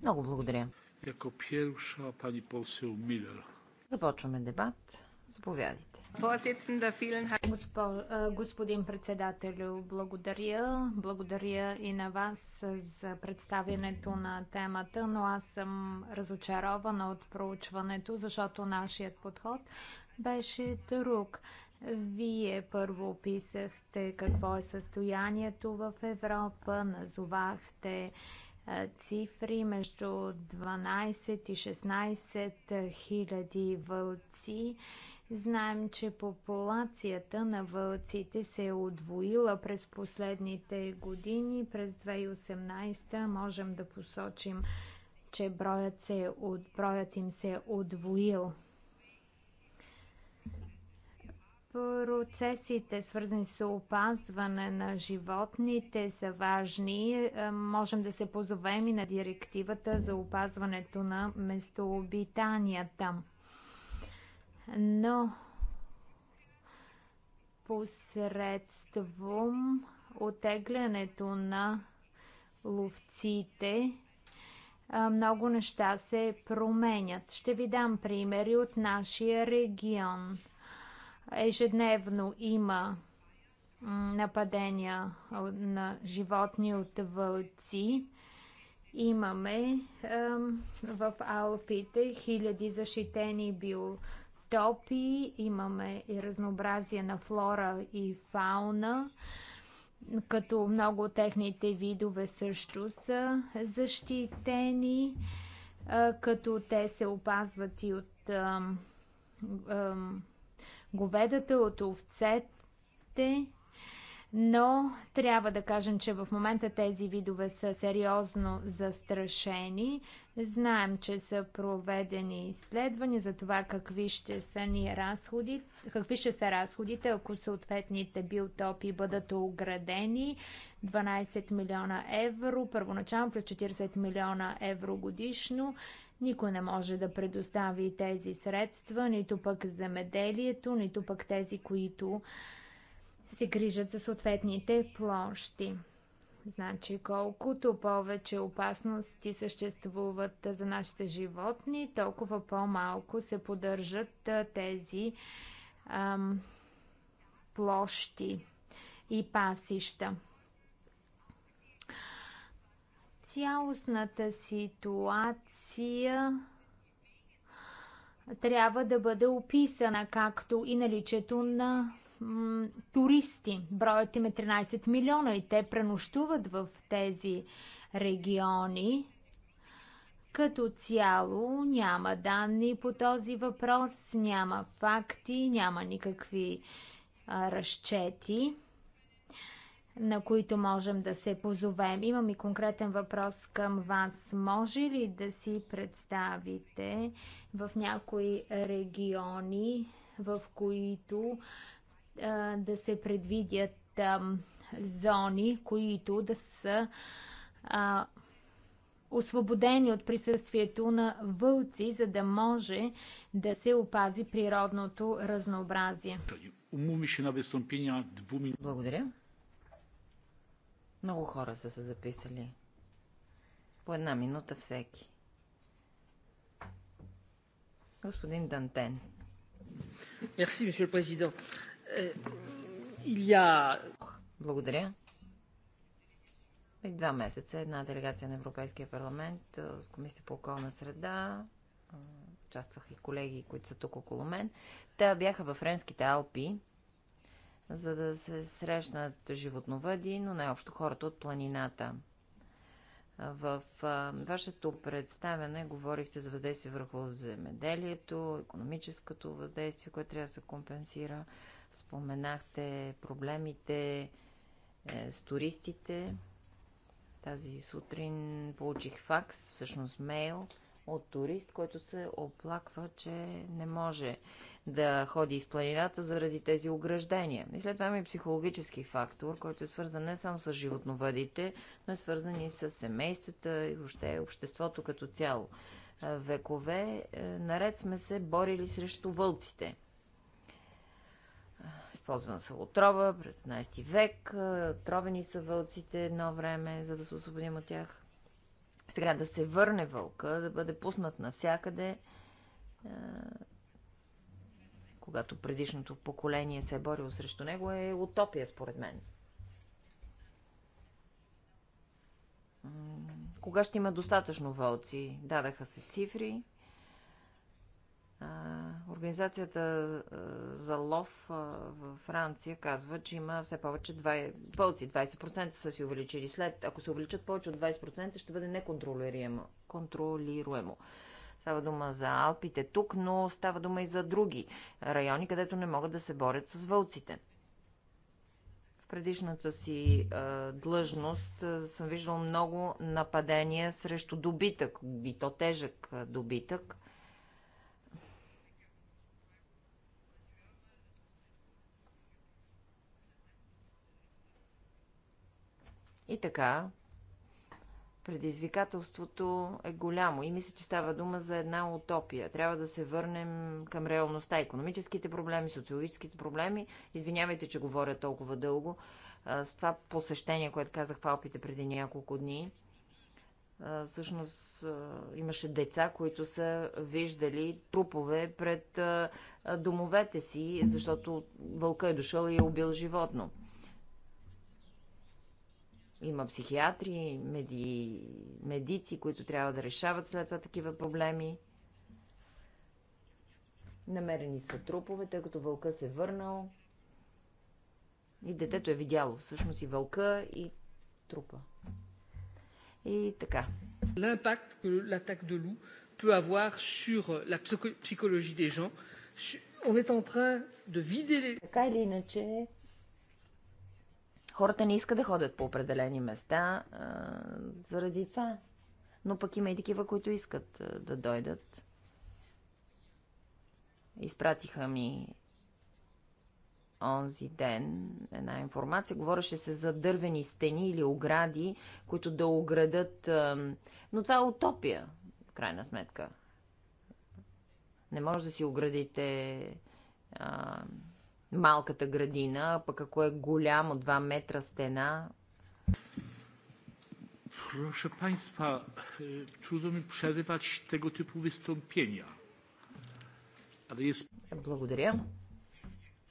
Много благодаря. Jako pierwsza пани poseł Miller. Започваме дебат. Заповядайте. господин председател, благодаря. Благодаря и на вас за представянето на темата, но аз съм разочарована от проучването, защото нашият подход беше друг. Вие първо описахте какво е състоянието в Европа, назовахте цифри между 12 и 16 хиляди вълци. Знаем, че популацията на вълците се е удвоила през последните години. През 2018 можем да посочим, че броят, се, е броят им се е удвоил. Процесите, свързани с опазване на животните, са важни. Е, можем да се позовем и на директивата за опазването на местообитанията. Но посредством отеглянето на ловците е, много неща се променят. Ще ви дам примери от нашия регион. Ежедневно има нападения на животни от вълци. Имаме в Алпите хиляди защитени биотопи, имаме и разнообразие на флора и фауна като много от техните видове също са защитени, като те се опазват и от говедата, от овцете, но трябва да кажем, че в момента тези видове са сериозно застрашени. Знаем, че са проведени изследвания за това какви ще са ни разходи, какви ще са разходите, ако съответните биотопи бъдат оградени. 12 милиона евро, първоначално плюс 40 милиона евро годишно. Никой не може да предостави тези средства, нито пък замеделието, нито пък тези, които се грижат за съответните площи. Значи, колкото повече опасности съществуват за нашите животни, толкова по-малко се поддържат тези ам, площи и пасища. цялостната ситуация трябва да бъде описана, както и наличието на туристи. Броят им е 13 милиона и те пренощуват в тези региони. Като цяло няма данни по този въпрос, няма факти, няма никакви а, разчети на които можем да се позовем. Имам и конкретен въпрос към вас. Може ли да си представите в някои региони, в които а, да се предвидят а, зони, които да са а, освободени от присъствието на вълци, за да може да се опази природното разнообразие. Благодаря. Много хора са се записали. По една минута всеки. Господин Дантен. Мерси, месье президент. Е, Илья... Благодаря. И два месеца една делегация на Европейския парламент с е, Комисията по околна среда е, участвах и колеги, които са тук около мен. Те бяха във Френските Алпи за да се срещнат животновъди, но най-общо хората от планината. В а, вашето представяне говорихте за въздействие върху земеделието, економическото въздействие, което трябва да се компенсира. Споменахте проблемите е, с туристите. Тази сутрин получих факс, всъщност мейл, от турист, който се оплаква, че не може да ходи из планината заради тези ограждения. И след това има и психологически фактор, който е свързан не само с животновъдите, но е свързан и с семействата и въобще обществото като цяло. Векове е, наред сме се борили срещу вълците. Използвана се отрова през 19 век, тровени са вълците едно време, за да се освободим от тях. Сега да се върне вълка, да бъде пуснат навсякъде, е, когато предишното поколение се е борило срещу него, е утопия, според мен. Кога ще има достатъчно вълци? Дадаха се цифри. Организацията за лов във Франция казва, че има все повече 20, пълци. 20% са си увеличили. След, ако се увеличат повече от 20%, ще бъде неконтролируемо. Контролируемо. Става дума за Алпите тук, но става дума и за други райони, където не могат да се борят с вълците. В предишната си е, длъжност съм виждал много нападения срещу добитък, и то тежък добитък И така, предизвикателството е голямо и мисля, че става дума за една утопия. Трябва да се върнем към реалността. Економическите проблеми, социологическите проблеми. Извинявайте, че говоря толкова дълго. С това посещение, което казах в Алпите преди няколко дни, всъщност имаше деца, които са виждали трупове пред домовете си, защото вълка е дошъл и е убил животно. Има психиатри, меди... медици, които трябва да решават след това такива проблеми. Намерени са трупове, тъй като вълка се е върнал. И детето е видяло всъщност и вълка, и трупа. И така. L'impact que l'attaque de loup peut avoir sur la psychologie des gens. On est en train de vider les... Така или иначе, Хората не искат да ходят по определени места а, заради това. Но пък има и такива, които искат а, да дойдат. Изпратиха ми онзи ден една информация. Говореше се за дървени стени или огради, които да оградат. А, но това е утопия, в крайна сметка. Не може да си оградите. А, малката градина, пък ако е голямо 2 метра стена. Proszę Państwa, trudno mi przerywać tego typu wystąpienia. Ale jest... Благодаря.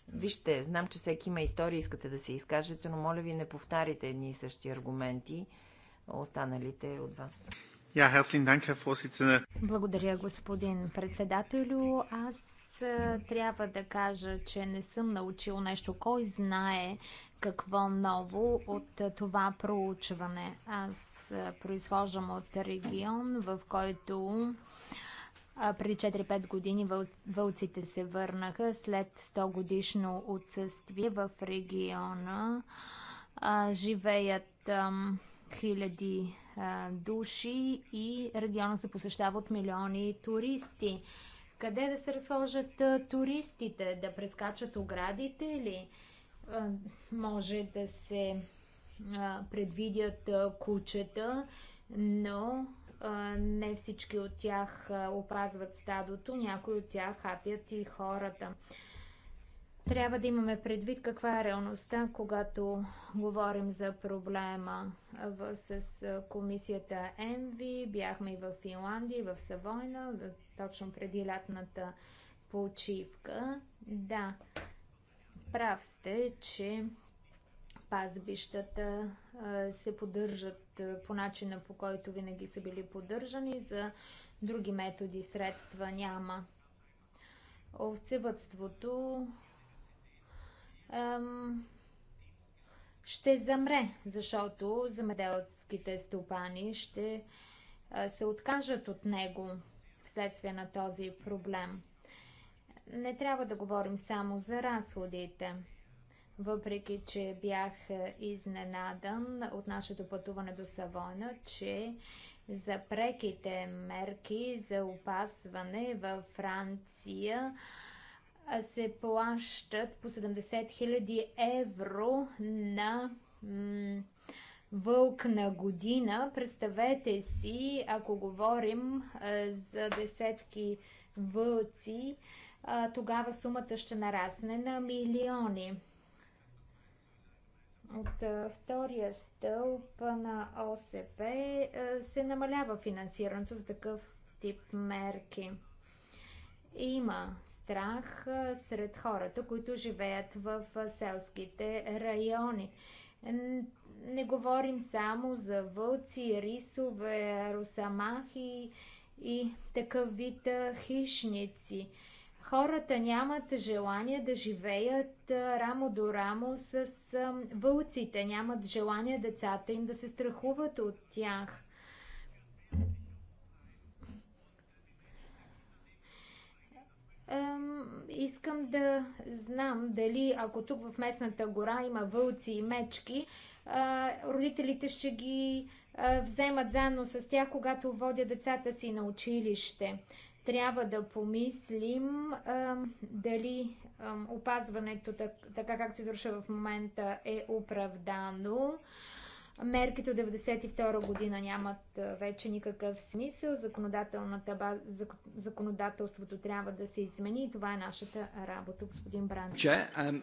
Вижте, знам, че всеки има истории, искате да се изкажете, но моля ви не повтарите едни и същи аргументи, останалите от вас. Благодаря, господин председателю. Аз трябва да кажа, че не съм научил нещо. Кой знае какво ново от това проучване? Аз произхождам от регион, в който при 4-5 години вълците се върнаха след 100 годишно отсъствие в региона. Живеят хиляди души и региона се посещава от милиони туристи. Къде да се разхождат туристите? Да прескачат оградите или Може да се предвидят кучета, но не всички от тях опазват стадото, някои от тях хапят и хората. Трябва да имаме предвид каква е реалността, когато говорим за проблема с комисията ЕМВИ. Бяхме и в Финландия, и в Савойна, точно преди лятната почивка. Да, прав сте, че пазбищата се поддържат по начина по който винаги са били поддържани. За други методи средства няма. Овцевътството ще замре, защото земеделските стопани ще се откажат от него вследствие на този проблем. Не трябва да говорим само за разходите. Въпреки, че бях изненадан от нашето пътуване до Савойна, че за преките мерки за опасване във Франция се плащат по 70 000 евро на вълк на година. Представете си, ако говорим а, за десетки вълци, а, тогава сумата ще нарасне на милиони. От втория стълб на ОСП се намалява финансирането за такъв тип мерки. Има страх сред хората, които живеят в селските райони. Не говорим само за вълци, рисове, русамахи и такъв вид хищници. Хората нямат желание да живеят рамо до рамо с вълците, нямат желание децата им да се страхуват от тях. искам да знам дали ако тук в местната гора има вълци и мечки, родителите ще ги вземат заедно с тях, когато водят децата си на училище. Трябва да помислим дали опазването, така както се в момента, е оправдано. Мерките от 1992 година нямат вече никакъв смисъл. Законодателната, база, законодателството трябва да се измени и това е нашата работа, господин Бранд. Um,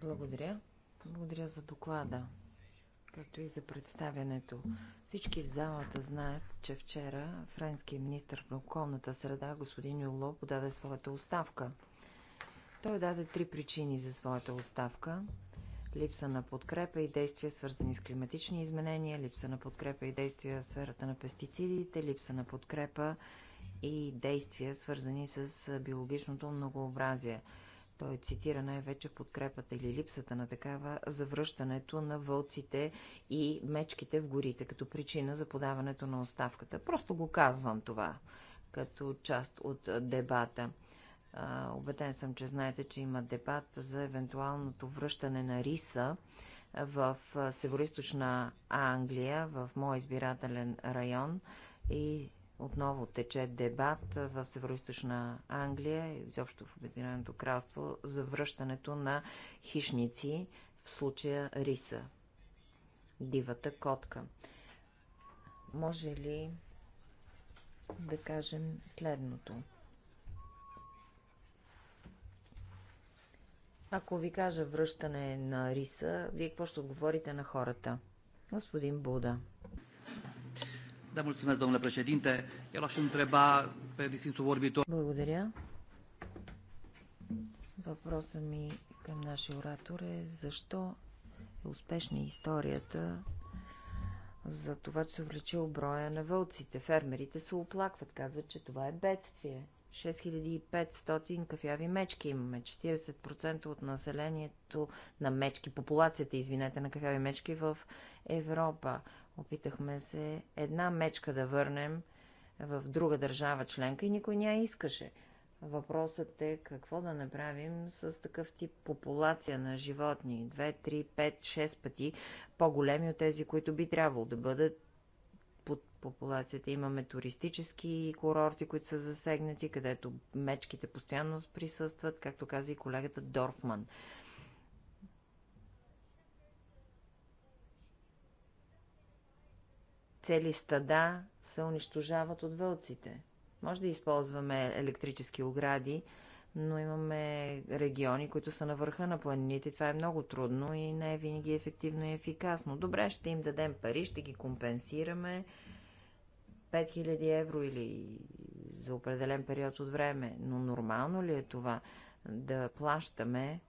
Благодаря. Благодаря за доклада, както и за представянето. Всички в залата знаят, че вчера френският министр на околната среда, господин Юло, подаде своята оставка. Той даде три причини за своята оставка липса на подкрепа и действия, свързани с климатични изменения, липса на подкрепа и действия в сферата на пестицидите, липса на подкрепа и действия, свързани с биологичното многообразие. Той цитира най-вече подкрепата или липсата на такава за връщането на вълците и мечките в горите като причина за подаването на оставката. Просто го казвам това като част от дебата. Обеден съм, че знаете, че има дебат за евентуалното връщане на риса в Североизточна Англия, в мой избирателен район и отново тече дебат в северо Англия и изобщо в Обединеното кралство за връщането на хищници, в случая риса, дивата котка. Може ли да кажем следното? Ако ви кажа връщане на риса, вие какво ще отговорите на хората? Господин Буда. Да, mulțumesc, domnule președinte. Я l-aș întreba pe distinsul vorbitor. Благодаря. Въпросът ми към нашия оратор е защо е успешна историята за това, че се увлечил броя на вълците. Фермерите се оплакват, казват, че това е бедствие. 6500 кафяви мечки имаме. 40% от населението на мечки, популацията, извинете, на кафяви мечки в Европа. Опитахме се една мечка да върнем в друга държава членка и никой не я искаше. Въпросът е какво да направим с такъв тип популация на животни. 2, 3, 5, 6 пъти по-големи от тези, които би трябвало да бъдат популацията. Имаме туристически курорти, които са засегнати, където мечките постоянно присъстват, както каза и колегата Дорфман. Цели стада се унищожават от вълците. Може да използваме електрически огради, но имаме региони, които са на върха на планините. Това е много трудно и не е винаги ефективно и ефикасно. Добре, ще им дадем пари, ще ги компенсираме, 5000 евро или за определен период от време. Но нормално ли е това да плащаме,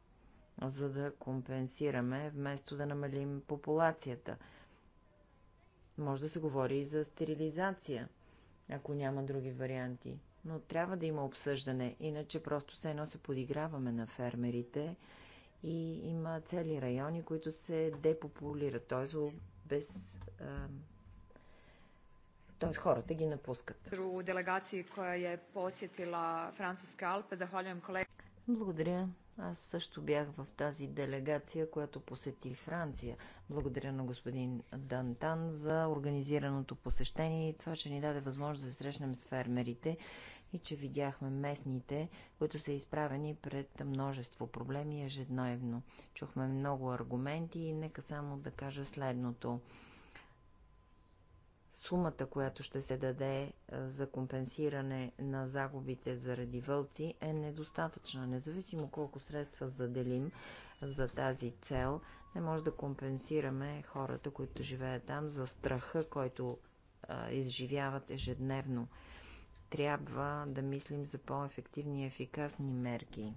за да компенсираме, вместо да намалим популацията? Може да се говори и за стерилизация, ако няма други варианти. Но трябва да има обсъждане, иначе просто се едно се подиграваме на фермерите и има цели райони, които се депопулират, т.е. без т.е. хората ги напускат. Делегации, която е посетила Французска Алпа, захвалям колега. Благодаря. Аз също бях в тази делегация, която посети Франция. Благодаря на господин Дантан за организираното посещение и това, че ни даде възможност да се срещнем с фермерите и че видяхме местните, които са изправени пред множество проблеми ежедневно. Чухме много аргументи и нека само да кажа следното сумата, която ще се даде е, за компенсиране на загубите заради вълци, е недостатъчна. Независимо колко средства заделим за тази цел, не може да компенсираме хората, които живеят там, за страха, който а, е, изживяват ежедневно. Трябва да мислим за по-ефективни и ефикасни мерки.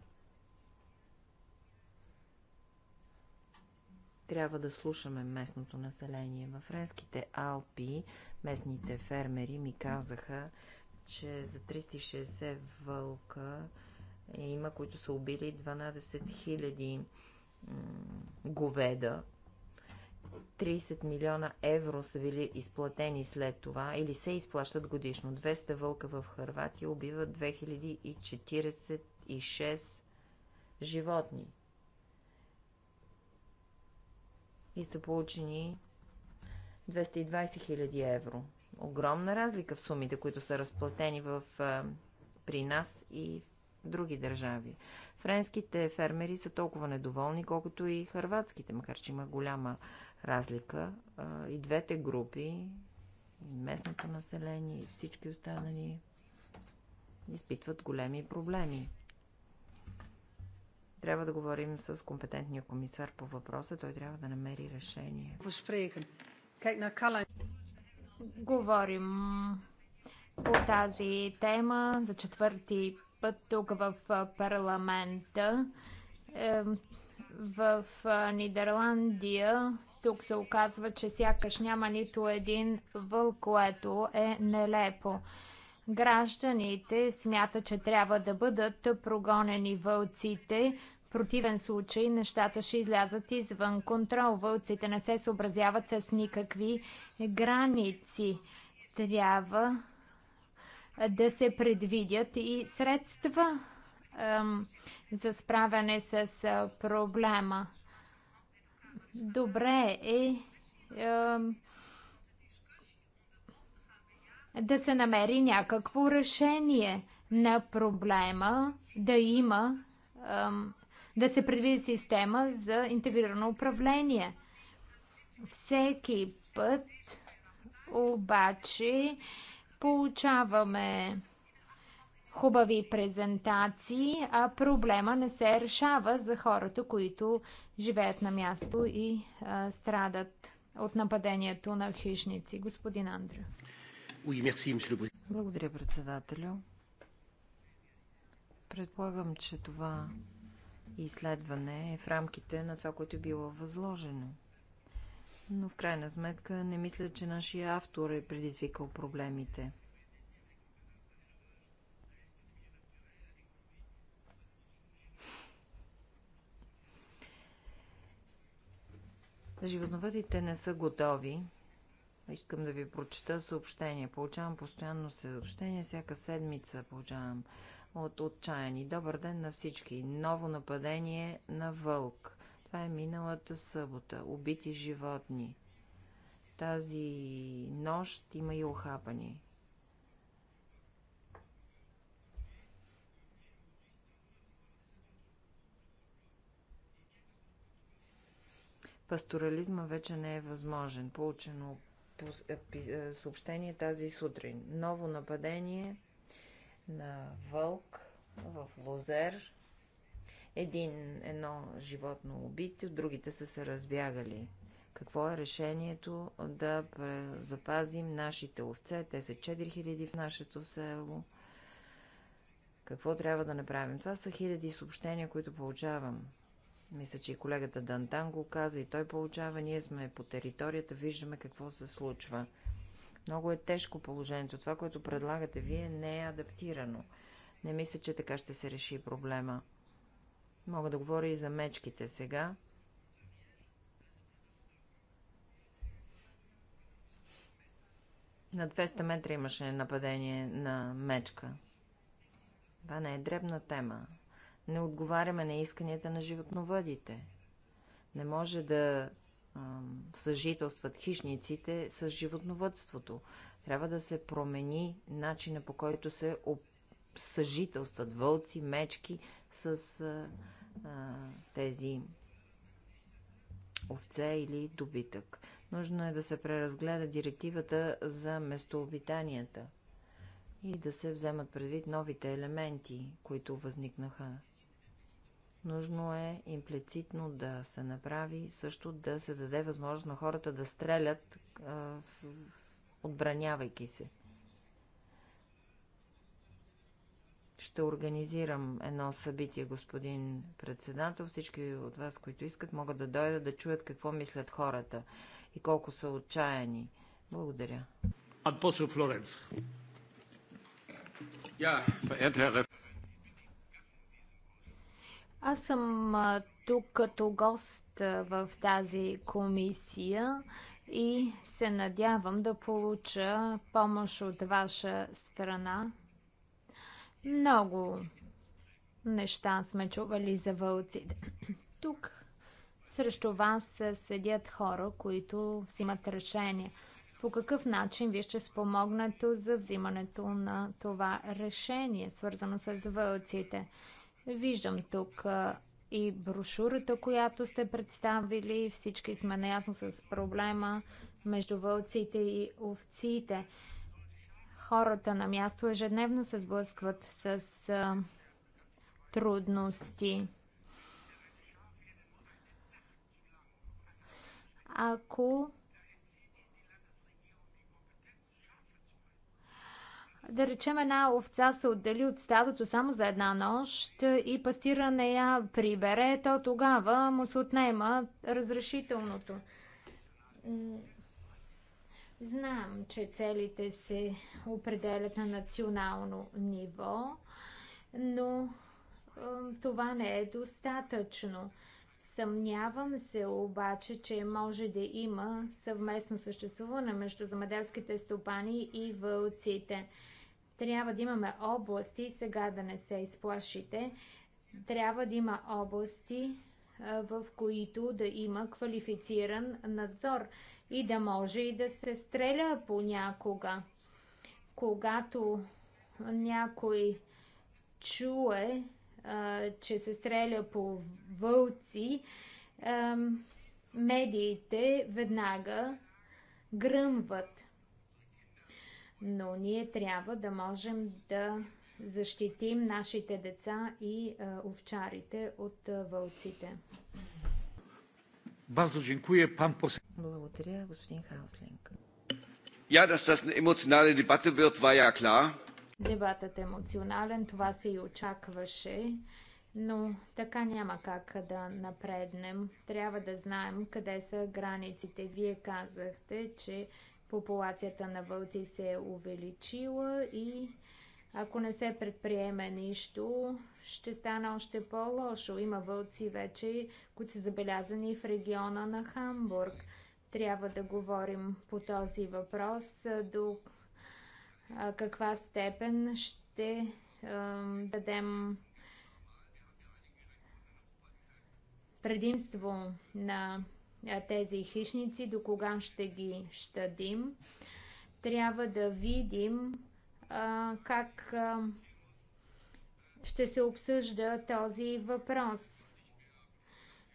Трябва да слушаме местното население. Във френските Алпи местните фермери ми казаха, че за 360 вълка е, има, които са убили 12 000 говеда. 30 милиона евро са били изплатени след това или се изплащат годишно. 200 вълка в Харватия убиват 2046 животни. и са получени 220 000 евро. Огромна разлика в сумите, които са разплатени в, при нас и в други държави. Френските фермери са толкова недоволни, колкото и хърватските, макар че има голяма разлика. И двете групи, и местното население, и всички останали изпитват големи проблеми. Трябва да говорим с компетентния комисар по въпроса. Той трябва да намери решение. Говорим по тази тема за четвърти път тук в парламента. В Нидерландия тук се оказва, че сякаш няма нито един вълк, което е нелепо. Гражданите смятат, че трябва да бъдат прогонени вълците. В противен случай нещата ще излязат извън контрол. Вълците не се съобразяват с никакви граници. Трябва да се предвидят и средства ем, за справяне с проблема. Добре е ем, да се намери някакво решение на проблема, да има, да се предвиди система за интегрирано управление. Всеки път обаче получаваме хубави презентации, а проблема не се решава за хората, които живеят на място и а, страдат от нападението на хищници. Господин Андреев. Благодаря, председателю. Предполагам, че това изследване е в рамките на това, което е било възложено. Но в крайна сметка не мисля, че нашия автор е предизвикал проблемите. Животновъдите не са готови Искам да ви прочета съобщение. Получавам постоянно съобщение. Всяка седмица получавам от отчаяни. Добър ден на всички. Ново нападение на вълк. Това е миналата събота. Убити животни. Тази нощ има и охапани. Пасторализма вече не е възможен. Получено е, е, съобщение тази сутрин. Ново нападение на вълк в Лозер. Един, едно животно убито, другите са се разбягали. Какво е решението да запазим нашите овце? Те са 4000 в нашето село. Какво трябва да направим? Това са хиляди съобщения, които получавам. Мисля, че и колегата Дантан го каза и той получава. Ние сме по територията, виждаме какво се случва. Много е тежко положението. Това, което предлагате вие, не е адаптирано. Не мисля, че така ще се реши проблема. Мога да говоря и за мечките сега. На 200 метра имаше нападение на мечка. Това не е дребна тема не отговаряме на исканията на животновъдите. Не може да съжителстват хищниците с животновътството. Трябва да се промени начина по който се съжителстват вълци, мечки с а, а, тези овце или добитък. Нужно е да се преразгледа директивата за местообитанията и да се вземат предвид новите елементи, които възникнаха Нужно е имплицитно да се направи, също да се даде възможност на хората да стрелят, отбранявайки се. ще организирам едно събитие, господин председател. Всички от вас, които искат, могат да дойдат да чуят какво мислят хората и колко са отчаяни. Благодаря. Апостол Флоренц. Ja, verehrter Herr аз съм тук като гост в тази комисия и се надявам да получа помощ от ваша страна. Много неща сме чували за вълците. [clears throat] Тук срещу вас седят хора, които взимат решение. По какъв начин вие ще спомогнете за взимането на това решение, свързано с вълците? Виждам тук и брошурата, която сте представили. Всички сме наясно с проблема между вълците и овците. Хората на място ежедневно се сблъскват с а, трудности. Ако Да речем една овца се отдели от стадото само за една нощ и пастиране я прибере, то тогава му се отнема разрешителното. Знам, че целите се определят на национално ниво, но това не е достатъчно. Съмнявам се обаче, че може да има съвместно съществуване между замеделските стопани и вълците. Трябва да имаме области, сега да не се изплашите, трябва да има области, в които да има квалифициран надзор и да може и да се стреля понякога. Когато някой чуе, че се стреля по вълци, медиите веднага гръмват но ние трябва да можем да защитим нашите деца и е, овчарите от е, вълците. Благодаря, господин Хауслинг. Ja, dass das eine emotionale Debatte wird, war ja klar. Дебатът е емоционален, това се и очакваше, но така няма как да напреднем. Трябва да знаем къде са границите. Вие казахте, че популацията на вълци се е увеличила и ако не се предприеме нищо, ще стане още по-лошо. Има вълци вече, които са забелязани в региона на Хамбург. Трябва да говорим по този въпрос до каква степен ще е, дадем предимство на тези хищници, до кога ще ги щадим. Трябва да видим а, как а, ще се обсъжда този въпрос.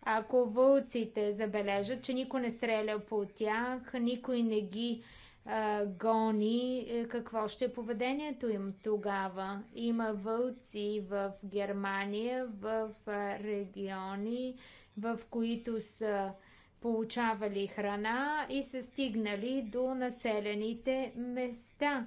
Ако вълците забележат, че никой не стреля по тях, никой не ги а, гони, е, какво ще е поведението им тогава? Има вълци в Германия, в региони, в които са получавали храна и са стигнали до населените места.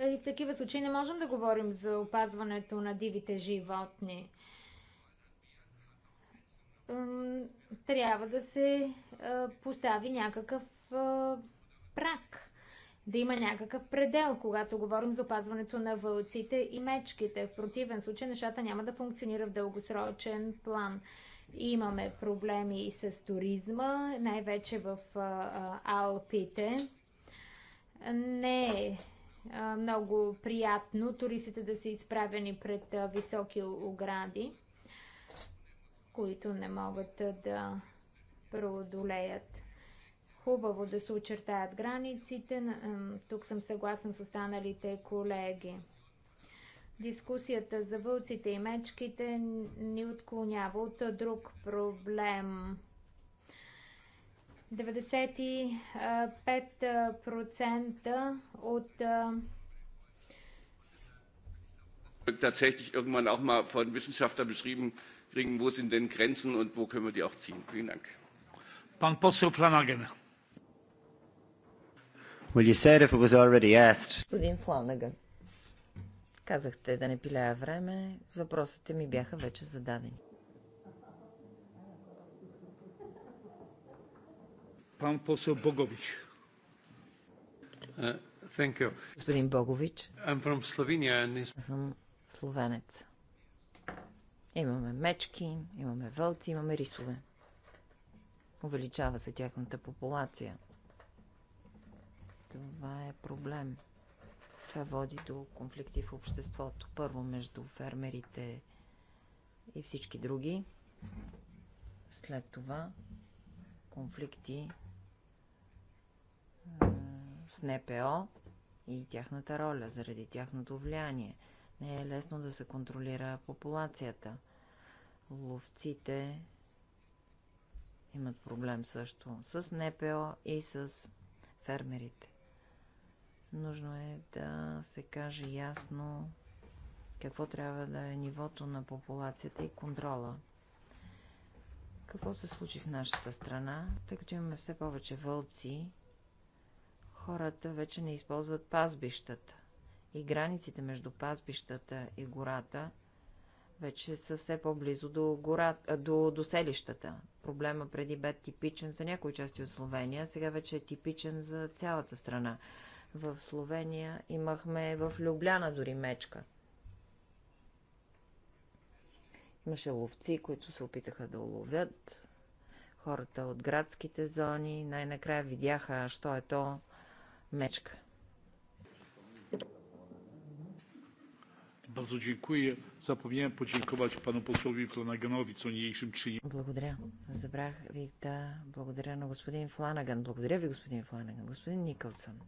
И в такива случаи не можем да говорим за опазването на дивите животни. Трябва да се постави някакъв прак да има някакъв предел, когато говорим за опазването на вълците и мечките. В противен случай нещата няма да функционира в дългосрочен план. Имаме проблеми и с туризма, най-вече в а, Алпите. Не е много приятно туристите да са изправени пред а, високи огради, които не могат а, да преодолеят хубаво да се очертаят границите. Тук съм съгласен с останалите колеги. Дискусията за вълците и мечките ни отклонява от друг проблем. 95% от tatsächlich irgendwann auch mal von Wissenschaftlern beschrieben kriegen, wo sind denn Grenzen und wo können wir die auch ziehen. Vielen Dank. Pan poseł Flanagan. Well, you said if it was already asked. Господин Фланаган, казахте да не пиляя време. Въпросите ми бяха вече зададени. Пан посел Богович. Uh, thank you. Господин Богович. I'm from Slovenia and is... Аз съм словенец. Имаме мечки, имаме вълци, имаме рисове. Увеличава се тяхната популация – това е проблем. Това води до конфликти в обществото. Първо между фермерите и всички други. След това конфликти с НПО и тяхната роля, заради тяхното влияние. Не е лесно да се контролира популацията. Ловците имат проблем също с НПО и с фермерите. Нужно е да се каже ясно какво трябва да е нивото на популацията и контрола. Какво се случи в нашата страна, тъй като имаме все повече вълци, хората вече не използват пазбищата и границите между пазбищата и гората вече са все по-близо до, до, до селищата. Проблема преди бе типичен за някои части от Словения, сега вече е типичен за цялата страна в Словения, имахме в Любляна дори мечка. Имаше ловци, които се опитаха да уловят. Хората от градските зони най-накрая видяха, що е то мечка. Благодаря. Забрах ви да благодаря на господин Фланаган. Благодаря ви, господин Фланаган. Господин Никълсън.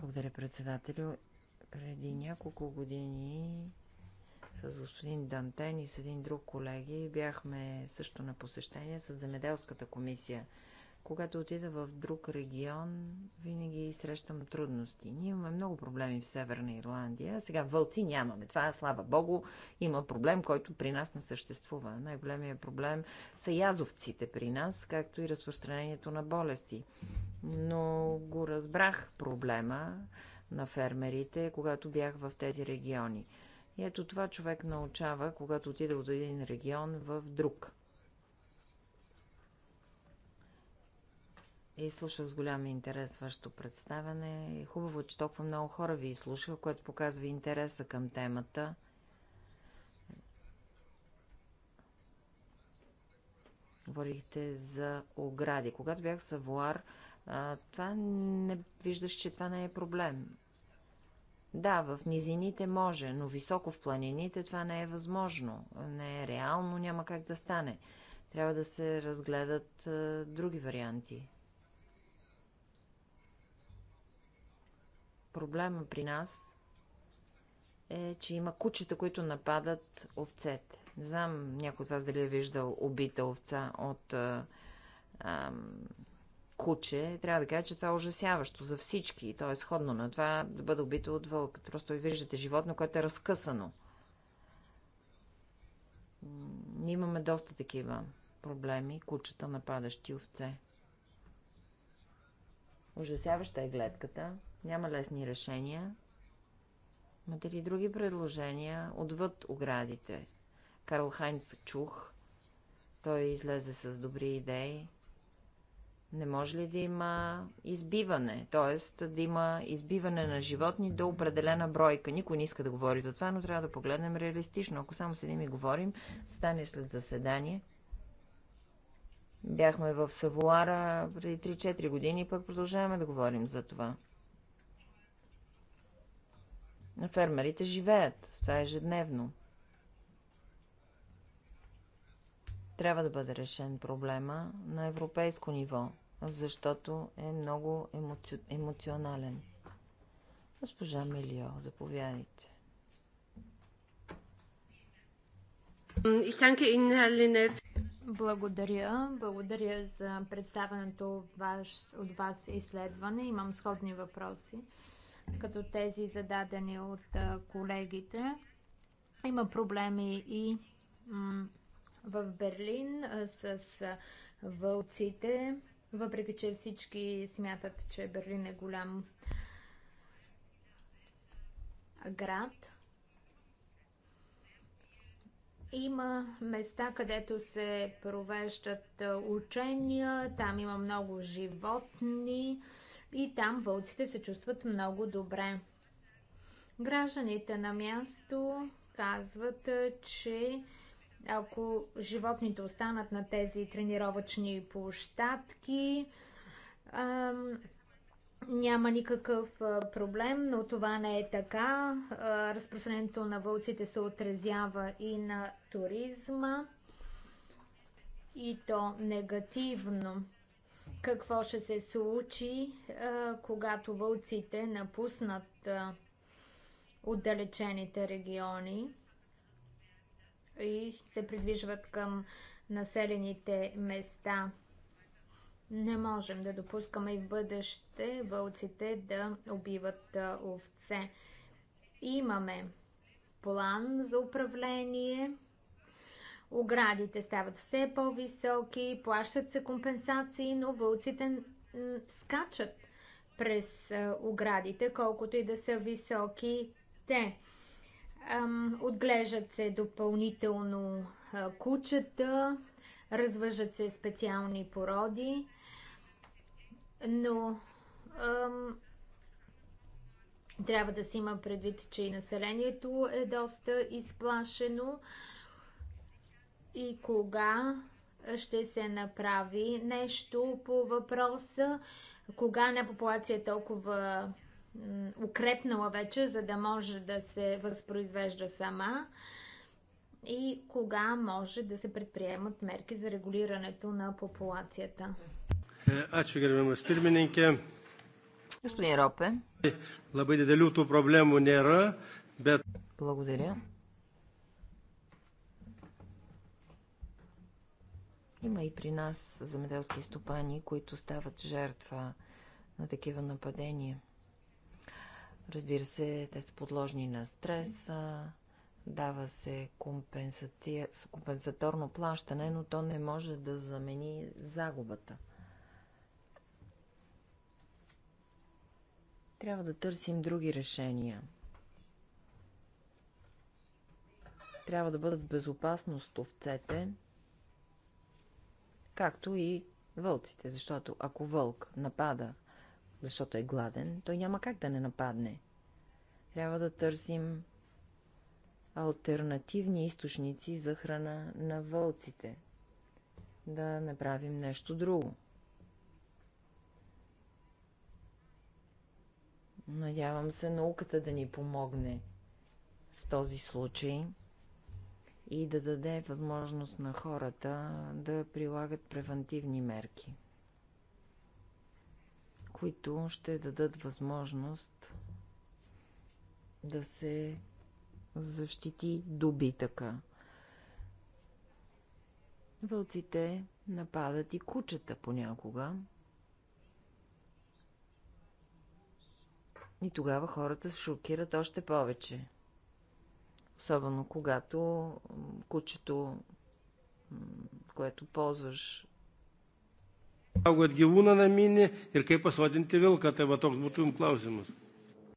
Благодаря, председателю. Преди няколко години с господин Дантен и с един друг колеги бяхме също на посещение с земеделската комисия – когато отида в друг регион, винаги срещам трудности. Ние имаме много проблеми в Северна Ирландия. Сега вълци нямаме. Това, слава богу, има проблем, който при нас не съществува. Най-големият проблем са язовците при нас, както и разпространението на болести. Но го разбрах проблема на фермерите, когато бях в тези региони. И ето това човек научава, когато отида от един регион в друг. И слушах с голям интерес вашето представяне. И хубаво, е, че толкова много хора ви слушаха, което показва интереса към темата. Говорихте за огради. Когато бях в Савуар, това не виждаш, че това не е проблем. Да, в низините може, но високо в планините това не е възможно. Не е реално, няма как да стане. Трябва да се разгледат а, други варианти. Проблема при нас е, че има кучета, които нападат овцете. Не знам някой от вас дали е виждал убита овца от а, а, куче. Трябва да кажа, че това е ужасяващо за всички. И то е сходно на това да бъде убита от вълк. Просто виждате животно, което е разкъсано. Ние имаме доста такива проблеми. Кучета, нападащи овце. Ужасяваща е гледката. Няма лесни решения. Имате ли други предложения отвъд оградите? Карл Хайнц чух. Той излезе с добри идеи. Не може ли да има избиване? Т.е. да има избиване на животни до определена бройка. Никой не иска да говори за това, но трябва да погледнем реалистично. Ако само седим и говорим, стане след заседание. Бяхме в Савуара преди 3-4 години и пък продължаваме да говорим за това. Фермерите живеят това е ежедневно. Трябва да бъде решен проблема на европейско ниво, защото е много емоци... емоционален. Госпожа Милио, заповядайте. Благодаря. Благодаря за представеното от вас изследване. Имам сходни въпроси като тези зададени от колегите. Има проблеми и в Берлин с вълците, въпреки че всички смятат, че Берлин е голям град. Има места, където се провеждат учения, там има много животни, и там вълците се чувстват много добре. Гражданите на място казват, че ако животните останат на тези тренировъчни площадки, няма никакъв проблем, но това не е така. Разпространението на вълците се отразява и на туризма и то негативно какво ще се случи, когато вълците напуснат отдалечените региони и се придвижват към населените места. Не можем да допускаме и в бъдеще вълците да убиват овце. Имаме план за управление оградите стават все по-високи, плащат се компенсации, но вълците скачат през оградите, колкото и да са високи те. Отглеждат се допълнително кучета, развъжат се специални породи, но ам, трябва да се има предвид, че и населението е доста изплашено и кога ще се направи нещо по въпроса, кога на популация е толкова укрепнала вече, за да може да се възпроизвежда сама и кога може да се предприемат мерки за регулирането на популацията. Е, Господин Ропе. Благодаря. Има и при нас земеделски стопани, които стават жертва на такива нападения. Разбира се, те са подложни на стрес, дава се компенсати... компенсаторно плащане, но то не може да замени загубата. Трябва да търсим други решения. Трябва да бъдат в безопасност овцете – както и вълците, защото ако вълк напада, защото е гладен, той няма как да не нападне. Трябва да търсим альтернативни източници за храна на вълците, да направим нещо друго. Надявам се науката да ни помогне в този случай и да даде възможност на хората да прилагат превентивни мерки, които ще дадат възможност да се защити добитъка. Вълците нападат и кучета понякога. И тогава хората се шокират още повече. Особено когато кучето, което ползваш,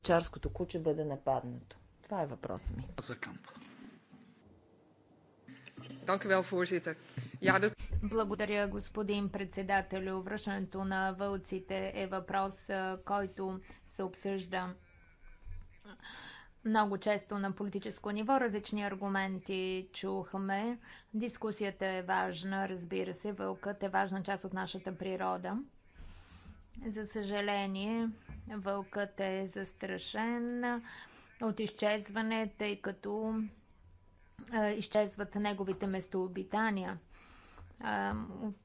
Чарското куче бъде нападнато. Това е въпросът ми. Благодаря, господин председател. Връщането на вълците е въпрос, който се обсъжда много често на политическо ниво различни аргументи чухме. Дискусията е важна, разбира се. Вълкът е важна част от нашата природа. За съжаление, вълкът е застрашен от изчезване, тъй като е, изчезват неговите местообитания.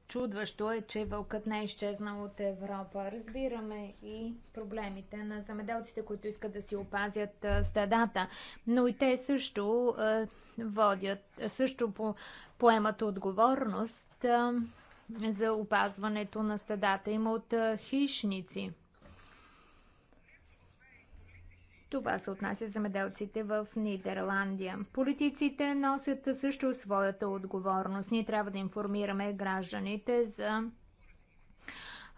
Чудващо е, че вълкът не е изчезнал от Европа. Разбираме и проблемите на замеделците, които искат да си опазят стадата, но и те също водят, също по, поемат отговорност за опазването на стадата им от хищници. Това се отнася за меделците в Нидерландия. Политиците носят също своята отговорност. Ние трябва да информираме гражданите за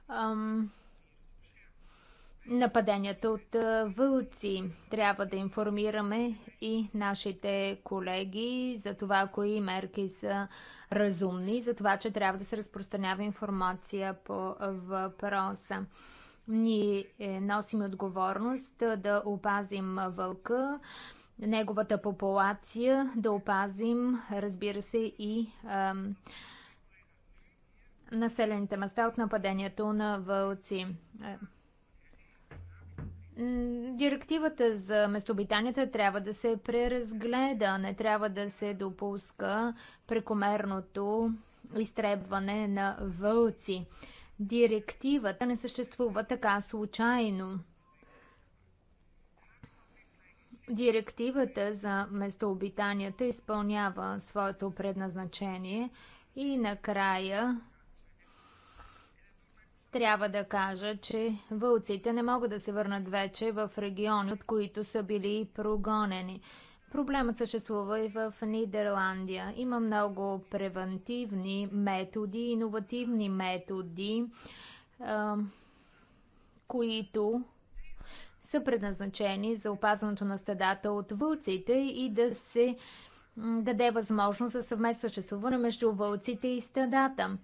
ам, нападенията от вълци. Трябва да информираме и нашите колеги за това, кои мерки са разумни, за това, че трябва да се разпространява информация по въпроса. Ние носим отговорност да опазим вълка, неговата популация, да опазим, разбира се, и ам, населените места от нападението на вълци. Директивата за местообитанията трябва да се преразгледа, не трябва да се допуска прекомерното изтребване на вълци. Директивата не съществува така случайно. Директивата за местообитанията изпълнява своето предназначение и накрая трябва да кажа, че вълците не могат да се върнат вече в региони, от които са били прогонени. Проблемът съществува и в Нидерландия. Има много превентивни методи, иновативни методи, които са предназначени за опазването на стадата от вълците и да се даде възможност за съвместно съществуване между вълците и стадата.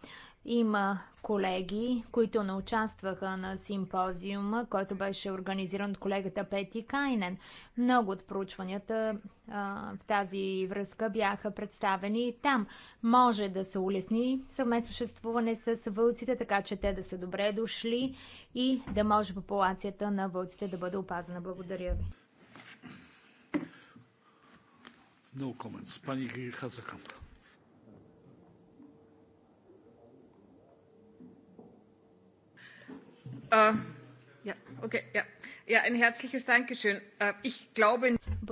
Има колеги, които не участваха на симпозиума, който беше организиран от колегата Пети Кайнен. Много от проучванията а, в тази връзка бяха представени и там. Може да се улесни съвместно съществуване с вълците, така че те да са добре дошли и да може популацията на вълците да бъде опазена. Благодаря ви. No comments. Пани Хазакамп. Äh, äh,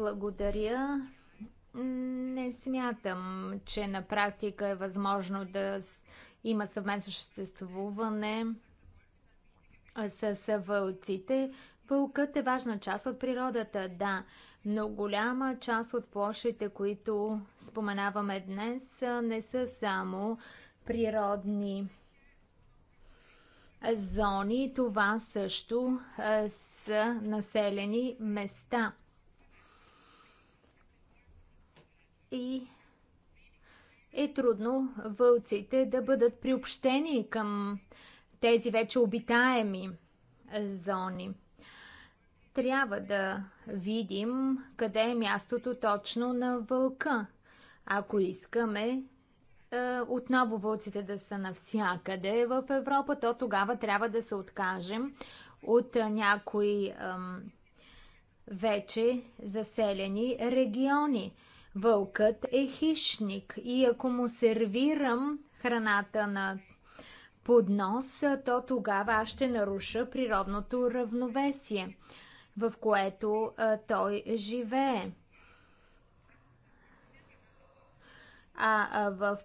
Благодаря. Не смятам, че на практика е възможно да има съвместно съществуване с вълците. Вълкът е важна част от природата, да, но голяма част от площите, които споменаваме днес, не са само природни зони. Това също са населени места. И е трудно вълците да бъдат приобщени към тези вече обитаеми зони. Трябва да видим къде е мястото точно на вълка, ако искаме е, отново вълците да са навсякъде в Европа, то тогава трябва да се откажем от някои вече заселени региони. Вълкът е хищник и ако му сервирам храната на поднос, то тогава аз ще наруша природното равновесие, в което той живее. А в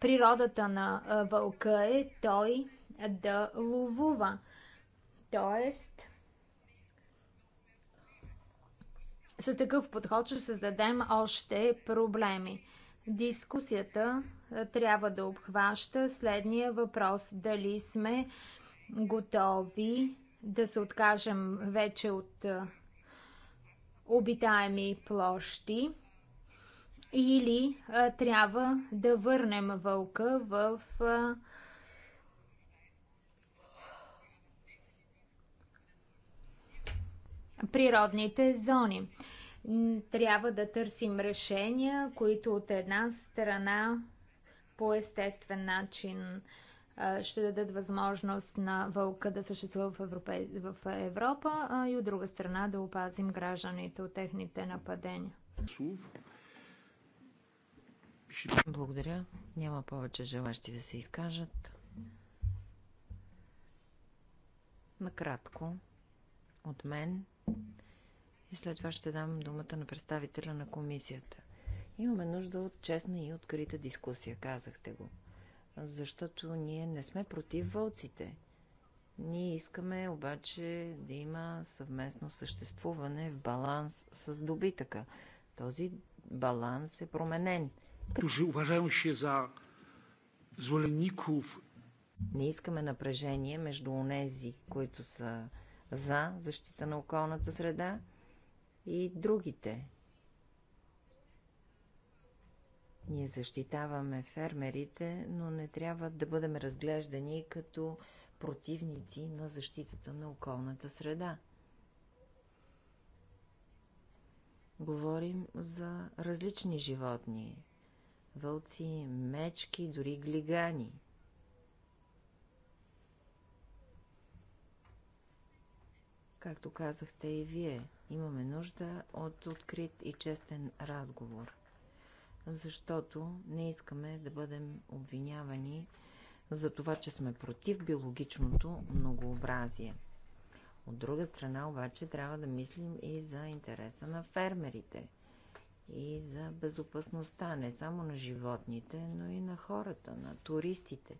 природата на вълка е той да ловува. Тоест, с такъв подход ще създадем още проблеми. Дискусията трябва да обхваща следния въпрос. Дали сме готови да се откажем вече от обитаеми площи? или а, трябва да върнем вълка в а, природните зони. Трябва да търсим решения, които от една страна по естествен начин ще дадат възможност на вълка да съществува в, Европе... в Европа а и от друга страна да опазим гражданите от техните нападения. Благодаря. Няма повече желащи да се изкажат. Накратко, от мен и след това ще дам думата на представителя на комисията. Имаме нужда от честна и открита дискусия, казахте го. Защото ние не сме против вълците. Ние искаме обаче да има съвместно съществуване в баланс с добитъка. Този баланс е променен – които уважаем се за золеников. Не искаме напрежение между онези, които са за защита на околната среда и другите. Ние защитаваме фермерите, но не трябва да бъдем разглеждани като противници на защитата на околната среда. Говорим за различни животни, вълци, мечки, дори глигани. Както казахте и вие, имаме нужда от открит и честен разговор, защото не искаме да бъдем обвинявани за това, че сме против биологичното многообразие. От друга страна обаче трябва да мислим и за интереса на фермерите – и за безопасността не само на животните, но и на хората, на туристите.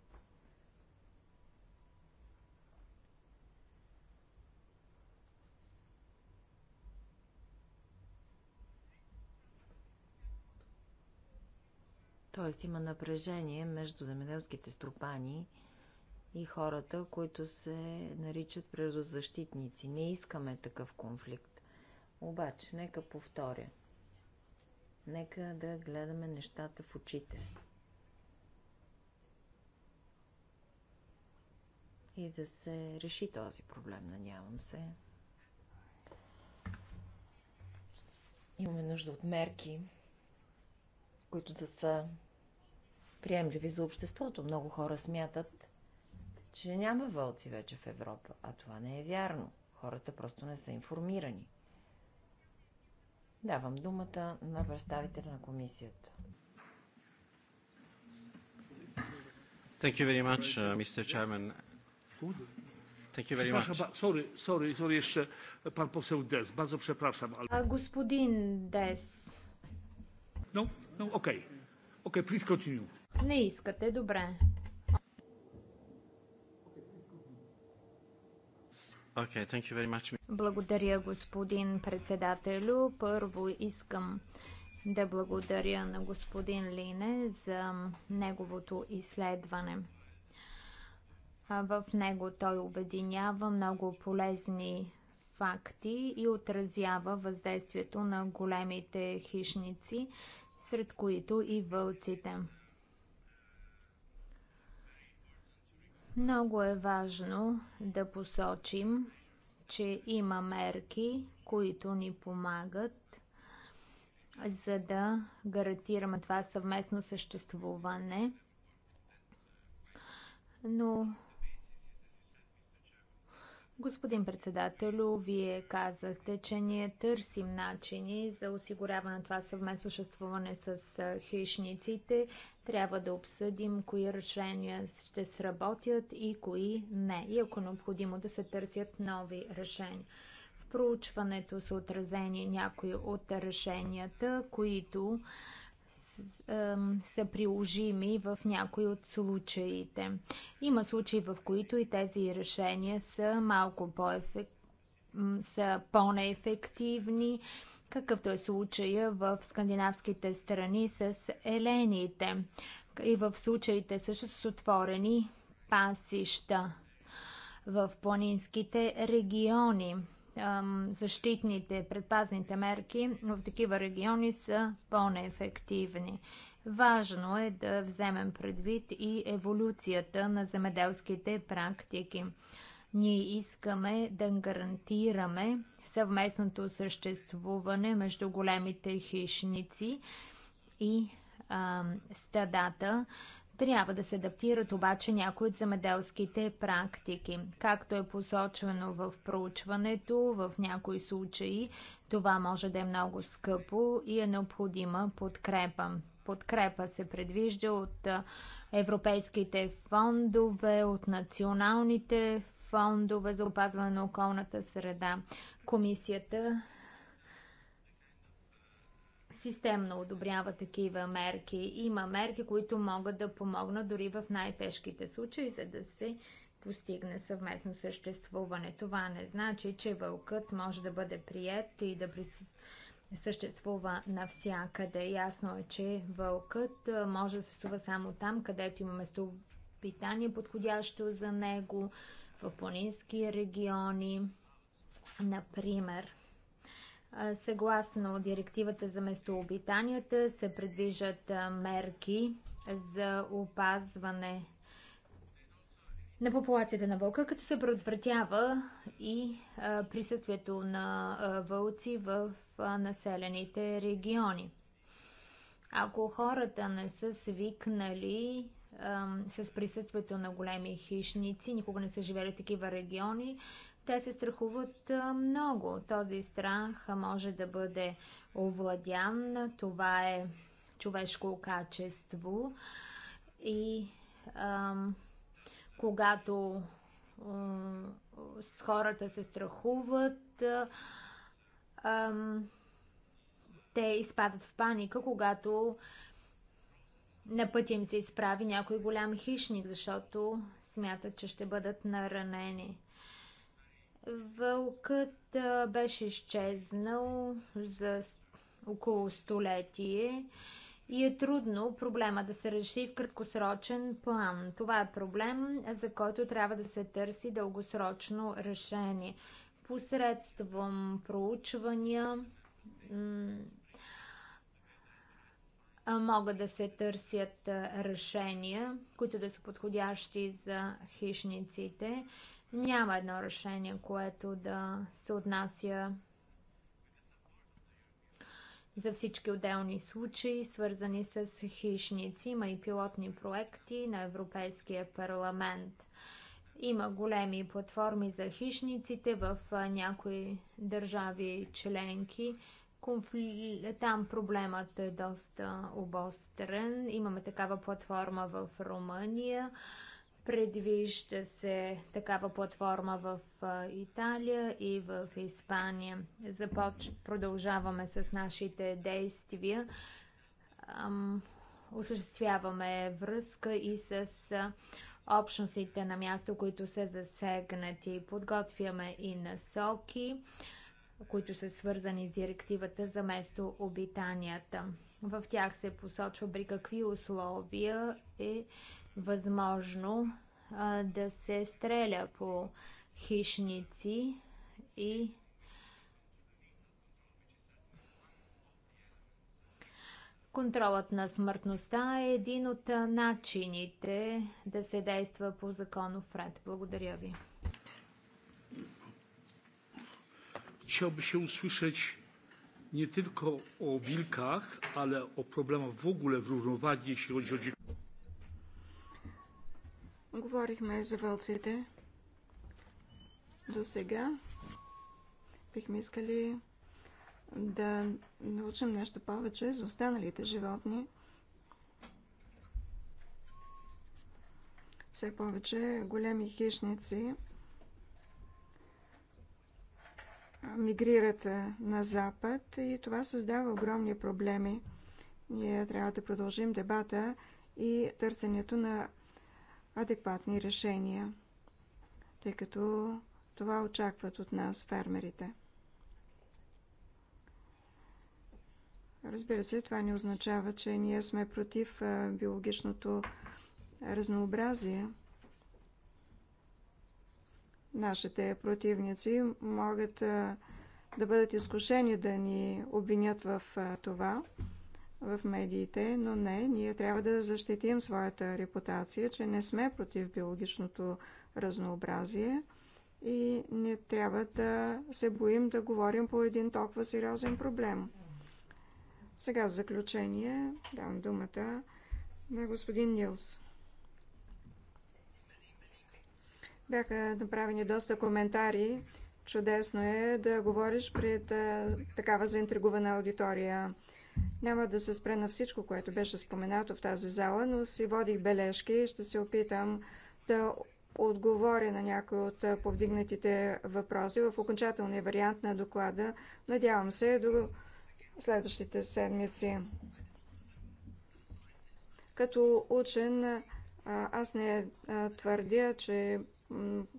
Тоест има напрежение между земеделските стопани и хората, които се наричат природозащитници. Не искаме такъв конфликт. Обаче, нека повторя – Нека да гледаме нещата в очите. И да се реши този проблем, надявам се. Имаме нужда от мерки, които да са приемливи за обществото. Много хора смятат, че няма вълци вече в Европа, а това не е вярно. Хората просто не са информирани. Давам думата на представителя на комисията. Thank you very much, uh, Mr. Chairman. Thank you very much. Sorry, sorry, sorry, jeszcze pan poseł Des. Bardzo przepraszam. Ale... Господин Дес. No, no, okay. Okay, please continue. Не искате, добре. Okay, thank you very much. Благодаря, господин председателю. Първо искам да благодаря на господин Лине за неговото изследване. В него той обединява много полезни факти и отразява въздействието на големите хищници, сред които и вълците. Много е важно да посочим, че има мерки, които ни помагат, за да гарантираме това съвместно съществуване. Но Господин председателю, вие казахте, че ние търсим начини за осигуряване на това съвместно съществуване с хищниците. Трябва да обсъдим кои решения ще сработят и кои не. И ако е необходимо да се търсят нови решения. В проучването са отразени някои от решенията, които са приложими в някои от случаите. Има случаи, в които и тези решения са малко по-ефект, са по-неефективни, какъвто е случая в скандинавските страни с елените. И в случаите също с отворени пасища в планинските региони защитните предпазните мерки в такива региони са по-неефективни. Важно е да вземем предвид и еволюцията на земеделските практики. Ние искаме да гарантираме съвместното съществуване между големите хищници и а, стадата, трябва да се адаптират обаче някои от замеделските практики. Както е посочено в проучването, в някои случаи това може да е много скъпо и е необходима подкрепа. Подкрепа се предвижда от европейските фондове, от националните фондове за опазване на околната среда. Комисията системно одобрява такива мерки. Има мерки, които могат да помогнат дори в най-тежките случаи, за да се постигне съвместно съществуване. Това не значи, че вълкът може да бъде прият и да съществува навсякъде. Ясно е, че вълкът може да се сува само там, където има питание, подходящо за него, в планински региони, например. Съгласно директивата за местообитанията се предвижат мерки за опазване на популацията на вълка, като се предотвратява и присъствието на вълци в населените региони. Ако хората не са свикнали с присъствието на големи хищници, никога не са живели такива региони, те се страхуват много. Този страх може да бъде овладян. Това е човешко качество. И ам, когато ам, хората се страхуват, ам, те изпадат в паника, когато на пътя им се изправи някой голям хищник, защото смятат, че ще бъдат наранени. Вълкът беше изчезнал за около столетие и е трудно проблема да се реши в краткосрочен план. Това е проблем, за който трябва да се търси дългосрочно решение. Посредством проучвания могат да се търсят решения, които да са подходящи за хищниците. Няма едно решение, което да се отнася за всички отделни случаи, свързани с хищници. Има и пилотни проекти на Европейския парламент. Има големи платформи за хищниците в някои държави членки. Там проблемът е доста обострен. Имаме такава платформа в Румъния. Предвижда се такава платформа в Италия и в Испания. Започ... Продължаваме с нашите действия. Ам... Осъществяваме връзка и с общностите на място, които са засегнати. Подготвяме и насоки, които са свързани с директивата за местообитанията. В тях се посочва при какви условия е възможно а, да се стреля по хищници и Контролът на смъртността е един от начините да се действа по законов ред. Благодаря ви. Chciałby би се nie не o о вилках, o о проблема ogóle в równowadze, jeśli ходи Говорихме за вълците до сега. Бихме искали да научим нещо повече за останалите животни. Все повече големи хищници мигрират на запад и това създава огромни проблеми. Ние трябва да продължим дебата и търсенето на адекватни решения, тъй като това очакват от нас фермерите. Разбира се, това не означава, че ние сме против биологичното разнообразие. Нашите противници могат да бъдат изкушени да ни обвинят в това, в медиите, но не, ние трябва да защитим своята репутация, че не сме против биологичното разнообразие и не трябва да се боим да говорим по един толкова сериозен проблем. Сега в заключение давам думата на господин Нилс. Бяха направени доста коментари. Чудесно е да говориш пред такава заинтригувана аудитория. Няма да се спре на всичко, което беше споменато в тази зала, но си водих бележки и ще се опитам да отговоря на някои от повдигнатите въпроси в окончателния вариант на доклада. Надявам се до следващите седмици. Като учен, аз не твърдя, че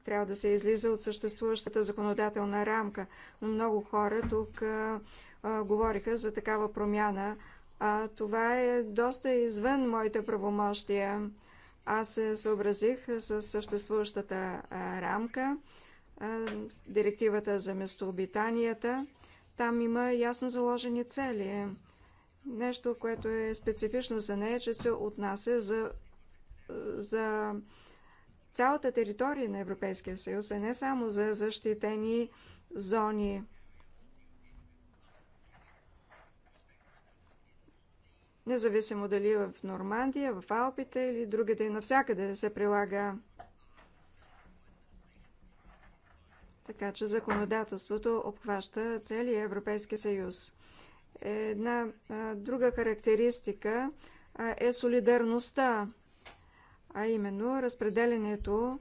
трябва да се излиза от съществуващата законодателна рамка, но много хора тук а, говориха за такава промяна. А, това е доста извън моите правомощия. Аз се съобразих с съществуващата а, рамка, а, директивата за местообитанията. Там има ясно заложени цели. Нещо, което е специфично за нея, е, че се отнася за, за цялата територия на Европейския съюз, а не само за защитени зони. независимо дали е в Нормандия, в Алпите или другите, навсякъде се прилага. Така че законодателството обхваща целия Европейски съюз. Една а, друга характеристика а, е солидарността, а именно разпределението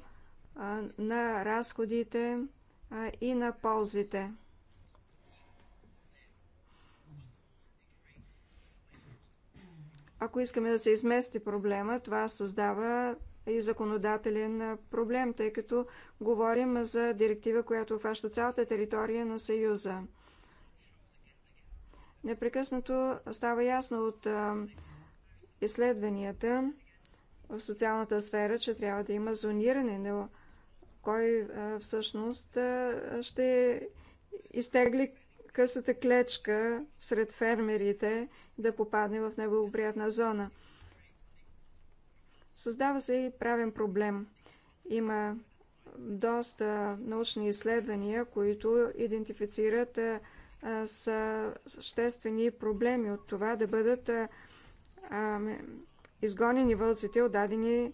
а, на разходите а, и на ползите. Ако искаме да се измести проблема, това създава и законодателен проблем, тъй като говорим за директива, която обхваща цялата територия на Съюза. Непрекъснато става ясно от изследванията в социалната сфера, че трябва да има зониране, но кой всъщност ще изтегли късата клечка сред фермерите да попадне в неблагоприятна зона. Създава се и правен проблем. Има доста научни изследвания, които идентифицират съществени проблеми от това да бъдат изгонени вълците от дадени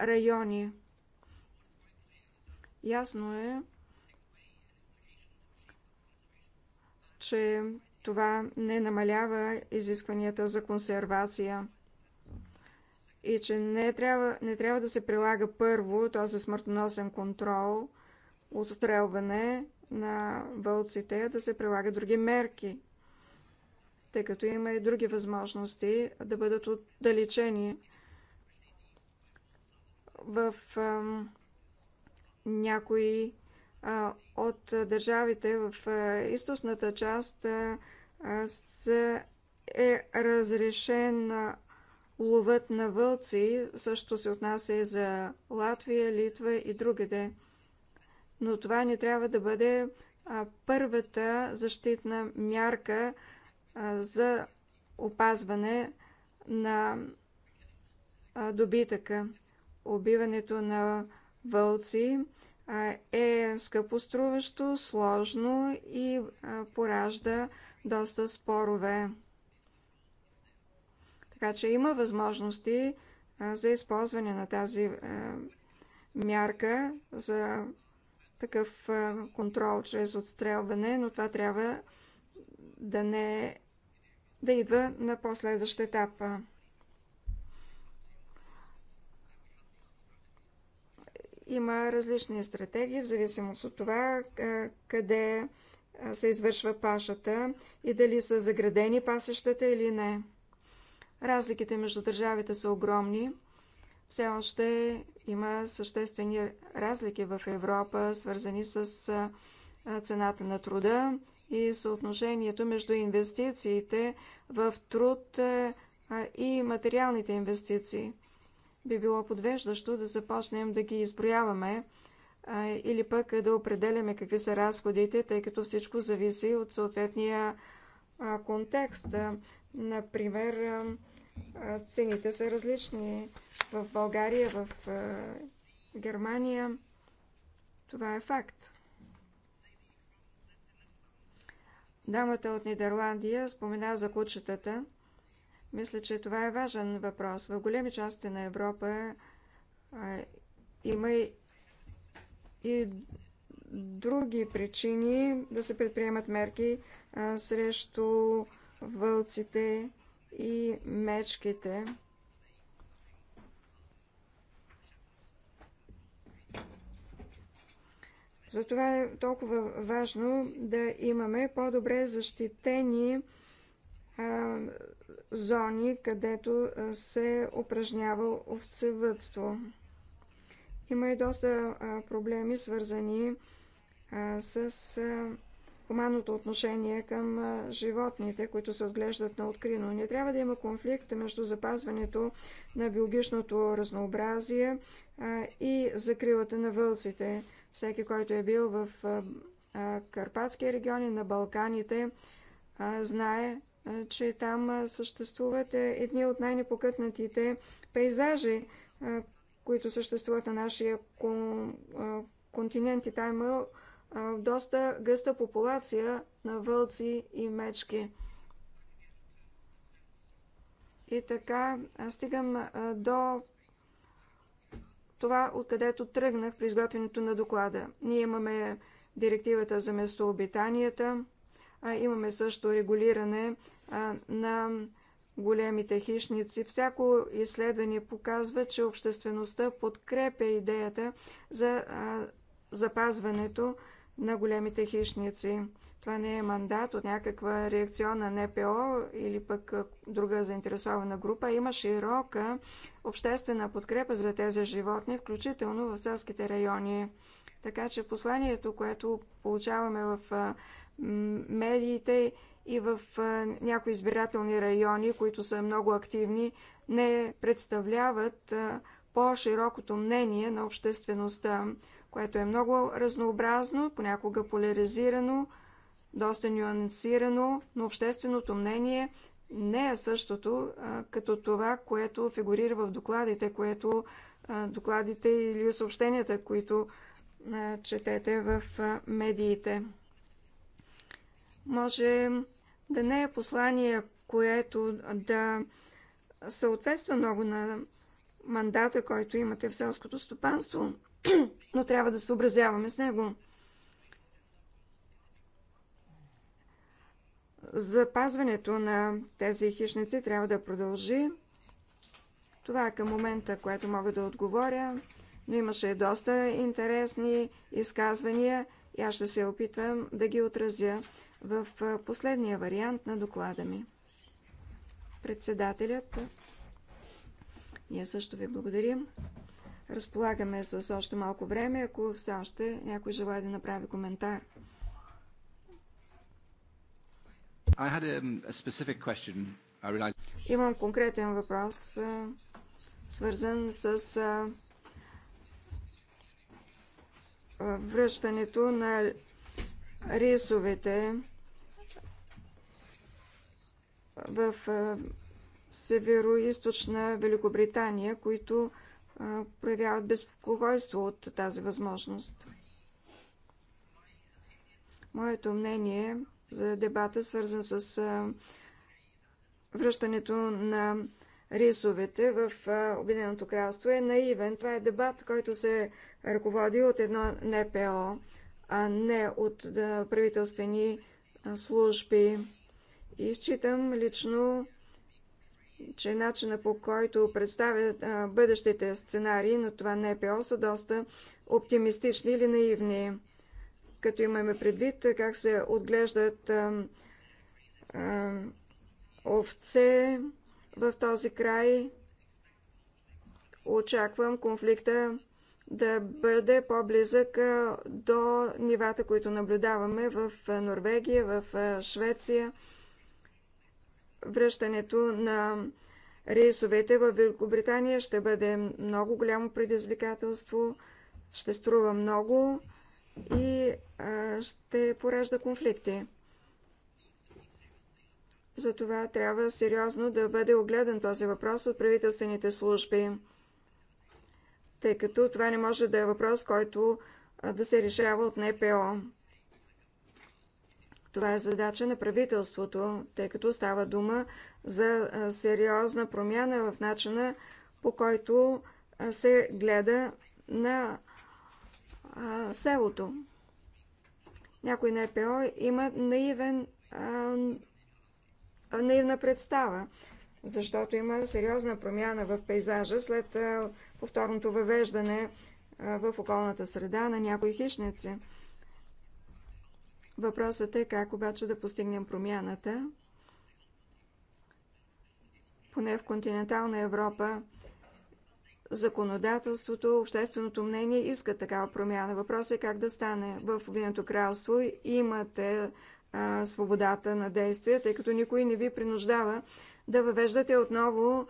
райони. Ясно е, че това не намалява изискванията за консервация и че не трябва, не трябва да се прилага първо този смъртоносен контрол, отстрелване на вълците, да се прилага други мерки, тъй като има и други възможности да бъдат отдалечени. В ам, някои от държавите в източната част е разрешен ловът на вълци. Също се отнася и за Латвия, Литва и другите. Но това не трябва да бъде първата защитна мярка за опазване на добитъка. Убиването на вълци е скъпоструващо, сложно и поражда доста спорове. Така че има възможности за използване на тази мярка за такъв контрол чрез отстрелване, но това трябва да не да идва на последващ етап. Има различни стратегии в зависимост от това къде се извършва пашата и дали са заградени пасещата или не. Разликите между държавите са огромни. Все още има съществени разлики в Европа, свързани с цената на труда и съотношението между инвестициите в труд и материалните инвестиции би било подвеждащо да започнем да ги изброяваме а, или пък да определяме какви са разходите, тъй като всичко зависи от съответния а, контекст. А, например, а, цените са различни в България, в а, Германия. Това е факт. Дамата от Нидерландия спомена за кучетата. Мисля, че това е важен въпрос. В големи части на Европа а, има и, и други причини да се предприемат мерки а, срещу вълците и мечките. Затова е толкова важно да имаме по-добре защитени а, зони, където се упражнява овцевътство. Има и доста проблеми, свързани с хуманното отношение към животните, които се отглеждат на открино. Не трябва да има конфликт между запазването на биологичното разнообразие и закрилата на вълците. Всеки, който е бил в Карпатския регион и на Балканите, знае, е, че там е, съществуват е, едни от най-непокътнатите пейзажи, които съществуват на нашия континент и там има доста гъста популация на вълци и мечки. И така аз стигам до това, откъдето тръгнах при изготвянето на доклада. Ние имаме директивата за местообитанията, а имаме също регулиране на големите хищници. Всяко изследване показва, че обществеността подкрепя идеята за запазването на големите хищници. Това не е мандат от някаква реакционна НПО или пък друга заинтересована група. Има широка обществена подкрепа за тези животни, включително в селските райони. Така че посланието, което получаваме в медиите и в някои избирателни райони, които са много активни, не представляват по-широкото мнение на обществеността, което е много разнообразно, понякога поляризирано, доста нюансирано, но общественото мнение не е същото като това, което фигурира в докладите, което докладите или съобщенията, които четете в медиите може да не е послание, което да съответства много на мандата, който имате в селското стопанство, [clears throat] но трябва да съобразяваме с него. Запазването на тези хищници трябва да продължи. Това е към момента, което мога да отговоря, но имаше доста интересни изказвания и аз ще се опитвам да ги отразя в последния вариант на доклада ми. Председателят, ние също ви благодарим. Разполагаме с още малко време, ако все още някой желая да направи коментар. I had a, um, a specific question. I realized... Имам конкретен въпрос, свързан с връщането на рисовете в северо-источна Великобритания, които проявяват безпокойство от тази възможност. Моето мнение за дебата, свързан с връщането на рисовете в Обединеното кралство, е наивен. Това е дебат, който се ръководи от едно НПО, а не от правителствени служби. И считам лично, че начина по който представят бъдещите сценарии на това НПО са доста оптимистични или наивни. Като имаме предвид как се отглеждат а, а, овце в този край, очаквам конфликта да бъде по-близък до нивата, които наблюдаваме в Норвегия, в Швеция – връщането на рейсовете в Великобритания ще бъде много голямо предизвикателство, ще струва много и а, ще поражда конфликти. Затова трябва сериозно да бъде огледан този въпрос от правителствените служби, тъй като това не може да е въпрос, който да се решава от НПО. Това е задача на правителството, тъй като става дума за сериозна промяна в начина по който се гледа на селото. Някой НПО имат наивен, наивна представа, защото има сериозна промяна в пейзажа след повторното въвеждане в околната среда на някои хищници. Въпросът е как обаче да постигнем промяната. Поне в континентална Европа законодателството, общественото мнение иска такава промяна. Въпросът е как да стане. В Обединеното кралство имате а, свободата на действие, тъй като никой не ви принуждава да въвеждате отново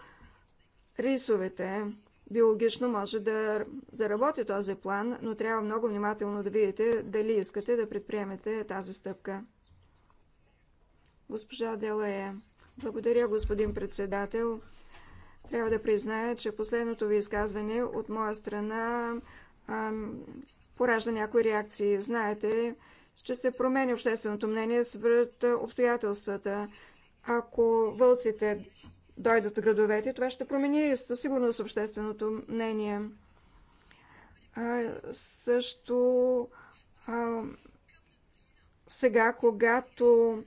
рисовете биологично може да заработи този план, но трябва много внимателно да видите дали искате да предприемете тази стъпка. Госпожа е. благодаря, господин председател. Трябва да призная, че последното ви изказване от моя страна ам, поражда някои реакции. Знаете, че се промени общественото мнение свърт обстоятелствата. Ако вълците дойдат градовете, това ще промени със сигурност общественото мнение. А, също а, сега, когато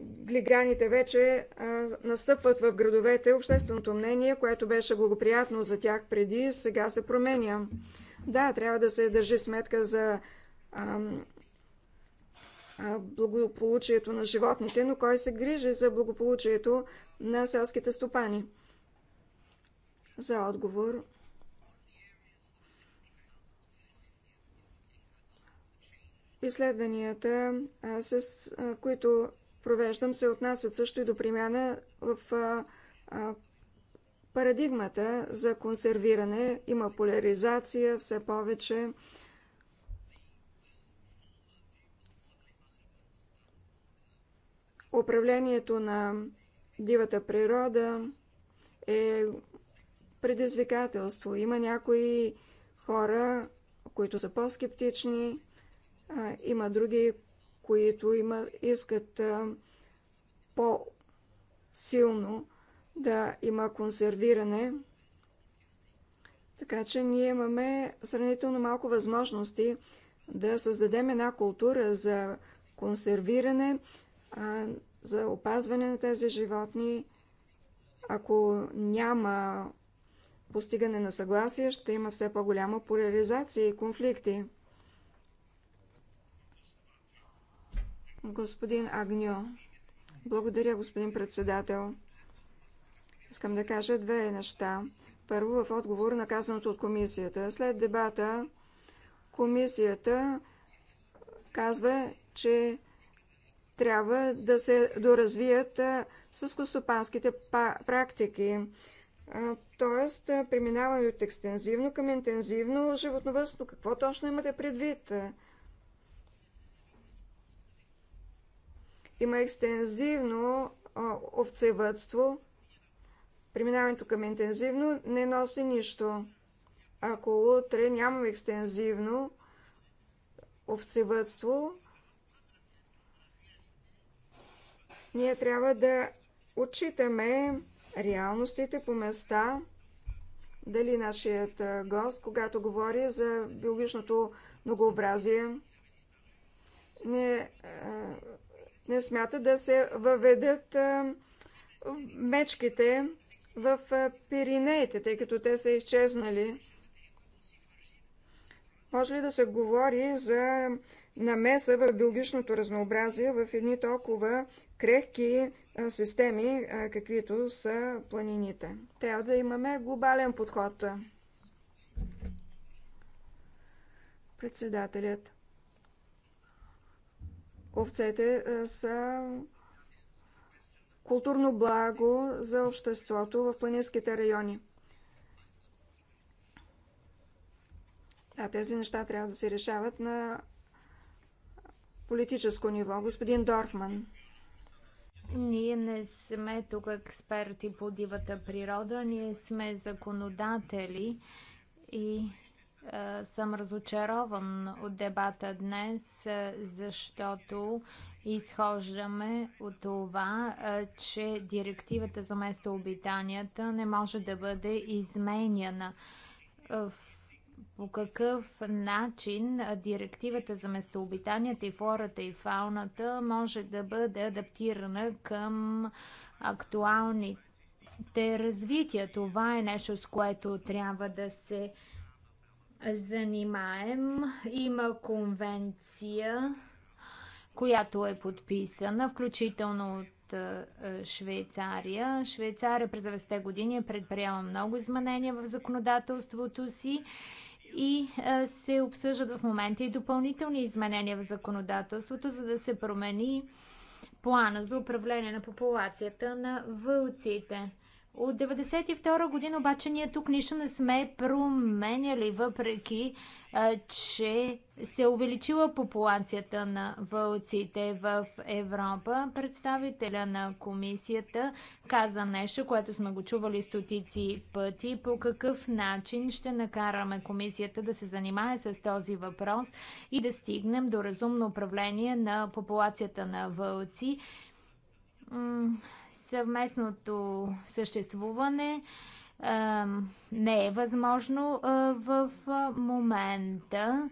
глиганите вече а, настъпват в градовете, общественото мнение, което беше благоприятно за тях преди, сега се променя. Да, трябва да се държи сметка за благополучието на животните, но кой се грижи за благополучието на селските стопани? За отговор. Изследванията, с които провеждам, се отнасят също и до примяна в парадигмата за консервиране. Има поляризация все повече Управлението на дивата природа е предизвикателство. Има някои хора, които са по-скептични, има други, които има, искат по-силно да има консервиране. Така че ние имаме сравнително малко възможности да създадем една култура за консервиране, за опазване на тези животни. Ако няма постигане на съгласие, ще има все по-голяма поляризация и конфликти. Господин Агньо. Благодаря, господин председател. Искам да кажа две неща. Първо, в отговор на казаното от комисията. След дебата комисията казва, че трябва да се доразвият съскостопанските практики. Тоест, преминаваме от екстензивно към интензивно животновътство. Какво точно имате предвид? Има екстензивно овцевътство. Преминаването към интензивно не носи нищо. Ако утре нямаме екстензивно овцевътство, Ние трябва да отчитаме реалностите по места, дали нашият гост, когато говори за биологичното многообразие, не, не смята да се въведат мечките в Пиринеите, тъй като те са изчезнали. Може ли да се говори за намеса в биологичното разнообразие в едни толкова крехки системи, каквито са планините. Трябва да имаме глобален подход. Председателят. Овцете са културно благо за обществото в планинските райони. А тези неща трябва да се решават на политическо ниво. Господин Дорфман. Ние не сме тук експерти по дивата природа, ние сме законодатели и е, съм разочарован от дебата днес, защото изхождаме от това, е, че директивата за местообитанията не може да бъде изменяна. В по какъв начин директивата за местообитанията и флората и фауната може да бъде адаптирана към актуалните развития. Това е нещо, с което трябва да се занимаем. Има конвенция, която е подписана, включително от Швейцария. Швейцария през 90-те години е предприела много изменения в законодателството си и е, се обсъждат в момента и допълнителни изменения в законодателството, за да се промени плана за управление на популацията на вълците. От 92-а година обаче ние тук нищо не сме променяли, въпреки а, че се е увеличила популацията на вълците в Европа. Представителя на комисията каза нещо, което сме го чували стотици пъти. По какъв начин ще накараме комисията да се занимае с този въпрос и да стигнем до разумно управление на популацията на вълци? съвместното съществуване не е възможно в момента.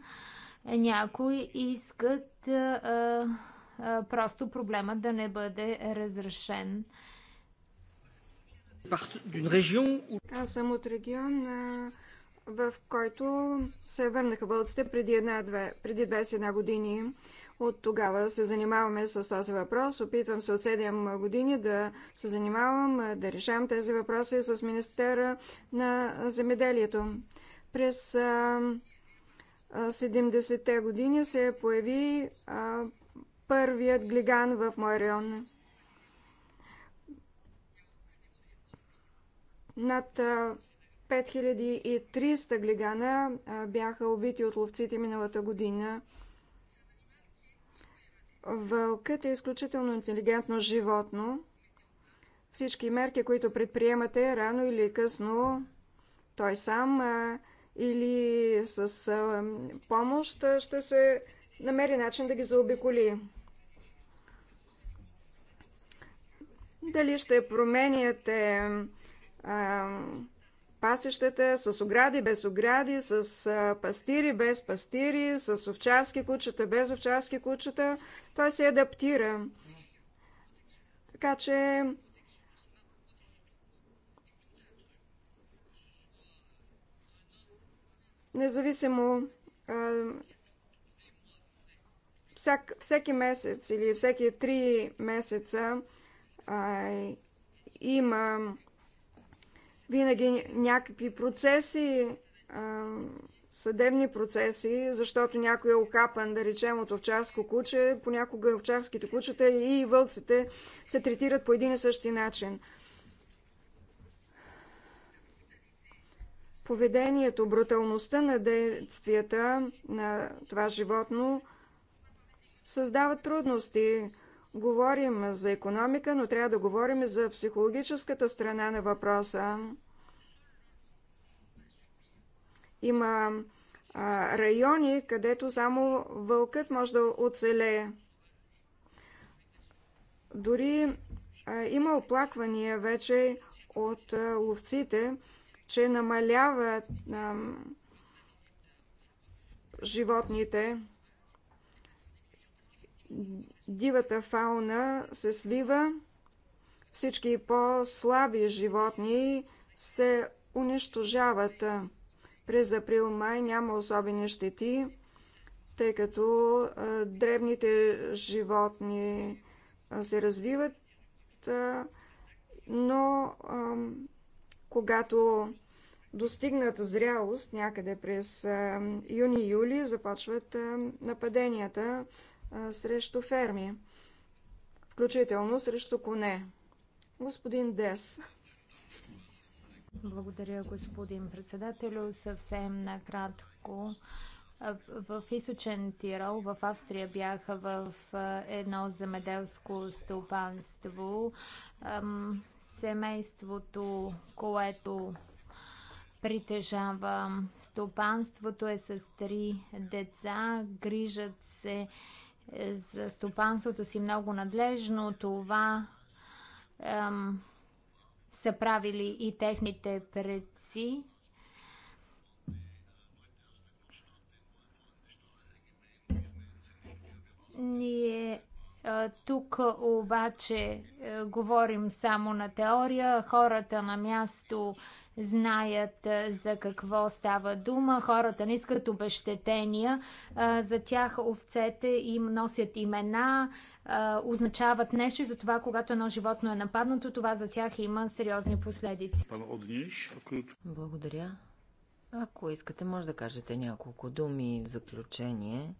Някои искат просто проблема да не бъде разрешен. Аз съм от регион, в който се върнаха вълците преди 21 години. От тогава се занимаваме с този въпрос. Опитвам се от 7 години да се занимавам, да решавам тези въпроси с министера на земеделието. През 70-те години се появи първият глиган в моя район. Над 5300 глигана бяха убити от ловците миналата година. Вълкът е изключително интелигентно животно. Всички мерки, които предприемате, рано или късно той сам а, или с а, помощ ще се намери начин да ги заобиколи. Дали ще променяте а, пасищата, с огради, без огради, с пастири, без пастири, с овчарски кучета, без овчарски кучета. Той се адаптира. Така че независимо всяк, всеки месец или всеки три месеца а, има винаги някакви процеси, съдебни процеси, защото някой е окапан, да речем, от овчарско куче. Понякога овчарските кучета и вълците се третират по един и същи начин. Поведението, бруталността на действията на това животно създават трудности. Говорим за економика, но трябва да говорим за психологическата страна на въпроса. Има а, райони, където само вълкът може да оцелее. Дори а, има оплаквания вече от а, ловците, че намаляват а, животните дивата фауна се свива, всички по-слаби животни се унищожават. През април-май няма особени щети, тъй като древните животни се развиват, но когато достигнат зрялост някъде през юни-юли започват нападенията срещу ферми, включително срещу коне. Господин Дес. Благодаря, господин председателю. Съвсем накратко. В източен Тирол, в Австрия бяха в едно земеделско стопанство. Семейството, което притежава стопанството е с три деца, грижат се за стопанството си много надлежно. Това ем, са правили и техните предци. Ние тук обаче е, говорим само на теория. Хората на място знаят е, за какво става дума. Хората не искат обещетения. За тях овцете им носят имена, означават нещо и затова, когато едно животно е нападнато, това за тях има сериозни последици. Благодаря. Ако искате, може да кажете няколко думи в заключение.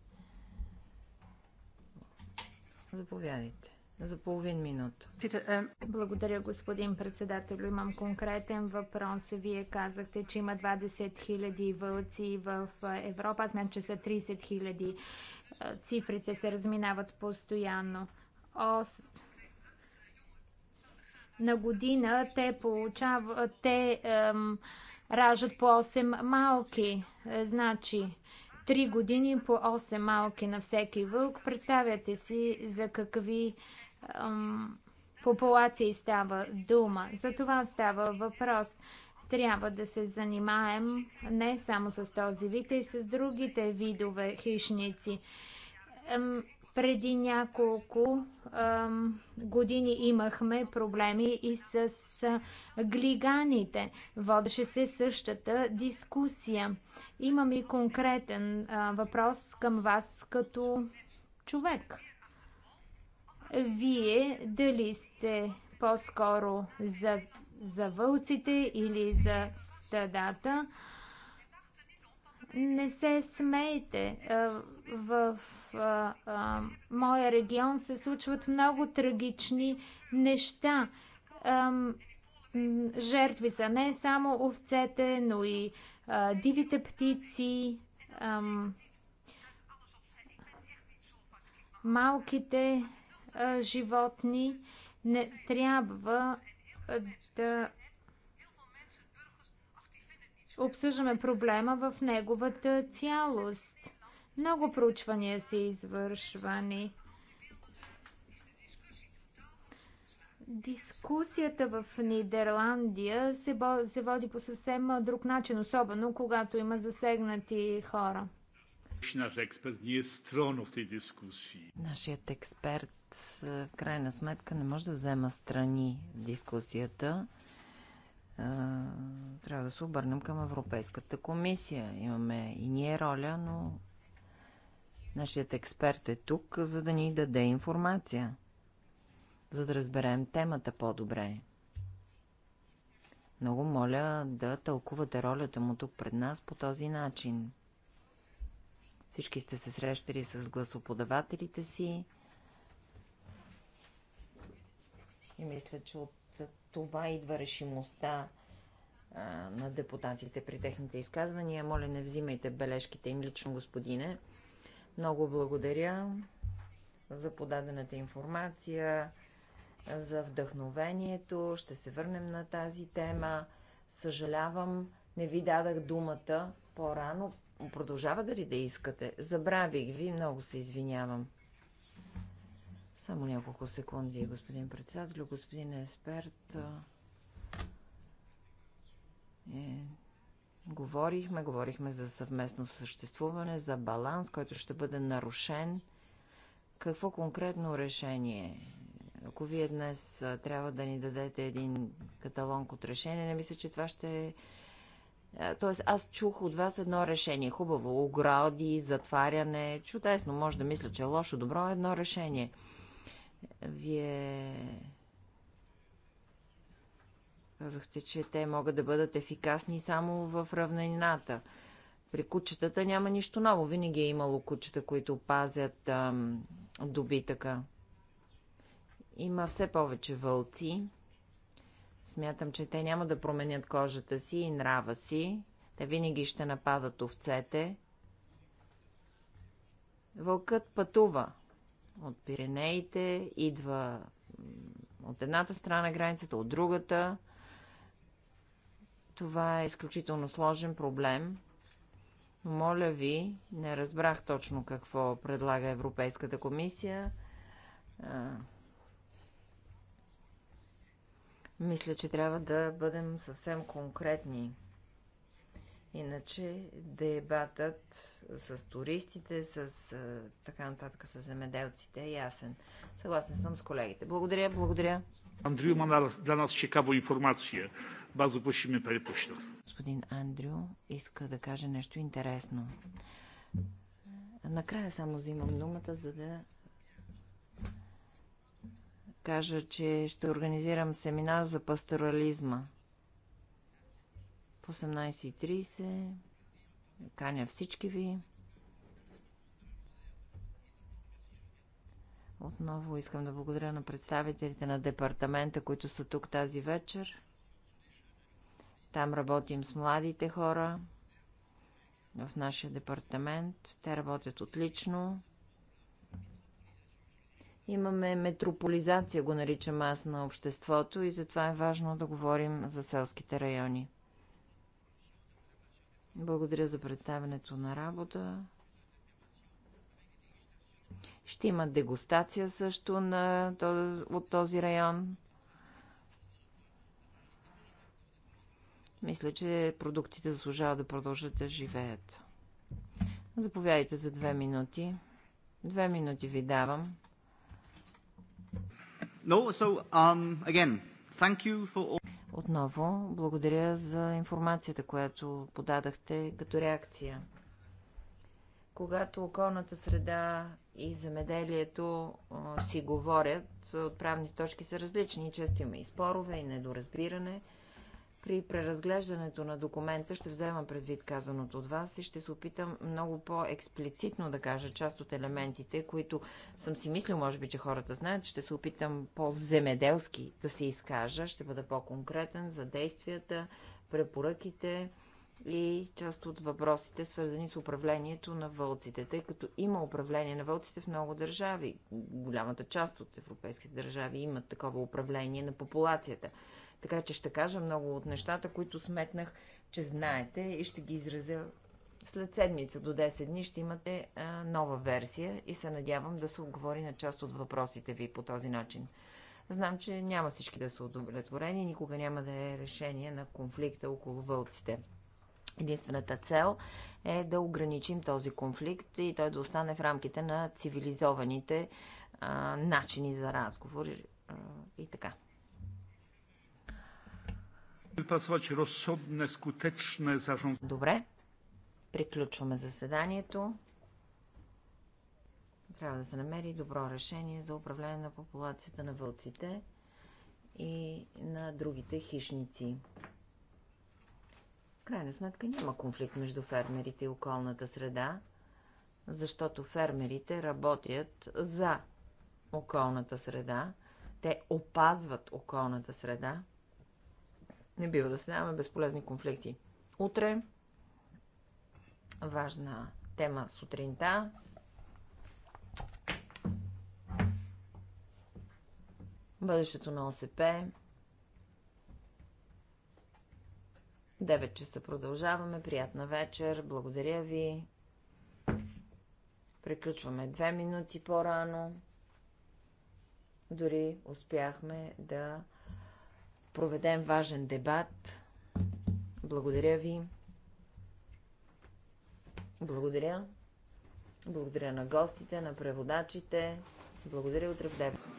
Заповядайте. За половин минута. Благодаря, господин председател. Имам конкретен въпрос. Вие казахте, че има 20 000 вълци в Европа. Аз знам, че са 30 000. Цифрите се разминават постоянно. Ост на година те получават, те ем, раждат по 8 малки. Е, значи, Три години по 8 малки на всеки вълк. Представяте си за какви ам, популации става дума. За това става въпрос. Трябва да се занимаем не само с този вид, а и с другите видове хищници. Ам, преди няколко ам, години имахме проблеми и с глиганите. Водеше се същата дискусия. Имам и конкретен а, въпрос към вас като човек. Вие дали сте по-скоро за, за вълците или за стадата? Не се смейте. В а, моя регион се случват много трагични неща. А, жертви са не само овцете, но и а, дивите птици, а, малките а, животни. Не трябва а, да обсъждаме проблема в неговата цялост. Много проучвания са извършвани. Дискусията в Нидерландия се, се води по съвсем друг начин, особено когато има засегнати хора. експерт е дискусии. Нашият експерт в крайна сметка не може да взема страни в дискусията. Трябва да се обърнем към Европейската комисия. Имаме и ние роля, но Нашият експерт е тук, за да ни даде информация, за да разберем темата по-добре. Много моля да тълкувате ролята му тук пред нас по този начин. Всички сте се срещали с гласоподавателите си. И мисля, че от това идва решимостта а, на депутатите при техните изказвания. Моля, не взимайте бележките им лично, господине. Много благодаря за подадената информация, за вдъхновението. Ще се върнем на тази тема. Съжалявам, не ви дадах думата по-рано. да ли да искате? Забравих ви, много се извинявам. Само няколко секунди, господин председател, господин експерт. Е, говорихме, говорихме за съвместно съществуване, за баланс, който ще бъде нарушен. Какво конкретно решение? Ако вие днес трябва да ни дадете един каталонк от решение, не мисля, че това ще е Тоест, аз чух от вас едно решение. Хубаво, огради, затваряне. Чудесно, може да мисля, че е лошо, добро е едно решение. Вие Казахте, че те могат да бъдат ефикасни само в равнината. При кучетата няма нищо ново. Винаги е имало кучета, които пазят ам, добитъка. Има все повече вълци. Смятам, че те няма да променят кожата си и нрава си. Те винаги ще нападат овцете. Вълкът пътува от Пиренеите, идва от едната страна на границата, от другата. Това е изключително сложен проблем. Моля ви, не разбрах точно какво предлага Европейската комисия. Мисля, че трябва да бъдем съвсем конкретни. Иначе дебатът с туристите, с така нататък, с земеделците е ясен. Съгласен съм с колегите. Благодаря, благодаря. Андрю има для нас чекава информация базо ме препуща. Господин Андрю иска да каже нещо интересно. Накрая само взимам думата, за да кажа, че ще организирам семинар за пасторализма. В 18.30 каня всички ви. Отново искам да благодаря на представителите на департамента, които са тук тази вечер. Там работим с младите хора в нашия департамент. Те работят отлично. Имаме метрополизация, го наричам аз, на обществото и затова е важно да говорим за селските райони. Благодаря за представенето на работа. Ще има дегустация също на, от този район. Мисля, че продуктите заслужават да продължат да живеят. Заповядайте за две минути. Две минути ви давам. No, so, um, again, thank you for all... Отново, благодаря за информацията, която подадахте като реакция. Когато околната среда и замеделието си говорят, отправни точки са различни. Често има и спорове, и недоразбиране – при преразглеждането на документа ще взема предвид казаното от вас и ще се опитам много по-експлицитно да кажа част от елементите, които съм си мислил, може би, че хората знаят. Ще се опитам по-земеделски да се изкажа, ще бъда по-конкретен за действията, препоръките и част от въпросите, свързани с управлението на вълците, тъй като има управление на вълците в много държави. Голямата част от европейските държави имат такова управление на популацията. Така че ще кажа много от нещата, които сметнах, че знаете и ще ги изразя след седмица до 10 дни ще имате а, нова версия и се надявам да се отговори на част от въпросите ви по този начин. Знам, че няма всички да са удовлетворени, никога няма да е решение на конфликта около вълците. Единствената цел е да ограничим този конфликт и той да остане в рамките на цивилизованите а, начини за разговор а, и така. Wypracować rozsądne, skuteczne zarządzanie. Добре. Приключваме заседанието. Трябва да се намери добро решение за управление на популацията на вълците и на другите хищници. В крайна сметка няма конфликт между фермерите и околната среда, защото фермерите работят за околната среда, те опазват околната среда, не бива да се даваме безполезни конфликти. Утре важна тема сутринта. Бъдещето на ОСП. 9 часа продължаваме. Приятна вечер. Благодаря ви. Приключваме 2 минути по-рано. Дори успяхме да проведем важен дебат. Благодаря ви. Благодаря. Благодаря на гостите, на преводачите. Благодаря утре в 9.